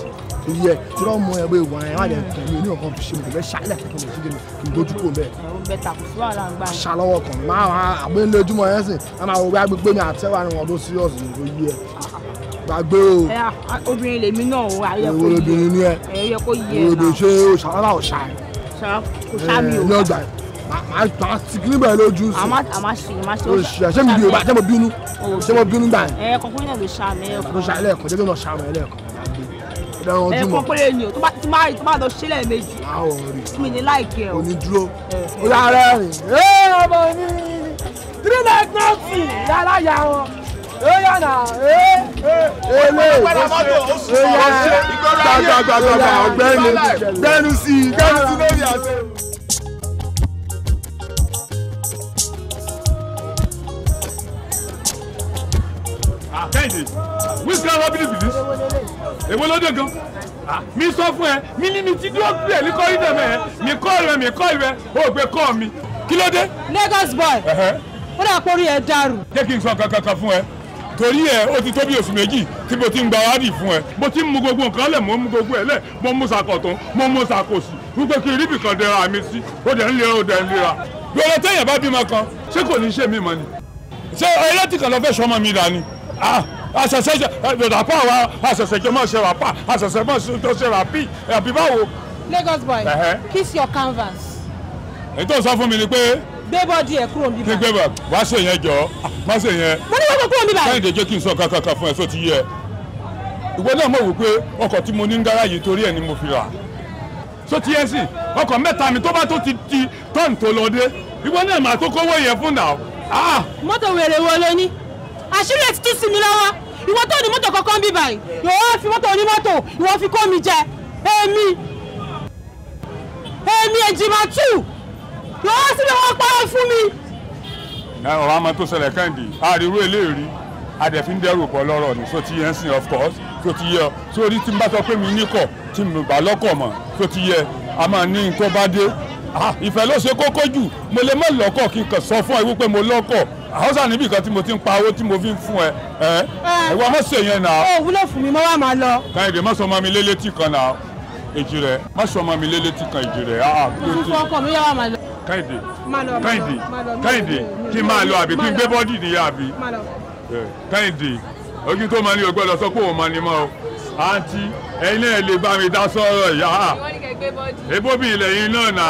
èyí tí wọ́n mọ ẹgbẹ́ ìwà ẹ̀ wọ́n lè tẹ̀ mí ní ọ̀kan fi ṣe mi kò fẹ́ ṣàlẹ̀ kankan lè ṣíde mi kì í dojú kò bẹ tàkù sí wàhálà ń gbà. ni gbàgbé o. obìnrin lèmi náà o àyẹ̀kọ́ yìí ẹ. òwúrò obìnrin ni ẹ. ẹ̀yẹ kò yí ẹ náà. obìnrin ṣé òṣàlọ́lá òṣà ẹ̀ kò sá mi o. ní ọgbà yìí màá ti kí nígbà yẹn lójú sí. àmà sí àmà sí. o ṣe ṣé mi bí o bá ṣé mo bínú ṣé mo bínú gbà yẹn. ẹ kọkùnrin náà ló ṣá mi ẹ̀kọ́. ló ṣá ẹlẹ́ẹ̀kọ́ débi náà ṣá mi ẹlẹ́ẹ̀kọ́ ẹ̀kọ́ péré ni o tó bá tó bá lọ sílẹ̀ méjì tí mi ní láìkí ẹ o. òní dúró ó yára rìn. ẹ ọmọ mi three night nurse yàrá yà wọn. Eh, eh, eh, gbàgbàgbàgbà ọ̀gbẹ́ni gbẹ́nu sí i gbẹ́nu sí lórí àti. kẹ́hìndé wíṣọ àwọn bílíì bìlí èwo lóde gan mi sọ fún ẹ mi ní mi ti dúró bílẹ̀ ní kọ́rídọ̀ mẹ́ẹ̀ mi kọ́ rẹ mi kọ́ Lagos boy ó dà pé orí ẹ dàrú. jẹ́ kí n sọ kankan kan fún ẹ torí ẹ ó ti tó bí oṣù méjì tí mo ti ń gba wádìí fún ẹ mo ti ń mu gbogbo nǹkan lẹ̀ mo ń mu gbogbo ẹ̀ lẹ̀ mo mú sàkọ̀tún mo mú sàkòsì wípé kí iríbì kan dẹra mi sí ó dẹ̀ ń lera ó dẹ̀ ń lera gbọ́dọ̀ tẹ̀yìn bá bímọ kan ṣé kò ní ṣe mí mọ́ ni ṣé ẹlẹ́tì kan lọ fẹ́ sọmọ mi dání àṣẹṣẹ ràpá wa àṣẹṣẹ jọmọ ṣe ràpá àṣẹṣẹ mọ ṣe ràpí àbí báwo. Lagos boy kiss your canvas. èyí tó sọ fún mi ni pé gbé bọ́ọ̀dì ẹ̀ kúrò níbà. gbé bọ́ọ̀ wá sọ yẹn jọ má sọ yẹn. mo ní wọ́n kọ kúrò níbà. káyọ̀dé jẹ́ kí n sọ kankan fún ẹ sọ ti yẹ. ìwọ náà mọ̀ wò pé ọkọ̀ tí mo ní ń gáràjì torí ẹ̀ ni mo fi rà. sọ ti yẹn sì ọkọ̀ mẹ́ta mi tó bá tó ti ti tọ́ǹ tó lọ dé ìwọ náà mà kókó wọ yẹn fún náà. Ah! mọ́tò wèrè wo ló ní àṣírí ẹ̀ ti tú sí mi lọ́wọ́ ìwọ tó ní mọ́tò kankan bí báyìí ìwọ fi mọ́tò onímọ́tò ìwọ fi kó mi jẹ èmi èmi èjìmá two lọ́wọ́ sílẹ̀ wọ́n parọ́ fún mi. ọ̀rọ̀ àmọ́ tó ṣẹlẹ̀ kẹ́hìndì àríwó eléèrí adẹ̀fín dẹ́rù pọ̀ lọ́rọ̀ ni so ti yẹ ń sìn of course so ti yẹ sórí tí n bá sọ pé mi níkọ̀ tí mo bá lọ́kọ̀ mọ̀ so ti yẹ a máa ní nǹkan bá dé ìfẹ́ ló ṣe kókó jù mo lè má lọ́kọ̀ kí n kàn sọ fún ẹ wípé mo lọ́kọ̀ àwọsà níbi kan tí mo ti ń pa owó tí mo fi ń fún ẹ ẹ ìwọ ọmọ sí èèyàn náà. ó wúlò fún mi mo wá máa lọ. káyọ̀dé má sọ ọmọ mi lélétí kan náà èjì rẹ̀ má sọ ọmọ mi lélétí kan èjì rẹ̀. Ah, ah, mo ti fọ ọkọ mi yá wà máa lọ. Kẹ́hìndé Kẹ́hìndé Kẹ́hìndé kí n máa lọ àbí kí n gbé bọ́dì nìyá àbí Kẹ́hìndé ojú tó máa ní o gbọ́dọ̀ sọ pé òun máa ní mọ́ o àǹtí ẹ̀yin náà lè bá mi dá sọ́rọ̀ ìyá ebo bí ilẹ̀ yìí náà nà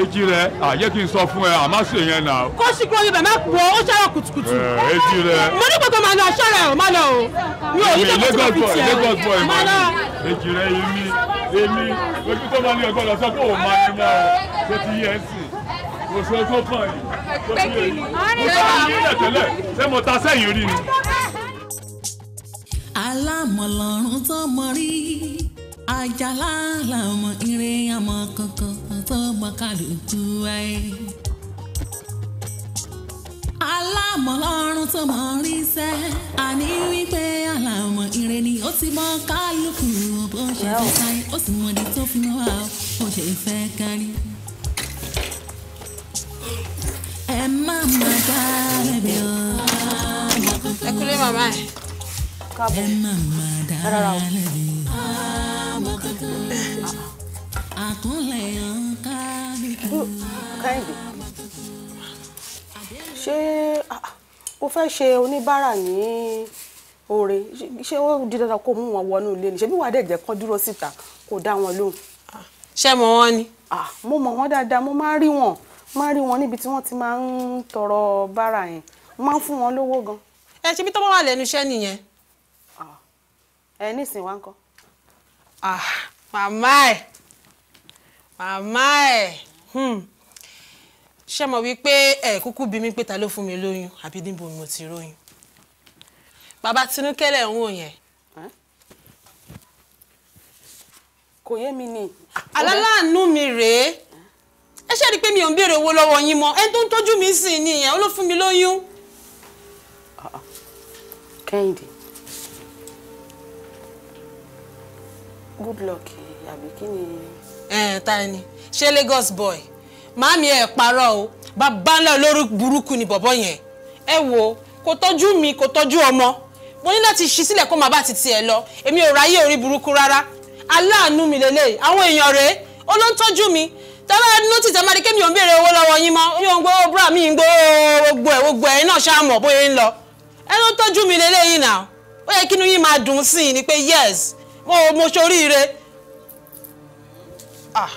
èjì rẹ̀ àyè kí n sọ fún ẹ àmọ́ sí yẹn nà. kó sì kúrò níbẹ̀ má wọ ó ṣàrọ̀ kùtùkùtù. èjì rẹ̀ mo ní gbogbo màá lọ ṣọ́ra ẹ̀ má lọ o mi ò yí tó kùtù kùtù tiẹ̀ Lagos boy má lọ. èjì rẹ̀ èmi ojú tó máa ní ọgbọ́n lọ sọ pé òun máa ní mọ́ ọ ṣé ti yẹ ẹ sìn oṣù ọjọ́ kan yìí tó ti lè alámọ̀lọ́run tó mọ rí àjàlá làmọ̀ ire àmọ̀ kankan tó mọ̀ kálukú ayé. alámọ̀lọ́run tó mọ rí sẹ́ àní wípé alámọ̀ ire ni ó ti mọ kálukú bó ṣe fẹ́ kárí ó sì mọ ibi tó fi wá bó ṣe fẹ́ kárí. ẹ má má dá ẹbí o. ẹ kúlé màmá ẹ. káàbọ̀ ẹ má má dá ẹbí o. àtúnlẹ̀ yàn káàbíkì. káyìndé ṣé ah, ah, o fẹ́ ṣe oníbàárà ní oore ṣé ó di dandan kó mú wọn wọnú ilé ni ṣé bí wàá dẹ̀ jẹ́ kán dúró síta kó dá wọn lóhùn. ṣé mo wọ́n ni. Ah, mo mọ̀ wọ́n dáadáa mo máa ń rí wọn máa ń rí wọn níbi tí wọ́n ti máa ń tọrọ bára yẹn mo máa ń fún wọn lówó gan. ẹ ṣe bí tọ́wọ́ wà lẹ́nu iṣẹ́ nìyẹn. ẹ nísìnyí wá ń kọ́. màmá ẹ̀ màmá ẹ̀ hmm. ṣé mo wí pé ẹ kúkú bí mi pé ta ló fún mi lóyún àbí níbo mo ti róyún bàbá tinúkẹ́lẹ̀ ń wò yẹn kò yé mi ni. aláláàánú mi rèé ẹ ṣe rí i pé mi ò ń béèrè owó lọ́wọ́ yín mọ́ ẹni tó ń tọ́jú mi sì ni ìyẹn ó ló fún mi lóyún. kẹ́hìndé good luck àbí kí ni. ẹ ẹ ta ni ṣé Lagos boy màámi ẹ parọ́ o bàbá ńlá olórí burúkú ni bọ̀bọ́ yẹn ẹ wo kò tọ́jú mi kò tọ́jú ọmọ mo ní láti ṣí sílẹ̀ kó máa bá ti tiẹ̀ lọ èmi ò ráyè orí burúkú rárá aláàánú mi lélẹ́yìí àwọn èèyàn rèé ó ló ń tọ́jú mi tẹ́lá notice ẹ máa di kémi ò ń béèrè owó lọ́wọ́ yín mọ́ yóò ń gbowó búra mi ń gbowó gbogbo ẹ̀ gbogbo ẹ̀ náà ṣáà mọ̀ bóyá ń lọ ẹ tọ́jú mi lélẹ́yìí náà ó yẹ kínú yín máa dùn sí i ni pé yes mo ṣoríire. Ah.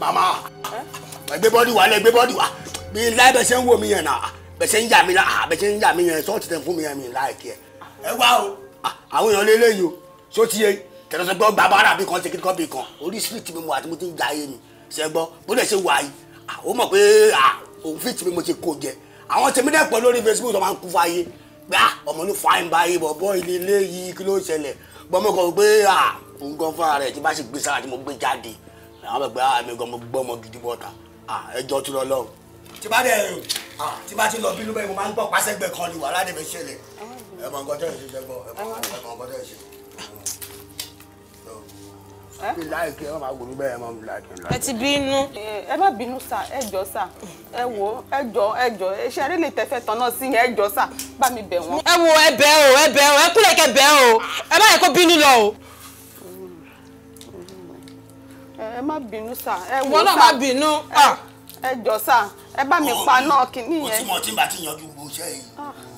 mama ẹgbẹ́ bọ́dì wa lẹ́gbẹ́ bọ́dì wa bí láì bẹ̀sẹ̀ ń wò mí yẹn náà bẹ̀sẹ̀ ń yà mí náà bẹ̀sẹ̀ ń yà mí yẹn sọ́ọ̀tì tẹ̀ fún mi yẹn mi láì kí ẹ ẹ wá o. Ah, àwọn èèyàn lélẹ́yìí o ṣó ti yẹ tẹ̀lọ́sọ gbọ́ gba bàárà bí kan ṣe kíkọ́ bí kan orí street mi mo àti mo ti ń ja ayé mi ṣe gbọ́ bó dẹ̀ ṣe wà yìí ó mọ̀ pé òun fìtì mi mo ti kó jẹ àwọn tèmi dẹ̀ pọ̀ lórí Facebook tó máa ń kú fáyé pé ọmọ ló fa ìgbà yìí bọ̀ bọ́ ilé ilé yìí kí ló ń ṣẹlẹ̀ gbọ́ mọ̀ kàn pé òun gan fúnra rẹ̀ tí bá ṣe gbé sára tí mo gbé jáde àwọn bẹ̀ pé mi gan mo gbọ́ ọmọ gidi bọ́ta ẹjọ́ tún lọ lọ́rùn. tí bá dẹ̀ tí bá ti lọ bínú bẹ́ẹ̀ mo máa ń gbọ́ pàṣẹ gbẹ̀kan ni wàhálà dẹ̀ fẹ́ ṣẹlẹ̀ ẹ mọ nǹkan tẹ́ ẹ ṣe jẹ́gbọ́ ẹ mọ nǹkan tẹ́ ẹ ṣe. mi láìkí ẹ máa gbòmí bẹ́ẹ̀ ẹ máa mi láìkí. ẹ ti bínú ẹ má bínú sà ẹ jọ sà ẹ wo ẹ jọ ẹ jọ ṣe eré lè tẹfẹ tán náà sí yẹn ẹ jọ sà bá mi bẹ̀ wọ́n. ẹ wo ẹ bẹ̀ o ẹ bẹ̀ o ẹ kúlẹ̀ kẹ bẹ̀ o ẹ má yẹ kó bínú lọ o ẹ má bínú sá ẹ wò sá wọn náà má bínú ẹ jọ sá ẹ bá mi pa náà kìíní yẹn. o ti mọ tí bá ti yanjú gbogbo iṣẹ́ yìí.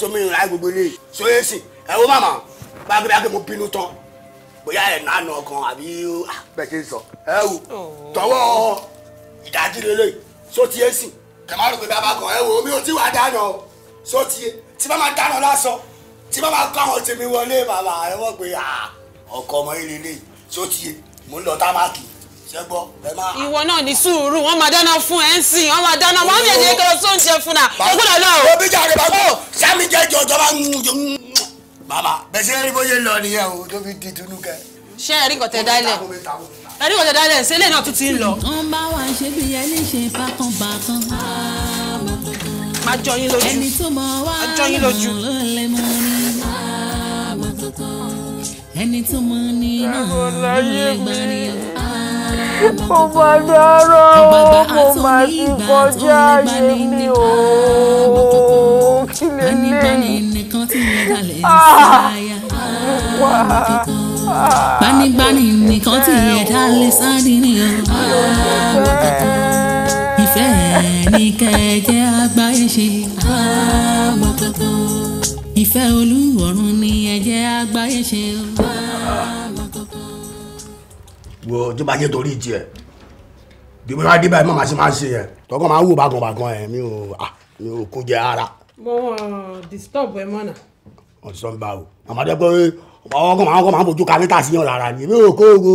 sómi ìrìn láì gbogbo ilé sóyè sí ẹ wo màmá bákẹ́bákẹ́ mo bínú tán bóyá ẹ̀ náà nà ọkàn àbí ah, bẹ́ẹ̀ ṣe sọ ẹ wò oh. tọwọ́ ìdájí lélẹ̀ sóti ẹ̀ sìn ẹ má rò pé bàbá kan ẹ wò omi ò tí wàá dáná o sóti ẹ tí bá máa dáná lásán tí bá máa kọ́ àwọn tèmi wọlé bàbá ẹ wọ́n pé ah, ọkọ ọmọ yìí lélẹ̀ sóti ẹ mò ń lọ támákì ṣẹgbọ́ ẹ máa. ìwọ náà ní sùúrù wọn máa dáná fún ẹ ń sìn wọn máa dáná wọn ń yẹjẹ kí lọ sóun ṣe fún na ogúnlọ lọ. o jàre bá gbọ́ sami jẹjọ jọba ń jọ bàbá bẹsẹ rí bóyá lọ nìyẹn o tó fi di tunu kẹ. ṣé ẹ̀rí kọ̀tẹ́ dálẹ̀ ẹ̀rí kọ̀tẹ́ dálẹ̀ ṣé lè náà tún ti ń lọ. wọ́n bá wa ṣe bí ẹni ṣe bákan bákan. ẹni tó mọ wá ló lè mọ ní ẹni tó mọ ní náà ló mo máa dárò mo máa ti kọjá ayé mi o kí lè léyìí gbanígbaní nìkan tí ẹ̀dá lè sáré ni o ìfẹ́ ní kẹ̀kẹ́ àgbáyé ṣe ìfẹ́ olúwọ̀run ni ẹ̀jẹ̀ àgbáyé ṣe o wo tí bá jẹ́ torí tiẹ̀ bí wọ́n bá dé báyìí màmá sí máa ń ṣe yẹn tọkàn máa ń wò bákan bákan ẹ̀ mi ò mi ò kún jẹ ara. mo uh, disturb ẹ mọ́nà. wọ́n ti sọ mi bá o màmá jẹ́ pé ọkọ̀ máa ń kọ́ máa ń bójú ká mítà sí yàn lára ni mi ò kó o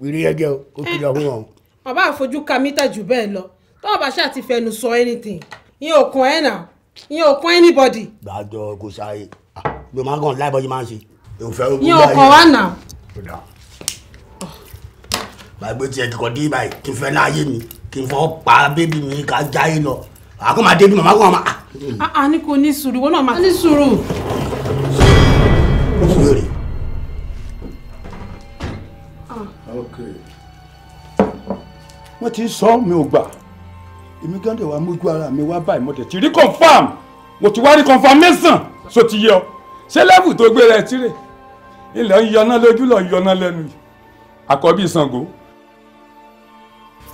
wíri ẹgẹ o kó kiri ọ̀hún ọ̀hún. ọba àfojú ka mítà jù bẹ́ẹ̀ lọ tó o bá ṣáà ti fẹnu sọ anything ìyẹn ò kàn ẹ́ nà ìyẹn ò kàn anybody. gbàjọ kò sáyé bí o máa ń kàn láìpẹ́ yìí máa ń ṣe. ìyẹn ò kàn wá nà gbàgbé tiẹ̀ kíkọ́ dé báyìí kí n fẹ́ láyé mi kí n fọ́ pa bébí mi ká jáyé lọ àkó máa débi màmá ah. kó máa. a ní kò ní sùúrù wọn náà máa ní sùúrù. ó sì ah. yọrẹ. wọ́n ti sọ mi ò gbà èmi gán dé wàá mójú ara mi wá báyìí mo tẹ̀ ti rí confam mo ti wá rí confirmation so ti yọ ṣé lẹ́bù tó gbé rẹ̀ tirẹ̀ ilẹ̀ ń yọná lójú lọ́ọ́ yọná lẹ́nu àkọ́bí Ṣàngó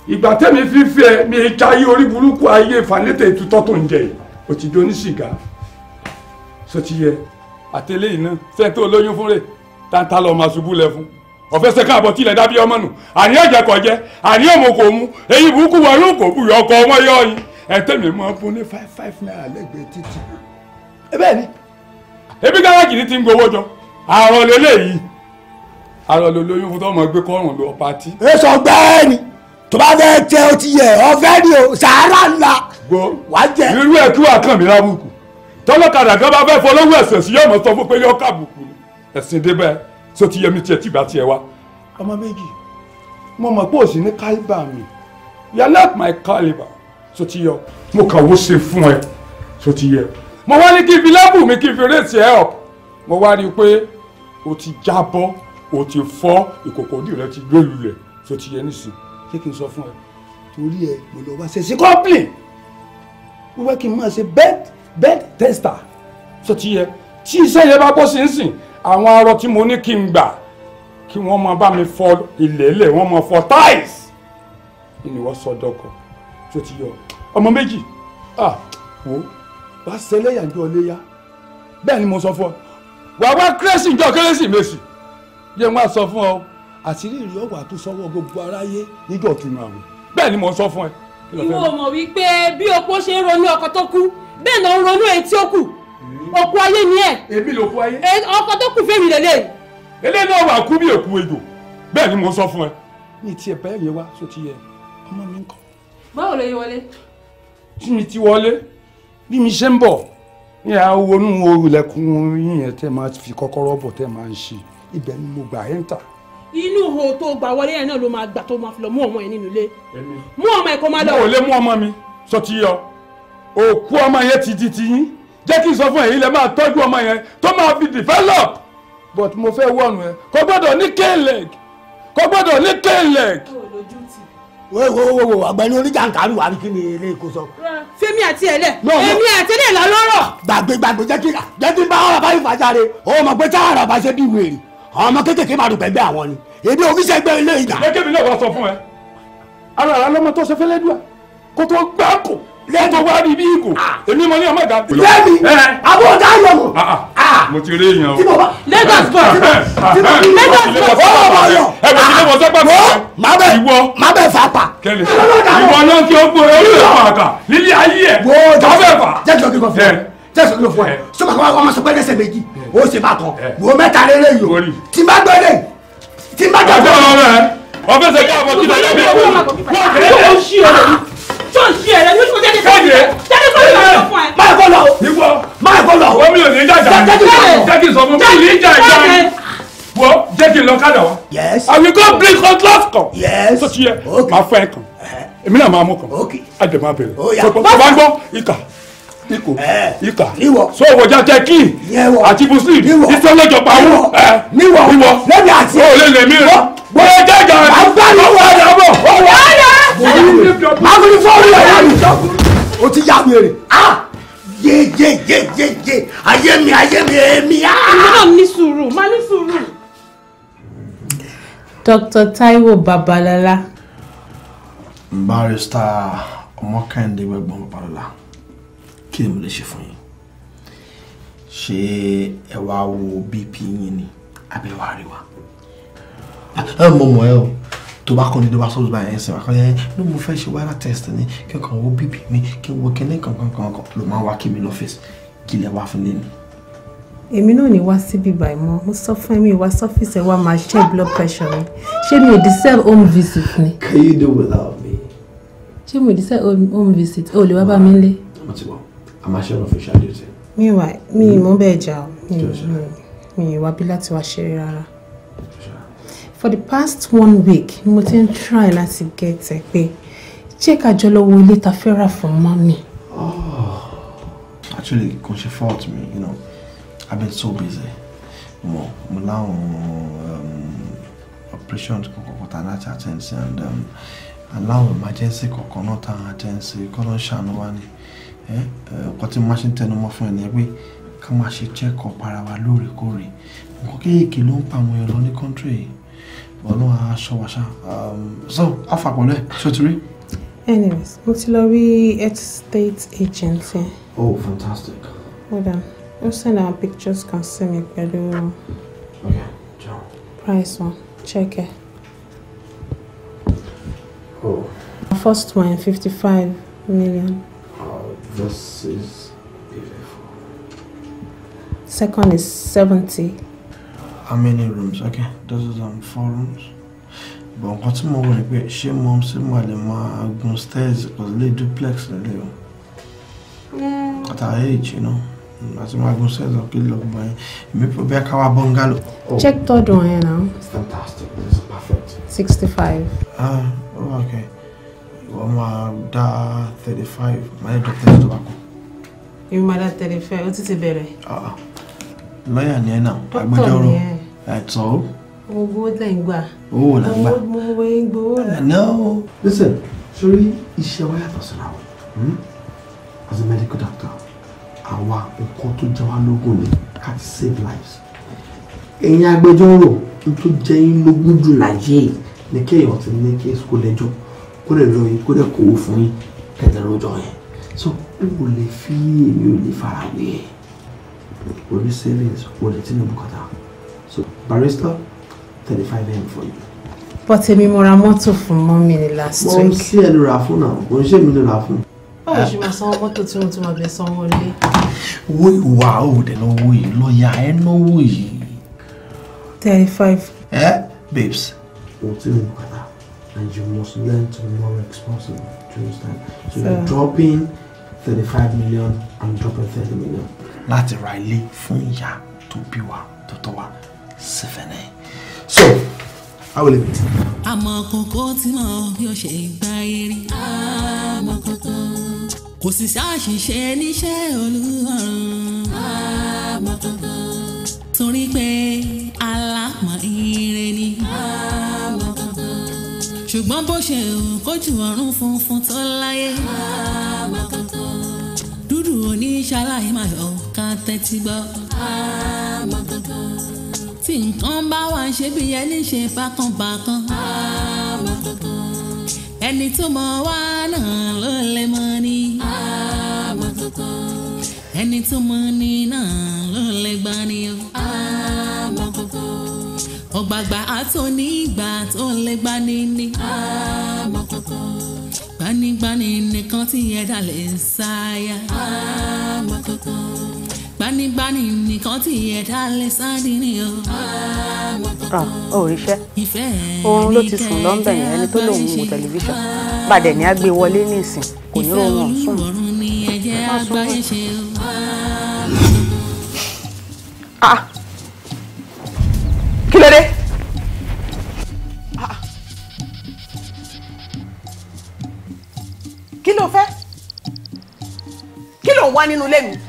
ìgbà tẹ́mi fífi ẹ mi ìka ayé orí burúkú ayé ìfàlétè ìtútọ́ tó ń jẹ yìí òtítọ́ oníṣìgá sọtiyẹ àtẹlẹ yìí náà sẹ́ńtẹ́ olóyún fún rẹ̀ táńtà lọ́ọ́ máa ṣubú lẹ fún ọ̀fẹ́ sẹ́kẹ́ àbọ̀ tilẹ̀ dábí ọmọ nù àní ẹ̀jẹ̀ kọ̀ jẹ́ àní òmò kò mú èyí burúkú wọ̀ yóò kò buyọ̀ ọkọ̀ ọmọ yọ yín ẹ̀tẹ́mi máa bún ní five five naira lẹ́gbẹ̀ẹ́ títì ẹ bẹ́ẹ̀ ni ebi gáràjì ní ti ń gbowó jọ àrọ̀ lélẹ́yìí àrọ̀ lólóyún fún tọ́mọ gbé kọ́rùn lọ pati. ẹ sọ gbẹ́ẹ́ ni tó bá fẹ́ jẹ o ti yẹ ọ̀fẹ́ ni o sàárà ńlá wà á jẹ. irú ẹ̀ kí wàá kàn mí lábùkù tọ́lọ́kadà kan bá fẹ́ fọlọ́wọ́ ẹ̀sẹ̀ sí yọ̀mọ̀ sọ fún pé yọ kábùkù ẹ̀sìn débẹ̀ tó ti yẹ mi tiẹ̀ tìgbà tiẹ̀ wá. ọmọ méjì mo mọ̀ pé òsì ní kálíbà mi you are not my calibre tó ti yọ mo kàwó ṣe fún ẹ tó ti yẹ mo wá ní kí n fi lẹ́bù mi kí n fi rèsì ẹ ọ̀p mo wá rí i pé o ti jábọ́ o ti fọ́ ìkòkò òdì rẹ ti gbé lulẹ̀ tó ti yẹ nísìnyí ṣé kí n sọ fún ẹ torí ẹ mo lọ wá ṣèṣe kọ́pìlì wíwá kí n máa ṣe bed bed tester ṣó ti yẹ tí iṣẹ́ yẹn bá bọ́ sí ń sìn àwọn arọ tí mo ní kí n gbà kí wọ́n máa bá mi fọ ilẹ̀ẹ́lẹ̀ wọ́n máa fọ tiles ìníwọ́ sọ dọ́kọ̀ ṣó ti yọ ọmọ méjì ah wo wàá ṣẹlẹ̀ yànjọ́ ọlẹ́yà bẹ́ẹ̀ ni mo sọ fún ọ wàá wá kérésì ìjọ kérésì mèsì yẹn wá sọ fún ọ àṣírí ìrì ọ̀wà tó sọ́wọ́ gbogbo aráyé níjọ́ ìtùnú àwọn bẹ́ẹ̀ ni mo sọ fún ẹ. ìwọ mọ̀ wípé bí opó ṣe ń ronú ọkọ tó kú bẹ́ẹ̀ náà ń ronú èyí tí ó kù òkú hmm. ayé ni ẹ̀. èmi ló kú ayé. ọkọ tó kù fẹ́mi lélẹ̀. eléyìí náà wà kú bí èkú ejò bẹ́ẹ̀ ni mo sọ fún ẹ. ní tiẹ̀ bẹ́ẹ̀ yẹn wá sọ ti yẹ ọmọ mi ń báwo ló yẹ wọlé. tí mi ti wọlé bí mi ṣe ń bọ̀ ní àwọn onú orulẹ̀kùn yìnyín máa fi kọ́kọ́rọ́ bọ̀ tẹ́ máa ń ṣe ibẹ̀ ni mo gbà ẹ́ńtà inú ihò tó gbà wọlé yẹn náà ló máa gbà tó máa fi lọ mú ọmọ yẹn nínú ilé mú ọmọ ẹ kó má lọ. mo ò lè mú ọmọ mi sọ ti yọ òkú ọmọ yẹn ti di tiyín jẹ́ kí n sọ fún ẹ̀yin lẹ́ máa tọ́jú ọmọ yẹn tó máa fi develop but mo fẹ́ wọ̀nù ẹ kò gbọ́dọ̀ ní cane leg kò gbọ́dọ̀ ní cane leg. wọ́wọ́wọ́ ọ̀gbẹ́ni oníjàǹkárù wa kí ni ilé ìkó sọ. fẹ́mi àti ẹlẹ èmi àti ẹlẹ lọ gbàgbé gbàgbé jẹ́ kí n bá ọ̀rọ̀ báyìí fàjà re ọmọ pé ọ̀rọ̀ bá ṣe bí ìwé àwọn ọmọ kékèké máa dùgbẹ́gbẹ́ àwọn ni èdè oníṣẹ́ ẹgbẹ́ ilé ìgbà. lẹ́kẹ́ mi náà wá sọ fún ẹ ara àrà lọ́mọ tó ṣe fẹ́lẹ́ dùn kó tó gbà kù lẹ́yìn tó wá rí bí ìgò ah. èmi mo ní ọmọ ìgbà. lẹ́mi àbọ̀ ọ̀dà ayọ̀ mọ̀. Ah, ah. mo ti rí èèyàn o. Lagos bọ̀ Lagos bọ̀ fọwọ́ bọ̀ yọ. ẹ bẹ̀ sílẹ̀ wọ́n sẹ́gbà bọ̀. má bẹ̀ má bẹ̀ fà pa. kẹlẹ ìwọ náà kí o gbòòrò orí ìwà àgà nílé ayé ẹ. wọ́n jẹ́ jẹ́ jọ́ kí n kọ́ fún ẹ eh. jẹ́ jọ́ kí n kọ́ fún ẹ eh. sọ́kà kọ́ wa ọmọ sọ pé ẹ̀ẹ́dẹ́sẹ̀ méjì ó ṣe bá kan eh. wo mẹ́ta lélẹ̀ yìí tí n bá gbé lè tí n bá gbé lè. ọbẹ̀ sẹ́kẹ́ àbọ̀ kí lọ́jọ́ bí wọ́n wọ́n ṣí ọ̀rẹ́ yìí tó ń ṣí ẹ̀rẹ́ yóò jáde kọ́ ìlú jáde kọ́ ìlú ọ̀rẹ́ fún ẹ. máa kọ́ lọ ìwọ máa kọ́ lọ. wọ́n mi ò ní jàjà jẹ́ kí n sọ fún mi ní jàjà wọ́n jẹ́ kí n lọ kádà wá. yes i will go bring hot glass kan. yes so ti yẹ máa fẹ́ kan eh. èmi náà máa mú kan. ok a jẹ máa bẹ̀rẹ̀. ó yà bá bá gbọ́ ìkà. Iko. ika so wọ jajẹ kí àti muslim ìsọlọjọ pàwọ níwọ níwọ lẹbi àti o lè lè mí rẹ wọlé jẹjọ rẹ agbára rẹ bọ agbóni fọwọ́ rẹ wà ní o ti yá ye. Ah! yeyeyeyeye ayé mi ayé mi ah! èmi á. ìlú náà ní sùúrù má ní sùúrù. Dr. Taiwo Babalala. Barrister Ọmọkẹ́hìndé gbẹ̀gbọ́n Babalala kí ni mo lè ṣe fún yín ṣé ẹ wá wo bp yín ni àbí ẹ rí wa ẹ mọ mọ ẹ o tó bá kọ́ ni tó bá sọ́dọ̀ báyìí ẹ̀sìn wákọ́ yẹn ní mo fẹ́ ṣe wáyà test ni kí n kàn wo bp mi kí n wo kíní kankan kankan ló máa wá kí mi lọ́fíìsì kí lẹ wá fún lé ni. èmi náà ní wá síbí báyìí mọ mo sọ fún mi wá sọfíìsì ẹ wá máa ṣe blood pressure mi ṣé mi ò deserve home visit ni. can you do without me. ṣé mi ò deserve home visit o lè wá bá mi lé àmọ́ ṣé ọ̀nà fèsì àdé tẹ. mi wà mi ì mú bẹ́ẹ̀ jà o mi ì wá bí láti wá ṣeré rárá for the past one week ni mo ti ń try láti get ẹ pé ṣé ká jọ lọ wo ilé ta fẹ́ rà fún mọ́mì. Oh. actually kò ṣe fault mi you know I've been so busy mo mo láwọn um, operations kọ̀ọ̀kan tá a láti attend sí and um, and láwọn emergency kọ̀ọ̀kan náà tá a attend sí kọ́ ló ń ṣàánú wá ni ọkọ tí mo máa ṣe ń tẹnu mọ́ fún ẹ nìyẹn pé ká máa ṣe check up wa lóòrèkóòrè nǹkan kéèké ló ń pa àwọn èèyàn lọ ní country yìí ọlọ́run aṣọ wàṣà um, so àfàpọ̀lẹ́ ṣó ti rí. anyways mo ti lọ rí estate agent oh fantastic. hold on ó send our pictures kan sí mi pẹ̀lú price wọn check ẹ. Oh. first one fifty five million. This is Second is 70. How many rooms? Okay, this is um, four rooms. But what's more, mo wọ̀ ni pé ṣé mo ṣe máa lè máa gun stairs because ilé duplex lélẹ̀ o. Hmm. At our age, you know. Àti máa gun stairs ọ̀kẹ́ lọ́gbọ̀n yẹn. Èmi pé bí a ká wá oh. Check third one yẹn now. It's fantastic. is perfect. 65. Ah, oh, okay ìwọ máa dá thirty five máa ní dọ́kítà tó bá kú. ìwọ máa dá thirty five ó ti ti bẹ̀rẹ̀. Ah, lọ́ọ̀yà ni ẹ náà agbẹjọ́rò ẹ̀tọ́. owó lẹ́ ń gbà. owó là ń gbà. owó mo ń gbowó là. no listen sórí iṣẹ́ wa yàtọ̀ síra o hmm? as a medical doctor àwa nǹkan tó jẹ wá lógún ni ká ti save lives ẹ̀yin agbẹjọ́rò tó jẹ́ yín lógún jù láyé ni kéèyàn ti ní kí èso lẹ́jọ́ kó dẹ̀ lọ yín kó dẹ̀ kówó fún yín kẹtẹ lọ́jọ́ yẹn so n ò lè fi èmi ò lè fara wé ẹ e. o ní savings o lè tínú bùkátà so barrister thirty five m for you. but èmi mo ra mọ́tò fún mọ́mí ni last week. wọ́n sí ẹni rà fún náà kò ń ṣe èmi ni rà fún. báwo ṣe máa sanwó mọ́tò tí wọ́n tún máa bẹ sanwó lé. wo ìwà òde lọ́wọ́ yìí lọ́ọ̀yà ẹ̀ náwó yìí. thirty five. ẹ babes. o tí mo bùkátà and you must learn to be more responsible. Do you understand? So, so you're dropping 35 million, and dropping 30 million. That's ra ilé ya to tó to wa seven. So, I will leave it. Àmọ́ kókó Kò sì ṣàṣìṣe níṣẹ́ Olúwarun àmọ́ kókó. Torí pé alámọ̀ ire ni ṣùgbọ́n bó ṣe hàn kójú ọ̀run funfun tó láyé. dúdú oníṣàlàyé máa yọ ká tẹ́tí gbọ́. tí nǹkan bá wà ń ṣe bí ẹni ṣe bákanbákan. ẹni tó mọ wá náà ló lè mọ ni. ẹni tó mọ ni náà ló lè gbani o ọ̀gbàgbà àtòní ìgbà tó ń lè gbani ní. àmọ́ kókó. gbanigbani nìkan tí ẹ̀dá lè ń sáyà. àmọ́ kókó. gbanigbani nìkan tí ẹ̀dá lè sáde ní o. àmọ́ kókó. ọ ò ríṣẹ́ oorun ló ti sùn lọ́nbẹ̀ yẹn ẹni tó lòun wo tẹlifíṣàn bàdẹ̀ ni a gbé wọlé ní ìsìn kò ní òun ọ̀sùn. má sùn. ah kí ló dé. kí ló fẹ́ kí ló ń wá nínú ilé mi.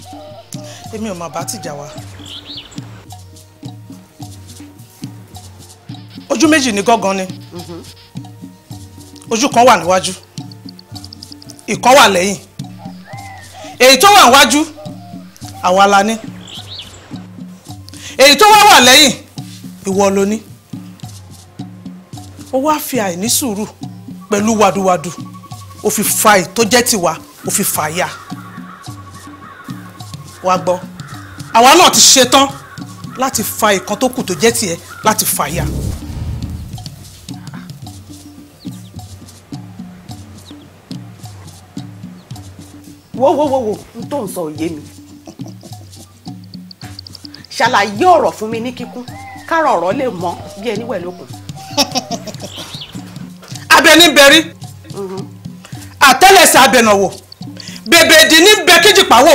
èmi ò mà bá tìjà wa. ojú méjì ní gángan ni ojú kan wà níwájú ìkan wà lẹ́yìn èyí tó wà níwájú àwa la ní èyí tó wá wà lẹ́yìn ìwọ ló ní ó wá fi àìní sùúrù pẹ̀lú wàdùwàdù ó fi fa ì tó jẹ́ tiwa ó fi fà yà wá gbọ́ àwa náà ti ṣetán láti fa ìkan tó kù tó jẹ́ tiẹ̀ láti fà yà. wowowowo n tó ń sọ òye mi ṣàlàyé ọ̀rọ̀ fún mi ní kíkún káàrọ̀ ọ̀rọ̀ lè mọ́ bí ẹni wẹ̀ lókun. abẹni bẹrí mhm. àtẹ́lẹsẹ̀ abẹnàwò bèbè ìdí ní bẹ kíjì pàwò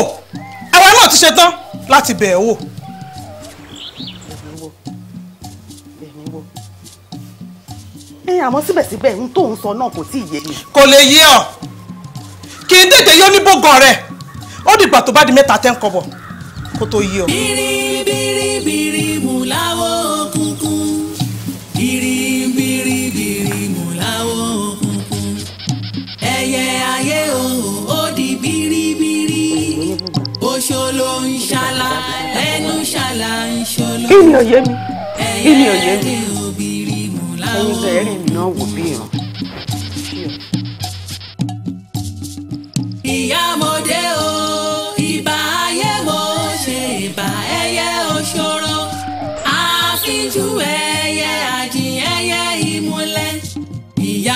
àwa náà ti ṣetán láti bẹ̀ ẹ́ wò. ẹ àmọ́ síbẹ̀síbẹ̀ ń tóun sọ náà kò tí ì yé mi. kò lè yé ọ kì í tètè yọ ní bógan rẹ ó dìgbà tó bá di mẹ́ta tẹ́ ń kọ bọ̀ kó tó yí ọ. biribiribiri mú láwọ òkùnkùn biribiribiri mú láwọ òkùnkùn ẹyẹ ayé o ó di biribiri oṣolo ń ṣala lẹ́nu ṣala ń ṣolo. kí ni òye mi kí ni òye mi ẹyin bẹ̀rẹ̀ mi náà wò bí ìran. ìyá mo o.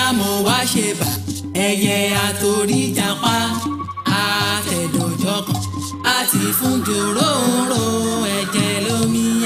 bóyá mo wá ṣe bà ẹyẹ àtòríjàpá àtẹ̀dọ̀jọ́ kan àti fún jòróró ẹ̀jẹ̀ lómi.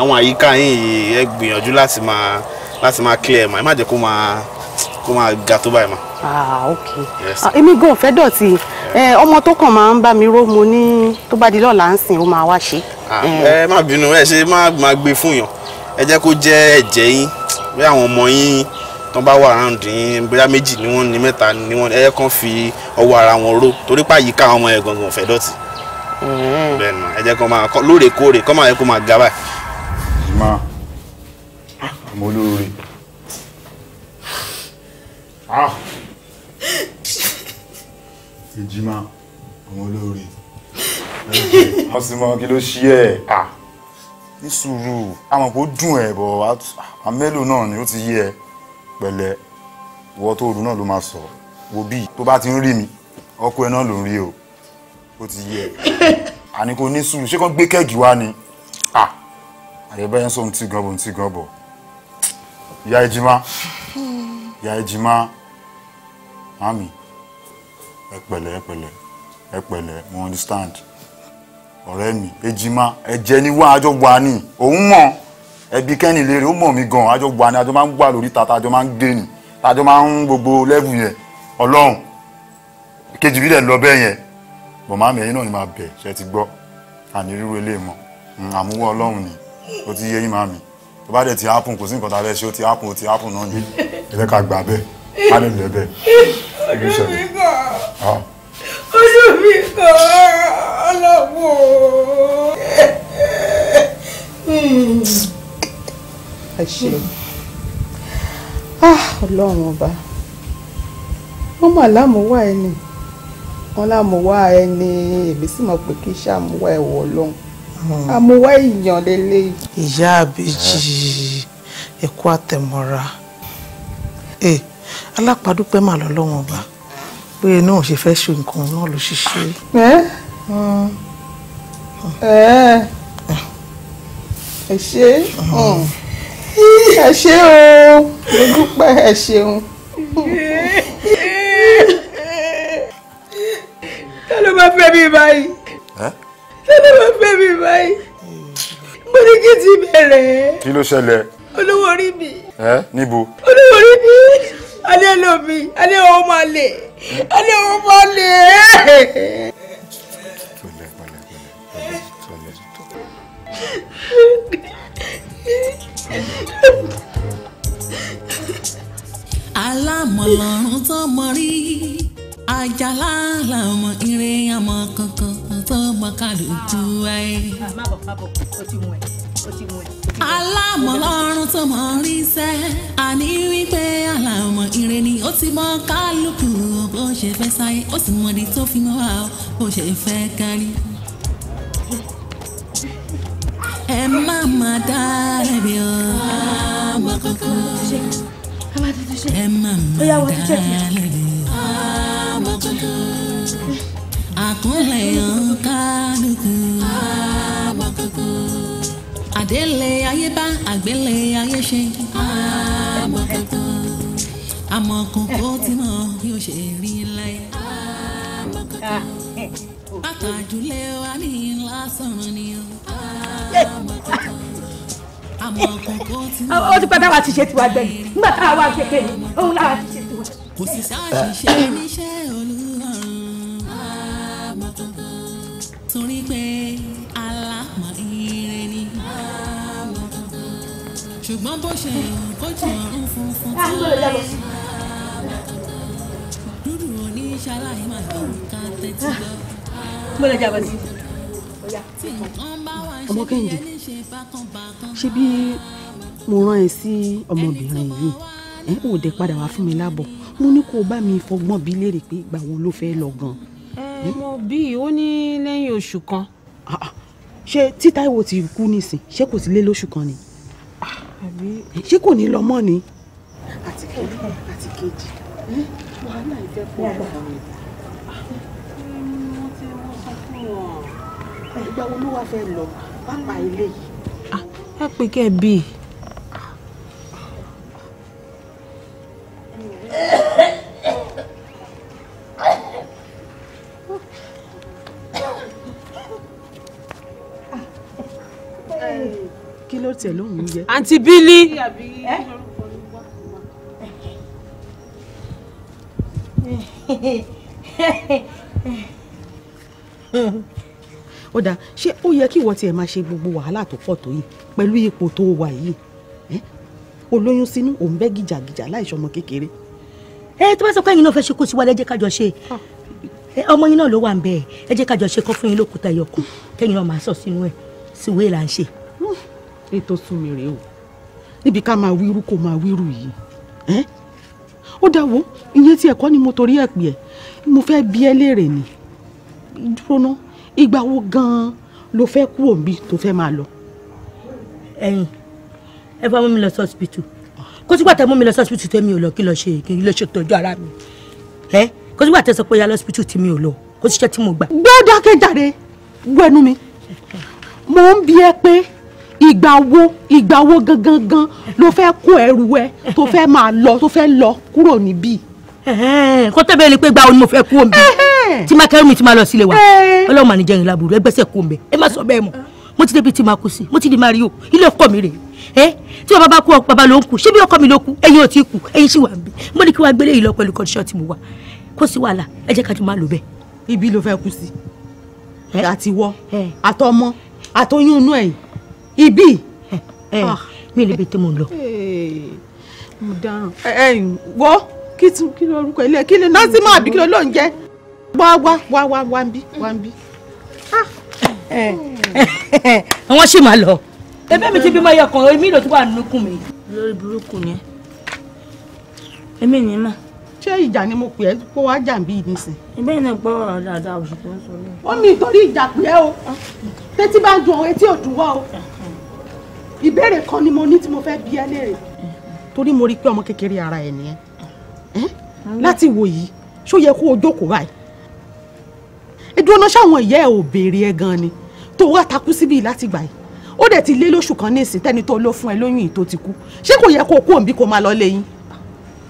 àwọn àyíká yín yìí ẹ gbìyànjú láti máa láti máa clear ma ẹ má jẹ́ kó máa kó máa ga tó báyìí ma. ah ok ah, èmi gan fẹ́ dọ̀tí eh, ọmọ tó kàn máa ń bá mi ró mo ní tó bá di lọ́la ń sìn ó máa wá ṣe. Ah, eh. ẹ má bínú ẹ ṣe má máa gbé fún yàn ẹ jẹ́ kó jẹ́ ẹ̀jẹ̀ yín bí àwọn ọmọ yín tán bá wà round yín bóyá méjì ni wọ́n ní mẹ́ta ni wọ́n ẹ̀yẹ kan fi ọwọ́ ara wọn ró torí pé àyíká àwọn ọmọ yẹn gangan fẹ́ dọ̀tí. Eh. bẹ́ẹ̀ ni ẹ jẹ́ kó máa lóòrèkóòrè kó máa yẹ kó máa ga báyìí ma àmọ́ olóore ìjìmá àmọ́ olóore a sì mọ kí ló ṣí ẹ ah. ní sùúrù àmọ́ kò dùn ẹ̀ bọ̀ àmẹ́lò náà ni ó ti yí ẹ pẹ̀lẹ́ ìwọ tó rù náà ló máa sọ wo bí tó bá ti ń rí mi ọkọ ẹ náà ló ń rí o ó ti yí ẹ àní kò ní sùúrù ṣé kàn gbé kẹ́ẹ̀gì wá ni. Ah àdébẹ́yẹn sóhun tí gan bò ń tí gan bò ìyá ìjìmá ìyá ìjìmá mami ẹ pẹ̀lẹ́ ẹ mo understand ọ̀rẹ́ mi ejima ẹ̀jẹ̀ ni wá àjọ wà ní òun mọ̀ ẹbí kẹ́ni léèrè ó mọ̀ mí gan àjọ wà ní àjọ máa ń gbà lórí tata àjọ máa ń gbé ni àjọ máa ń gbogbo lẹ́bù yẹn ọlọ́run kejì bí dẹ̀ lọ bẹ́ẹ̀ yẹn bọ̀ mami ẹ̀yin náà ni máa bẹ̀ ṣe ti gbọ́ àní rírú eléyìí mọ́ àmúwọ́ ọlọ́run ni ó ti yé yín màmí tó bá dẹ̀ ti happen kò sí nǹkan tá a fẹ́ ṣe ó ti happen ó ti happen náà ni ẹ fẹ́ ká gbà bẹ́ẹ̀ ká lè lẹ́ bẹ́ẹ̀. ojú mi kọ́ ojú mi kọ́ ọlọ́wọ́. ẹ ṣe ah, ọlọ́run ọba wọ́n mà lámùwá ẹni wọ́n lámùwá ẹni èmi sì mọ̀ pé kí sáà mú wá ẹ̀wọ̀ ọlọ́run. Hmm. àmúwá èèyàn lélẹ̀. ìyá àbèjì ẹ̀kú àtẹ̀mọ́ra alápàdúpẹ́ mà lọ́lọ́wọ́n ọba pé náà ṣe fẹ́ ṣe nǹkan náà ló ṣiṣẹ́. Hmm. ẹ ṣé hmm. ẹ ṣé o mo dúpẹ́ ẹ ṣeun. ta ló bá fẹ́ mi báyìí tẹ́lẹ̀ máa fẹ́ mi báyìí mo ní kí n ti bẹ̀rẹ̀. kí ló ṣẹlẹ̀. olówó orí mi. ẹ níbo. olówó orí mi alẹ́ ló mi alẹ́ ọ̀hún máa lè alẹ́ ọ̀hún máa lè. alámọ̀lọ́run tó mọ̀ rí àjàlá làmọ̀ ire àmọ̀ kankan tọmọ kálukú ayé. alámọ̀lọ́run tó mọ̀ rí sẹ́ àní wípé alámọ̀ ire ni ó ti mọ̀ kálukú bó ṣe fẹ́ sáyé ó sì mọ̀ ní tó fi mọ́ wa bó ṣe fẹ́ kárí. ẹ má má dá ẹbí o. àmọ́ kókó ẹ má má dá ẹbí o. àmọ́ kókó àkúnlẹ̀ yàn kálukú. àmọ̀kòkò. àdélé ayé bá àgbélé ayé ṣe. àmọ̀kòkò. àmọ̀kòkò tí mọ̀ yóò ṣe rí láyé. àmọ̀kòkò. bàtà jùlẹ̀ wa ní lásán ni o. àmọ̀kòkò. àmọ̀kòkò tí ti pẹ́ táwa ti ṣe tiwa gbẹ̀yìn nígbà táwa wà kékeré òun làwa ti ṣe tiwa. ṣùgbọ́n bó ṣe hàn kó jù ọ̀run funfun tó láyé dúdú òní ṣaláì máa yọ ká tẹ́tí lọ. mo lè jábọ̀ sí i. ọmọ kẹ́hìndé ṣé bí mo rán ẹ sí ọmọbìnrin yìí ẹ ò dé padà wá fún mi lábọ̀ mo ní kó o bá mi fọgbọ́n bí léèrè pé ìgbà wo ló fẹ́ lọ gan. ẹ mo bí ó ní lẹ́yìn oṣù kan. Ah, ah. ṣé tí Táíwò ti kú nísìn ṣé kò sí lé lóṣù kan ni ṣé kò ní lọ mọ́ ni. àti kejì àti kejì wàhálà ìfẹ́ fún ọgbà mi. mo ti mú sọ fún wọn. ìgbà wo ló wàá fẹ́ lọ pápá ilé yìí. Ah, ẹ pé kẹ́ ẹ bíi. tiẹ̀ lóhùn oúnjẹ. àǹtí bílí. ó dáa ṣé ó yẹ kí ìwọ tiẹ̀ máa ṣe gbogbo wàhálà tó pọ̀ tó yìí pẹ̀lú ipò tó wà yìí olóyún sínú òun bẹ́ gìjàgìjà láìsọmọ kékeré ẹ tó bá sọ pé ẹ̀yin náà fẹ́ ṣe kó tiwa lẹ́jẹ́ kájọ ṣe ọmọ yín náà ló wà ń bẹ̀ ẹ jẹ́ kájọ ṣe kọ́ fún yín lókùúta ẹ̀yọkùn kẹ́yìn náà máa sọ sínú ẹ̀ síwèé là ń ṣe ètò sùn mi rèé o níbi ká máa wíru kó máa wíru yìí ó dá wo ìyẹn tí ẹ̀kọ́ ni mo torí ẹ̀ pè ẹ́ mo fẹ́ bi ẹ́ léèrè ni dúró ná ìgbà wo gan-an ló fẹ́ kú òǹbí tó fẹ́ máa lọ. ẹ̀yin ẹ fẹ́ mú mi lọ sí ọsibítù kó sígbà tẹ mú mi lọ sí ọsibítù tẹ mi ò lọ kí lọ ṣe kí lọ ṣe tọ́jú ara mi ẹ kó sígbà tẹ sọ pé ya lọ ọsibítù tí mi ò lọ kó síṣẹ́ tí mo gbà. gbọ́dọ̀ kẹjàre gbọ́ ẹnu mi mò ń bi ẹ pé ìgbà wo ìgbà wo gangan gan ló fẹ́ kó ẹrù ẹ tó fẹ́ máa lọ tó fẹ́ lọ kúrò níbí. kó tẹ́bẹ̀ẹ́ ni pé gbà wo ni mo fẹ́ kú òǹbẹ tí máa kẹ́rù mi ti máa lọ sílé wa ọlọ́run màá ní jẹun ìlàbùrù ẹgbẹ́sẹ̀ kú òǹbẹ ẹ má sọ bẹ́ẹ̀ mọ́ mo ti débi tí máa kú sí mo ti di máa rí o ilé ọkọ mi rèé ẹ tí bàbá bá kú ọ bàbá ló ń kú ṣébí ọkọ mi ló kú ẹ̀yin ò tí kú ẹ̀yin sì wà ń bí mo ní kí wàá gbélé yìí lọ pẹ̀lú kọ́ńtíṣọ́ tí mo wà kó sí wàhálà ẹ jẹ́ ká jọ máa lò bẹ́ẹ̀. ibi ló fẹ́ kú sí àtiwọ́ àtọmọ àtoyún inú ẹ̀yìn ibi ah, eh, mi lè bẹ tí mo lọ. mo dáràn eh, eh, wo kí tún kí ló orúkọ ilé kí ló nọ́ọ̀sì máa bí kí ló ló ń jẹ́ wá wá wá wá wá ń bí wá ń bí. Ah. wọ́n sì máa lọ. ẹbẹ́ mi ti bímọ ẹyọ kan èmi ló ti wà nínúkùn mi. lórí burúkú yẹn èmi ni mà. ṣé ìjà ni mo pè é kó wá jà bí nísìn. ìbéèrè náà gbọ́ ọ̀rọ̀ dáadáa oṣù tó ń sọ. ó mi ìtorí ìjà pé ó ah. tẹ́tí bá dùn ọ etí ò dùn wá o ìbéèrè kan ni mo ní tí mo fẹ́ bi ẹ́ léèrè torí mo rí i pé ọmọ kékeré ara ẹ̀ nìyẹn láti wò yìí ṣó yẹ kó o jókòó báyìí ìdúró náà ṣáwọn ìyá ẹ̀ ò béèrè ẹ̀ gan ni tó wá takú síbí láti gbà yìí ó dẹ̀ ti lé lóṣù kan ní ìsìn tẹ́ni tó ló fún ẹ lóyún yìí tó ti kú ṣé kò yẹ kó o kú òǹbí kó máa lọ lé yín.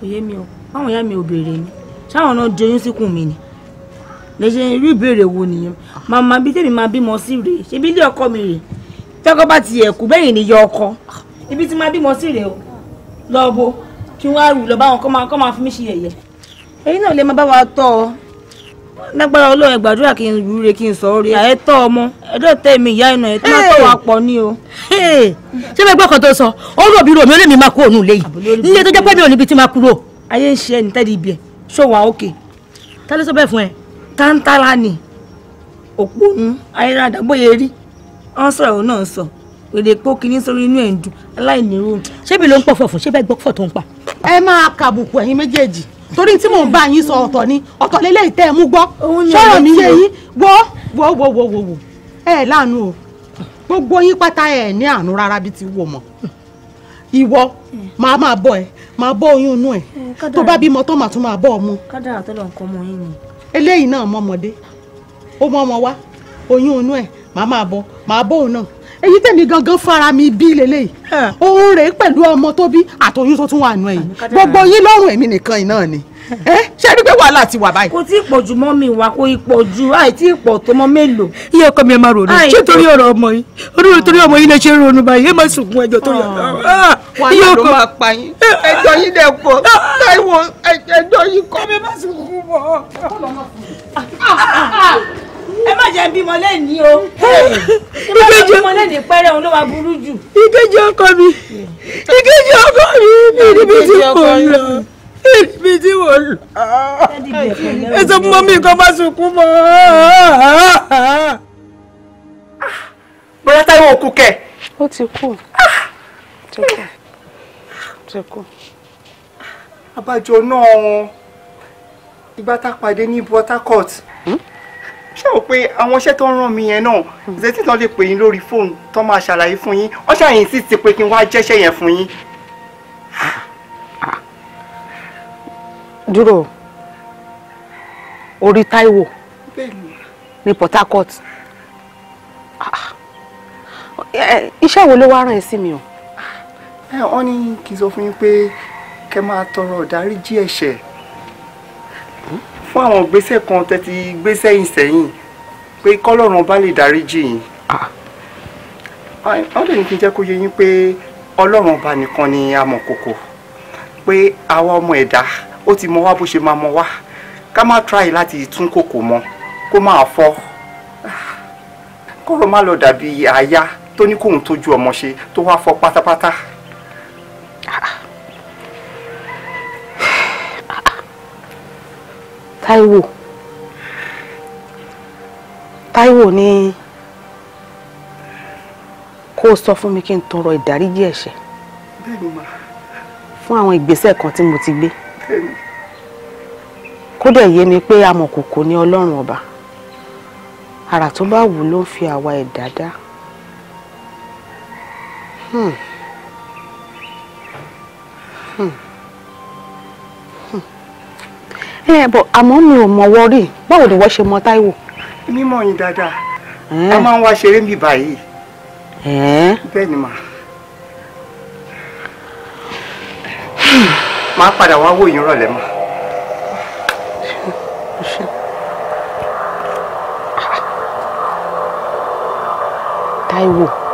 kò yé mi o báwọn ìyá mi ò béèrè mi ṣáwọn náà joyún síkùn mi ni lè ṣe irú ìbéèrè wo nìyẹn màmá bíi tèmi máa bímọ sí rèé ṣebí ilé ọkọ mi rèé tọ́kọ́ bá ti ẹ̀kú bẹ́yìn ni yọ ọkọ ibi tí máa bímọ sí rèé o lọ bo kí wọ́n á rù lọ báwọn kọ́ máa fi mí ṣe yẹ̀yẹ́ èyí náà lè máa bá wa tọ́ ọ lágbára Ọlọ́run ẹ gbàdúrà kí n rúre kí n sọ ọ́ rí ẹ tọ́ ọmọ ẹ̀dọ́ tẹ́ mi ìyá iná ẹ̀ tó máa tọ̀ wá pọ̀ ní o. ṣé bẹ́ẹ̀ gbọ́kàn tó sọ ó rò bí romi ó lè mi máa kú òun lé yìí nílé tó jẹ́ pé mi ò níbi tí máa kúrò. ayé ń ṣe ẹni tẹ́lẹ̀ ibi ẹ̀ ṣòwò àókè ta ló sọ bẹ́ẹ̀ fún ẹ tántàlá ni òpó nu ayélujára àdàgbòye rí wọ́n sọ̀rọ̀ òun náà sọ èdè pò kínní sórí inú ẹ̀ ń dùn aláìnírú. ṣébi ló ń pọ̀ fọ̀fọ̀ ṣé bẹ́ẹ̀ gbọ́ fọ̀ tó ń pa. ẹ máa kàbùkù ẹ̀yin méjèèjì torí tí mò ń bá yín sọ ọ̀tọ̀ ni ọ̀tọ̀ lélẹ̀ ìtẹ́ ẹ mú gbọ́ sọ̀rọ̀ mi yé yín wo wo wo wo wo ẹ láàánú o gbogbo yín pátá ẹ ní àánú rárá bí ti wò mọ́ ìwọ máa máa bọ ẹ máa bọ oyún inú ẹ tó bá bímọ tó máa tún máa bọ ọmú. kádàrà tó lọ nǹkan ọmọ yín ni. eléyìí náà mọ ọmọdé ó mọ ọmọ wá oyún inú ẹ màá máa bọ̀ màá bọ̀ òun náà èyí tèmi gangan fara mi bí lélẹ́yìí òun rèé pẹ̀lú ọmọ tó bí àtòyún tó tún wà nù ẹ̀yìn gbogbo yín lọ́rùn èmi nìkan iná ni ṣé rí pé wàhálà ti wà báyìí. kò tí ì pọ̀ ju mọ́ mi wá kò ì pọ̀ ju àì tí ì pọ̀ tó mọ́ mélòó. iye ọkọ mi ẹ máa ronú ṣé torí ọ̀rọ̀ ọmọ yìí onírò torí ọmọ yìí lè ṣe ronú báyìí ẹ máa sunkún ẹjọ́ torí ọ̀rọ̀ ah. ah, wàhálà ló máa pa yín ẹjọ́ yín dẹ̀ pọ̀ ẹ bẹ má sunkún ẹ má jẹ́ bímọ lẹ́ni o ìgbẹ́jọ bímọ lẹ́ni pẹ́rẹ́ òun ló wá burú jù. ìkejì ọkọ mi ìkejì ọkọ mi níbi tí mo lọ níbi tí mo lọ ẹ sọ fún mọ́mí nǹkan bá sunkún mọ́. bóyá táwọn òkú kẹ. ó ti kú ti kú ti kú. abájọ náà ìgbà tá a pàdé ní Port Harcourt. Hmm? ṣé o pé àwọn iṣẹ́ tó ń rán mi yẹn náà ṣe tí wọ́n lè pè yín lórí fóònù tó máa ṣàlàyé fún yín wọ́n ṣàyìn sí ti pé kí n wá jẹ́ṣẹ́ yẹn fún yín. dúró orí Táíwò ní Port Harcourt iṣẹ́ wo ló wá rán ẹ sí mi o. wọ́n ní kí n sọ fún yín pé kẹ́ máa tọrọ ìdáríjì ẹ̀ṣẹ̀ fún àwọn ìgbésẹ̀ kan tẹ́ ti gbé sẹ́yìn sẹ́yìn pé kọ́lọ́run bá lè dáríjì yín wọ́n lè ní kí n jẹ́ kó yé yín pé ọlọ́run ọba nìkan ni a mọ̀ kókó pé àwa ọmọ ẹ̀dá ó ti mọ wá bó ṣe máa mọ wá ká má try láti tún kòkò mọ kó máa fọ́ ah, kọ́rọ̀ má lọ dàbí aya tó ní kóun tójú ọmọ ṣe tó wá fọ́ pátápátá. Ah, Taiwo, Taiwo, ni kó sọ fún mi kí n tọrọ ìdáríjì ẹ̀ṣẹ̀ fún àwọn ìgbésẹ̀ kan tí mo ti gbé kódà yé mi pé amọ̀kòkò ni ọlọ́run ọba àrà tó bá wù ló ń fi àwa ẹ̀dá dá hmm hmm ẹ bọ àmọ́ mi ò mọ̀ wọrí báwo ni wọ́n ṣe mọ̀ Táíwò. mímọ̀ yín dáadáa a máa ń wá ṣeré mi báyìí bẹ́ẹ̀ ni mà máa padà wá wò yín rọ̀lẹ́ mà. Táíwò.